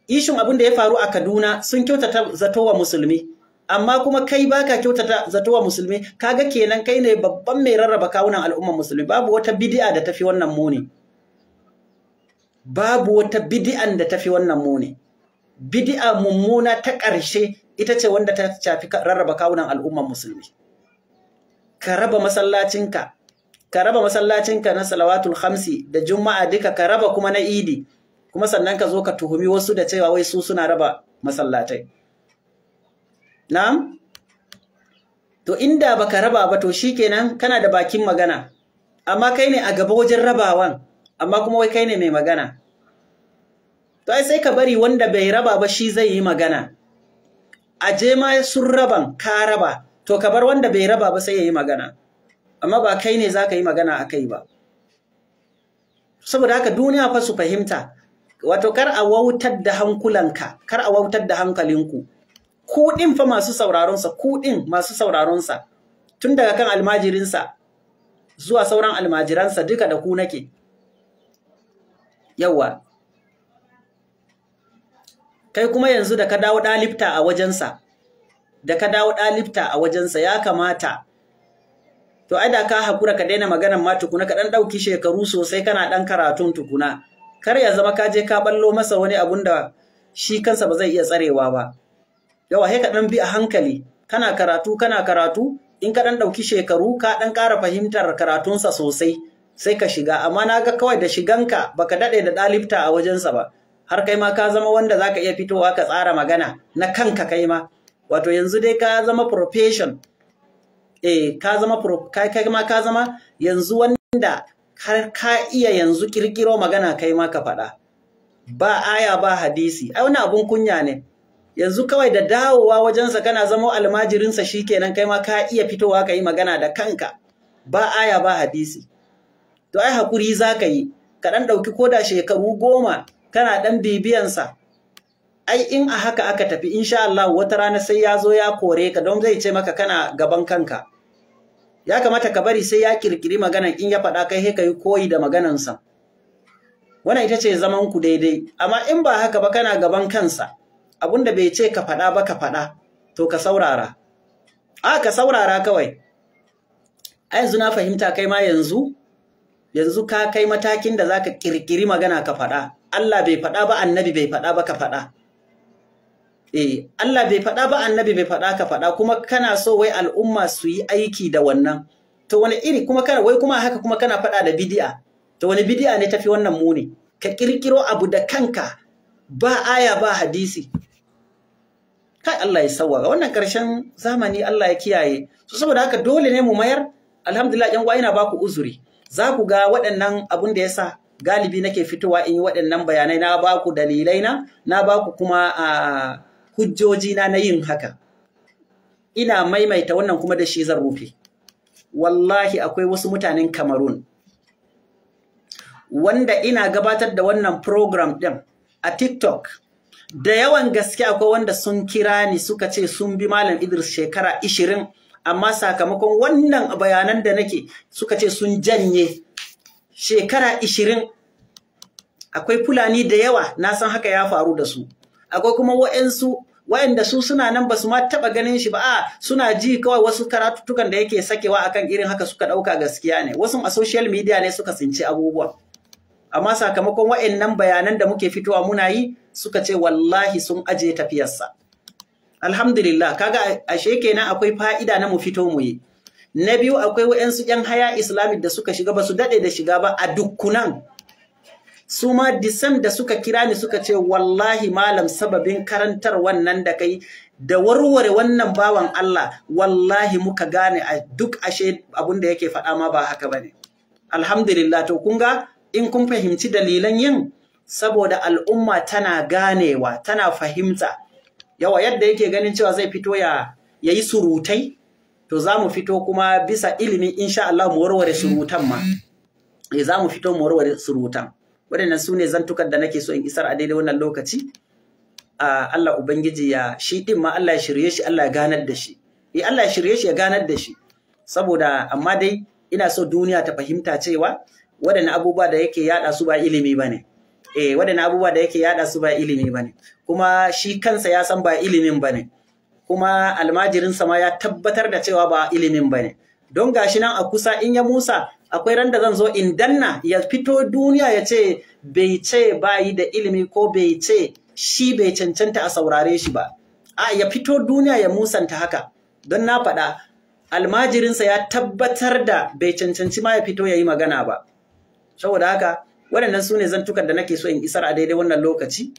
ishin abin da ya faru a Kaduna sun kyautata zato wa musulmi amma kuma kai baka kyautata zato wa musulmi ga kenan kai ne babban mai rarraba kawunan al'umman musulmi babu wata bid'a da tafi wannan muni babu wata bid'an da tafi wannan muni bid'a mummuna ta ƙarshe ita ce wanda ta shafi rarraba kawunan al'umman musulmi ka raba masallacinka ka raba masallacinka na salawatul khamsi da juma'a duka ka raba kuma na idi kuma sannan ka zo ka tuhumi wasu da cewa wai su suna raba masallatai na'am to inda baka raba ba to shi shikenan kana da bakin magana amma kai ne a gaba wajen rabawan amma kuma wai kai ne mai magana to ai sai ka bari wanda bai raba ba shi zai yi magana a je ma sun raban ka raba to ka bar wanda bai raba ba sai ya yi magana amma ba kai ne za ka yi magana a kai ba saboda haka duniya fa su fahimta wato kar a wautar da hankulanka kar a wautar da hankalinku Kuɗin fa masu sauraronsa kuɗin masu sauraronsa tun daga kan almajirinsa zuwa sauran almajiransa duka da ku nake Yawwa, kai kuma yanzu da ka dawo ɗalibta a wajensa da ka dawo ɗalifta a wajensa ya kamata to ai da ka hakura ka daina maganan ma tukuna ka dan dauki shekaru sosai kana dan karatun tukuna kar ya zama ka je ka ballo masa wani abun da shi kansa ba zai iya tsarewa ba yawa he ka dan bi a hankali kana karatu kana karatu in ka dan dauki shekaru ka dan kara fahimtar karatunsa sosai sai ka shiga amma na ga kawai da shiganka baka dade da ɗalibta a wajensa ba har kai ma ka zama wanda zaka iya fitowa ka tsara magana na kanka kai ma wato yanzu dai ka zama profession eh ka zama kai kai ma ka zama yanzu wanda har ka iya yanzu kirkiro magana kai ma ka faɗa ba aya ba hadisi ai wani abun kunya ne yanzu kawai da dawowa wajensa kana zama almajirinsa shikenan kai ma ka iya fitowa ka yi magana da kanka ba aya ba hadisi to ai hakuri zaka yi ka ɗan ɗauki koda shekaru goma kana ɗan bibiyansa ai in a haka aka tafi insha Allah wata rana sai ya zo ya kore ka don zai ce maka kana gaban kanka ya kamata ka bari sai ya kirkiri maganan in ya faɗa kai ka yi koyi da maganansa wannan ita ce zaman ku daidai amma in ba haka ba kana gaban kansa da bai ce ka faɗa ba ka faɗa to ka saurara a ka saurara kawai a yanzu na fahimta kai ma yanzu yanzu ka kai matakin da zaka kirkiri magana ka faɗa Allah bai faɗa ba annabi bai faɗa ba ka faɗa eh Allah bai faɗa ba annabi bai faɗa ka faɗa kuma kana so wai al'umma su yi aiki da wannan to wani iri kuma kana wai kuma haka kuma kana faɗa da bidi'a to wani bidi'a ne tafi wannan muni ka ƙirƙiro abu da kanka ba aya ba hadisi kai Allah ya sawwaka wannan karshen zamani Allah ya kiyaye so saboda haka dole ne mu mayar alhamdulillah yan uwa ina baku uzuri za ku ga waɗannan abun da yasa galibi nake fitowa in yi waɗannan bayanai na baku dalilai na na baku kuma a ah, hujjojina na yin haka ina maimaita wannan kuma da shi zan rufe wallahi akwai wasu mutanen Cameroon wanda ina gabatar da wannan program ɗin a TikTok da yawan gaske akwai wanda sun kira ni suka ce sun bi Malam Idris shekara ishirin, amma sakamakon wannan bayanan da nake suka ce sun janye shekara ishirin. akwai fulani da yawa na san haka ya faru da su akwai kuma wa'ansu wayanda su suna nan ba su ma taba ganin shi ba a suna ji kawai wasu karatutukan da yake sakewa akan irin haka suka ɗauka gaskiya ne wasu a social media ne suka tsinci abubuwa amma sakamakon wayannan bayanan da muke fitowa muna yi suka ce wallahi sun aje tafiyarsa alhamdulillah kaga ashe kenan akwai fa'ida na mu fito mu yi na biyu akwai wayansu yan haya islamic da suka shiga ba su dade da shiga ba a dukkunan su ma disam da suka kira ni suka ce wallahi malam sababin karantar wannan da kai da warware wannan bawan Allah wallahi muka gane a duk ashe abin da yake faɗa ma ba haka ba ne. alhamdulillah to kun ga in kun fahimci dalilan yin saboda al'umma tana ganewa tana fahimta yawa yadda yake ganin cewa zai fito ya yayi surutai to za mu fito kuma bisa ilimi insha Allah mu warware surutan ma eh, za mu fito mu warware surutan waɗannan su ne zantukan da nake so in isar a daidai wannan lokaci a Allah ubangiji ya shi ɗin ma Allah ya shirye shi Allah ya ganar da shi eh Allah ya shirye shi ya ganar da shi saboda amma dai ina so duniya ta fahimta cewa waɗannan abubuwa da yake yaɗa su ba ilimi ba ne. eh waɗannan abubuwa da yake yaɗa su ba ilimi ba ne kuma shi kansa ya san ba ilimin ba ne. kuma almajirinsa ma ya tabbatar da cewa ba ilimin ba ne. don gashi nan a kusa in ya musa akwai ran da zan zo in danna ya fito duniya ya ce bai ce bayi da ilimi ko bai ce shi bai cancanta a saurare shi ba a ya fito duniya ya musanta haka don na faɗa almajirinsa ya tabbatar da bai cancanci ma ya fito ya yi magana ba saboda haka waɗannan su ne zantukan da nake so in isar a daidai wannan lokaci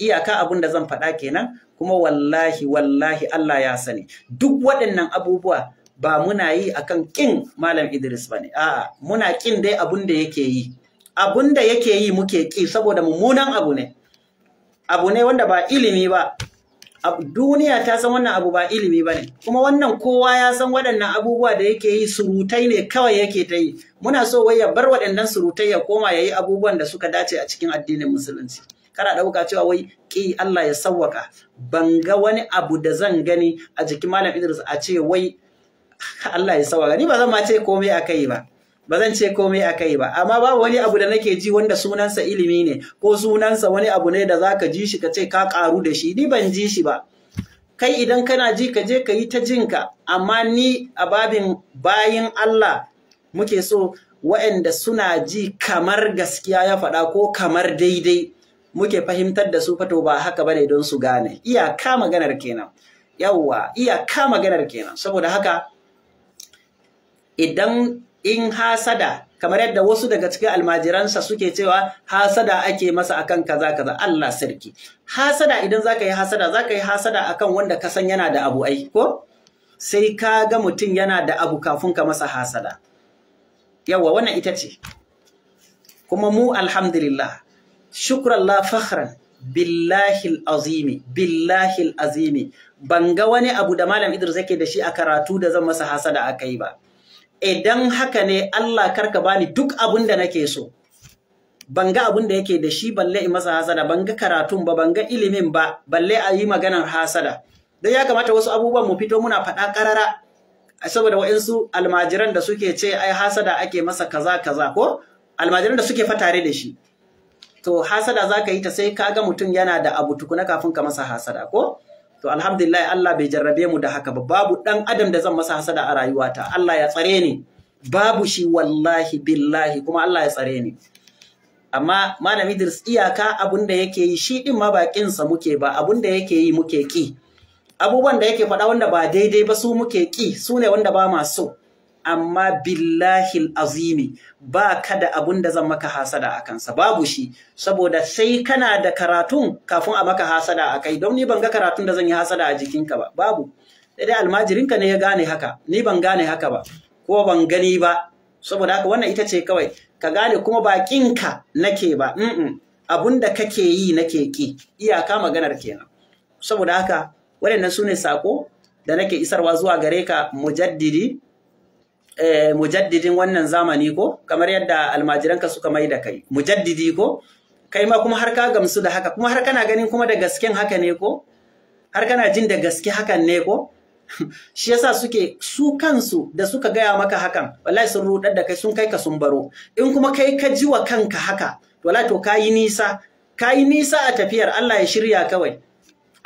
iyaka abin da zan faɗa kenan kuma wallahi wallahi Allah ya sani duk waɗannan abubuwa ba muna yi akan kin malam Idris bane a'a muna kin dai abun da yake yi abun da yake yi muke ki saboda mummunan abu ne abu ne wanda ba ilimi ba duniya ta san wannan abu ba ilimi ba ne kuma wannan kowa ya san waɗannan abubuwa da yake yi surutai ne kawai yake ta yi muna so wai ya bar waɗannan surutai ya koma ya yi abubuwan da suka dace a cikin addinin musulunci kana ɗauka cewa wai ƙi Allah ya sawwaka ban ga wani abu da zan gani a jikin malam Idris a ce wai Allah ya sawa gani ba zan ma ce komai akai ba ba zan ce komai akai ba amma babu wani abu da nake ji wanda sunansa ilimi ne ko sunansa wani abu ne da zaka ji shi ka ce ka karu da shi ni ban ji shi ba kai idan kana ji ka je ka yi ta jinka amma ni a babin bayin Allah muke so waɗanda suna ji kamar gaskiya ya faɗa ko kamar daidai muke fahimtar da su fato ba haka bane don su gane iyaka maganar kenan yawwa iyaka maganar kenan saboda haka idan in hasada kamar yadda wasu daga cikin almajiransa suke cewa hasada ake masa akan kaza kaza Allah sarki hasada idan zaka yi hasada zaka yi hasada akan wanda ka san yana da abu ai ko sai ka ga mutum yana da abu kafin ka masa hasada yawa wannan ita ce kuma mu alhamdulillah shukrallah fakhran billahi azimi billahi azimi ban ga wani abu da malam Idris yake da shi a karatu da zan masa hasada akai ba idan haka ne Allah karka bani duk abin da nake so ban ga abin da yake da shi balle in masa hasada ban ga karatun ba ban ga ilimin ba balle a yi maganar hasada don ya kamata wasu abubuwan mu fito muna faɗa ƙarara saboda waɗansu almajiran da suke ce ai hasada ake masa kaza kaza ko almajiran da suke fatare da shi to hasada za ka yi ta sai ka ga mutum yana da abu tukuna kafin ka masa hasada ko to alhamdulillah Allah bai jarrabe mu da haka ba babu dan adam da zan masa hasada a rayuwata Allah ya tsare ni babu shi wallahi billahi kuma Allah ya tsare ni amma malam Idris iyaka abun da yake yi shi din ma bakin sa muke ba abun da yake yi muke ki abubuwan da yake faɗa wanda ba daidai ba su muke ki su ne wanda ba ma so amma billahi azimi ba ka da abun da zan maka hasada a kansa babu shi saboda sai kana da karatun kafin a maka hasada a kai don ni ban ga karatun da zan yi hasada a jikinka ba babu sai dai ka ne ya gane haka ni ban gane haka ba ko ban gani ba saboda haka wannan ita ce kawai ka gane kuma bakin ka nake ba mm abun da kake yi nake ki iyaka maganar kenan saboda haka waɗannan su ne sako da nake isarwa zuwa gare ka mujaddidi Eh, mujaddidin wannan zamani ko kamar yadda almajiranka suka mai da kai mujaddidi ko kai ma kuma har ka gamsu da haka kuma har kana ganin kuma da gasken haka ne ko har kana jin da gaske hakan ne ko shi yasa suke su kansu da suka gaya maka hakan wallahi sun rudar da kai sun kai ka sun baro in kuma kai ka ji wa kanka haka wallahi to kayi nisa kayi nisa a tafiyar Allah ya shirya kawai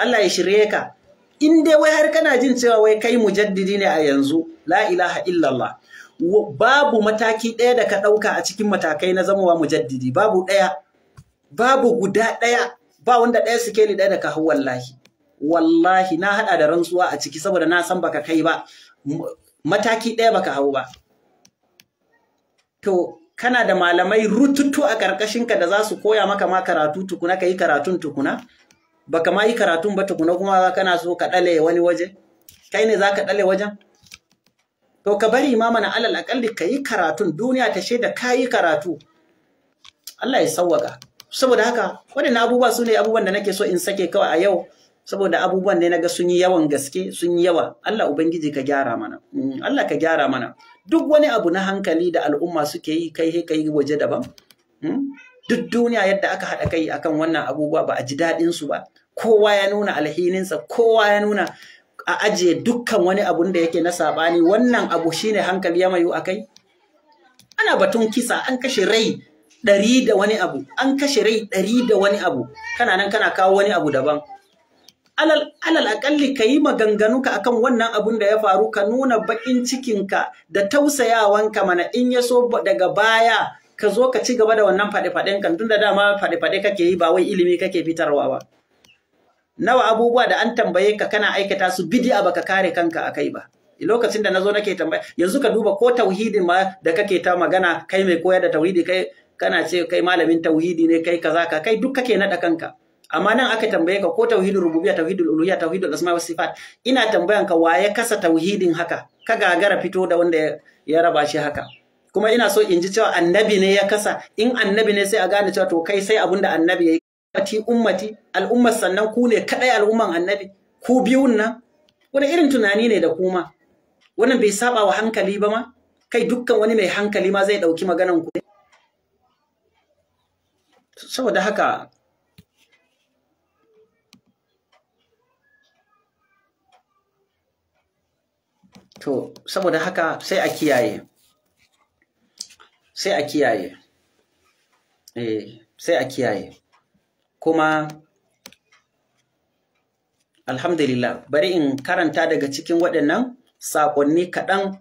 Allah ya shirye ka in dai wai har kana jin cewa wai kai mujaddidi ne a yanzu la ilaha illallah babu mataki ɗaya da ka ɗauka a cikin matakai na zamowa mujaddidi babu ɗaya babu guda ɗaya ba wanda ɗaya ni ɗaya da ka hau wallahi wallahi na haɗa da rantsuwa a ciki saboda na san baka kai ba mataki ɗaya baka hau ba to kana da malamai rututtu a ka da za su koya maka ma karatu tukuna ka yi karatun tukuna baka ma yi karatun ba tukuna kuma kana so ka ɗale wani waje kai ne za ka ɗale wajen to ka bari ma mana alal aƙalli ka yi karatun duniya ta shaida ka yi karatu Allah ya sawwaka saboda haka waɗannan abubuwa su ne abubuwan da nake so in sake kawai a yau saboda abubuwan ne naga sun yi yawan gaske sun yi yawa Allah ubangiji ka gyara mana mm, Allah ka gyara mana duk wani abu na hankali da al'umma suke yi kai he kai waje daban mm, duk duniya yadda aka haɗa kai akan wannan abubuwa ba a ji daɗinsu ba kowa ya nuna alhininsa kowa ya nuna a ajiye dukkan wani abun da yake na saɓani wannan abu shine hankali ya mayu a kai? Ana batun kisa an kashe rai ɗari da wani abu, an kashe rai ɗari da wani abu, kana nan kana kawo wani abu daban. Alal, alal akalli ka yi ka akan wannan abun da ya faru ka nuna baƙin cikinka da tausayawanka mana in ya so daga baya ka zo ka ci gaba da wannan faɗe-faɗen kan tun da dama faɗe-faɗe kake yi ba wai ilimi kake fitarwa ba. nawa abubuwa da an tambaye ka kana aikata su bid'a baka kare kanka a kai ba lokacin da nazo nake tambaya yanzu ka duba ko tauhidin ma da kake ta magana kai mai koyar da tauhidi kai kana ce kai malamin tauhidi ne kai kaza ka kai duk kake naɗa kanka amma nan aka tambaye ka ko Tauhidin rububiyya tauhidul uluhiyya tauhidul asma was sifat ina tambayan ka ya kasa tauhidin haka ka gagara fito da wanda ya raba shi haka kuma ina so in ji cewa annabi ne ya kasa in annabi ne sai a gane cewa to kai sai da annabi ya yi. ummati ummati al'ummar sannan ku ne kaɗai al'umman annabi ku biyun nan wani irin tunani ne da kuma wannan bai saba wa hankali ba ma kai dukkan wani mai hankali ma zai ɗauki maganan ku saboda haka to saboda haka sai a kiyaye sai a kiyaye eh sai a kiyaye kuma alhamdulillah bari in karanta daga cikin waɗannan saƙonni kaɗan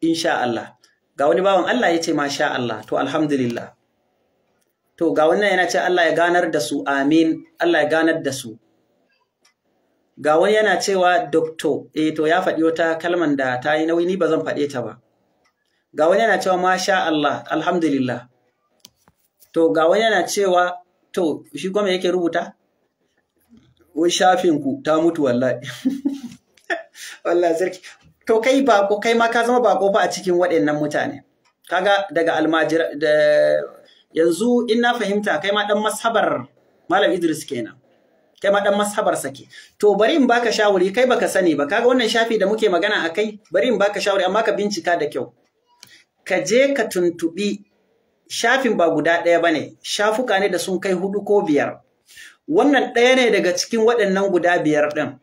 insha Allah ga wani bawan Allah ya ce masha Allah to alhamdulillah to ga wannan yana ce Allah ya ganar da su amin Allah ya ganar da su ga wani yana cewa doctor eh to ya faɗi wata kalman da ta yi nauyi ni ba zan faɗe ta ba ga wani yana cewa masha Allah alhamdulillah to ga wani yana cewa to shi kuma yake rubuta wai shafin ku ta mutu wallahi wallahi sarki to kai bako kai ma ka zama bako ba a cikin waɗannan mutane kaga daga almajira da yanzu in na fahimta kai ma dan masabar malam Idris kenan kai ma dan masabar sake to bari in baka shawari kai baka sani ba kaga wannan shafi da muke magana akai bari in baka shawari amma ka bincika da kyau ka je ka tuntubi shafin ba guda ɗaya ba ne, shafuka ne da sun kai hudu ko biyar. Wannan ɗaya ne daga cikin waɗannan guda biyar ɗin.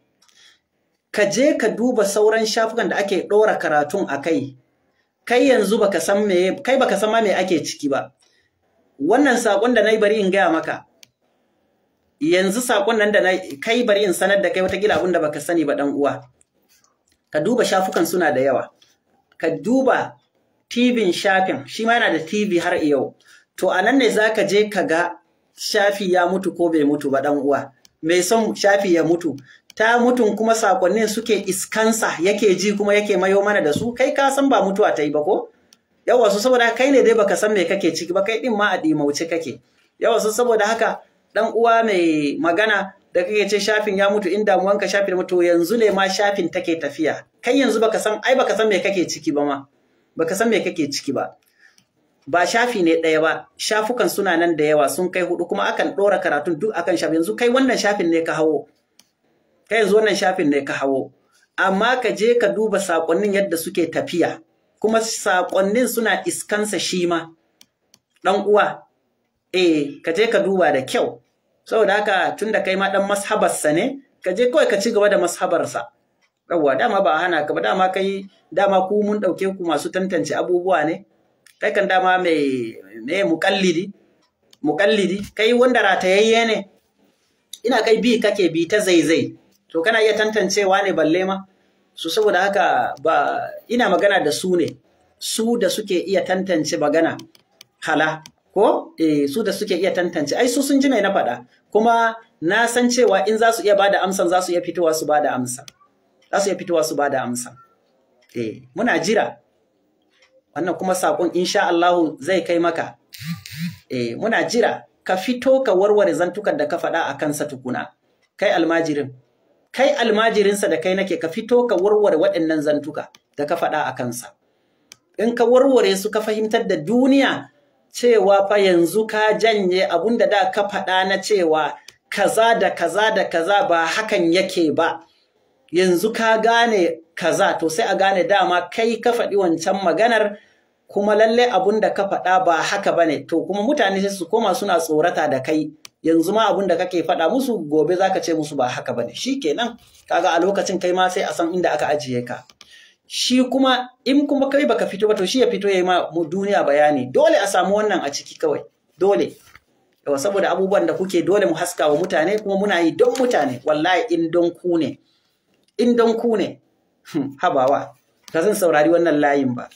Ka je ka duba sauran shafukan da ake ɗora karatun a kai, kai yanzu ka san me kai ka san ma me ake ciki ba. Wannan saƙon da na yi bari in gaya maka, yanzu saƙon nan da na kai bari in sanar da kai watakila abin da ba ka sani ba ɗan uwa. Ka duba shafukan suna da yawa, ka duba tibin shafin shi ma yana da tibi har yau to a nan ne za ka je ka ga shafi ya mutu ko bai mutu ba dan uwa mai son shafi ya mutu ta mutun kuma sakonnin suke iskansa yake ji kuma yake mayo mana da su kai ka san ba mutuwa ta yi ba ko yawa su saboda kai ne dai baka san me kake ciki ba kai din ma a dimauce kake yawa su saboda haka ɗan uwa mai magana da kake ce shafin ya mutu in damuwanka shafin mutu yanzu ne ma shafin take tafiya kai yanzu baka san ai baka san me kake ciki ba ma baka san me kake ciki ba ba shafi ne ɗaya ba shafukan suna nan da yawa sun kai hudu kuma akan ɗora karatun duk akan shafi yanzu kai wannan shafin ne ka hawo kai yanzu wannan shafin ne ka hawo amma ka je ka duba saƙonnin yadda suke tafiya kuma saƙonnin suna iskansa shi ma ɗan uwa eh ka je ka duba da kyau saboda haka tun da kai ma ɗan mashabarsa ne ka je kawai ka ci gaba da mashabarsa yawwa dama ba hana ka ba dama kai dama ku mun ɗauke ku masu tantance abubuwa ne kai kan dama mai mai muƙallidi muƙallidi kai wanda ratayayye ne ina kai bi kake bi ta zaizai to kana iya tantancewa ne balle ma su saboda haka ba ina magana da su ne su da suke iya tantance magana hala ko e, su da suke iya tantance ai su sun ji mai na faɗa kuma na san cewa in za su iya bada amsa za su iya fitowa su bada amsa za su iya fitowa su ba da amsa eh muna jira wannan kuma sakon insha Allahu zai kai maka eh muna jira ka fito ka warware zantukan da ka faɗa a kansa tukuna kai almajirin kai almajirinsa da kai nake ka fito ka warware waɗannan zantuka da ka faɗa a kansa in ka warware su ka fahimtar da duniya cewa fa yanzu ka janye abun da da ka faɗa na cewa kaza da kaza da kaza ba hakan yake ba yanzu ka gane kaza to sai a gane dama kai ka faɗi wancan maganar kuma lalle abun da ka faɗa ba haka bane to kuma mutane sai su koma suna tsorata da kai yanzu ma abun da kake faɗa musu gobe zaka ce musu ba haka bane kenan kaga a lokacin kai ma sai a san inda aka ajiye ka shi kuma in kuma kai baka fito ba to shi ya fito ya yi ma duniya bayani dole a samu wannan a ciki kawai dole saboda abubuwan da kuke dole mu haska wa mutane kuma muna yi don mutane wallahi in don ku ne in don ku ne hmm, habawa ta zan saurari wannan layin ba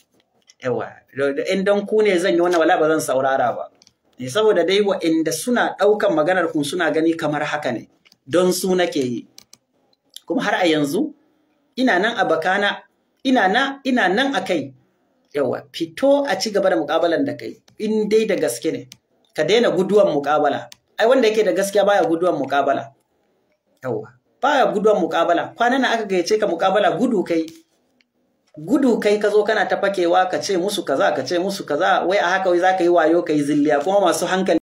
yawa in don ku ne zan yi wannan wala ba zan saurara ba eh, saboda dai wa'inda suna ɗaukan maganar kun suna gani kamar haka ne don su nake yi kuma har a yanzu ina nan a bakana ina na ina nan a kai yawa fito a ci gaba da mukabalan da kai in dai da gaske ne ka daina guduwan muƙabala ai wanda yake da gaskiya baya guduwan muƙabala yawa baya guduwan mukabala kwana na aka gayyace ka mukabala gudu kai gudu kai ka zo kana ta fakewa ka ce musu kaza ka ce musu kaza wai a haka wai zaka yi wayo kai zilliya kuma masu hankali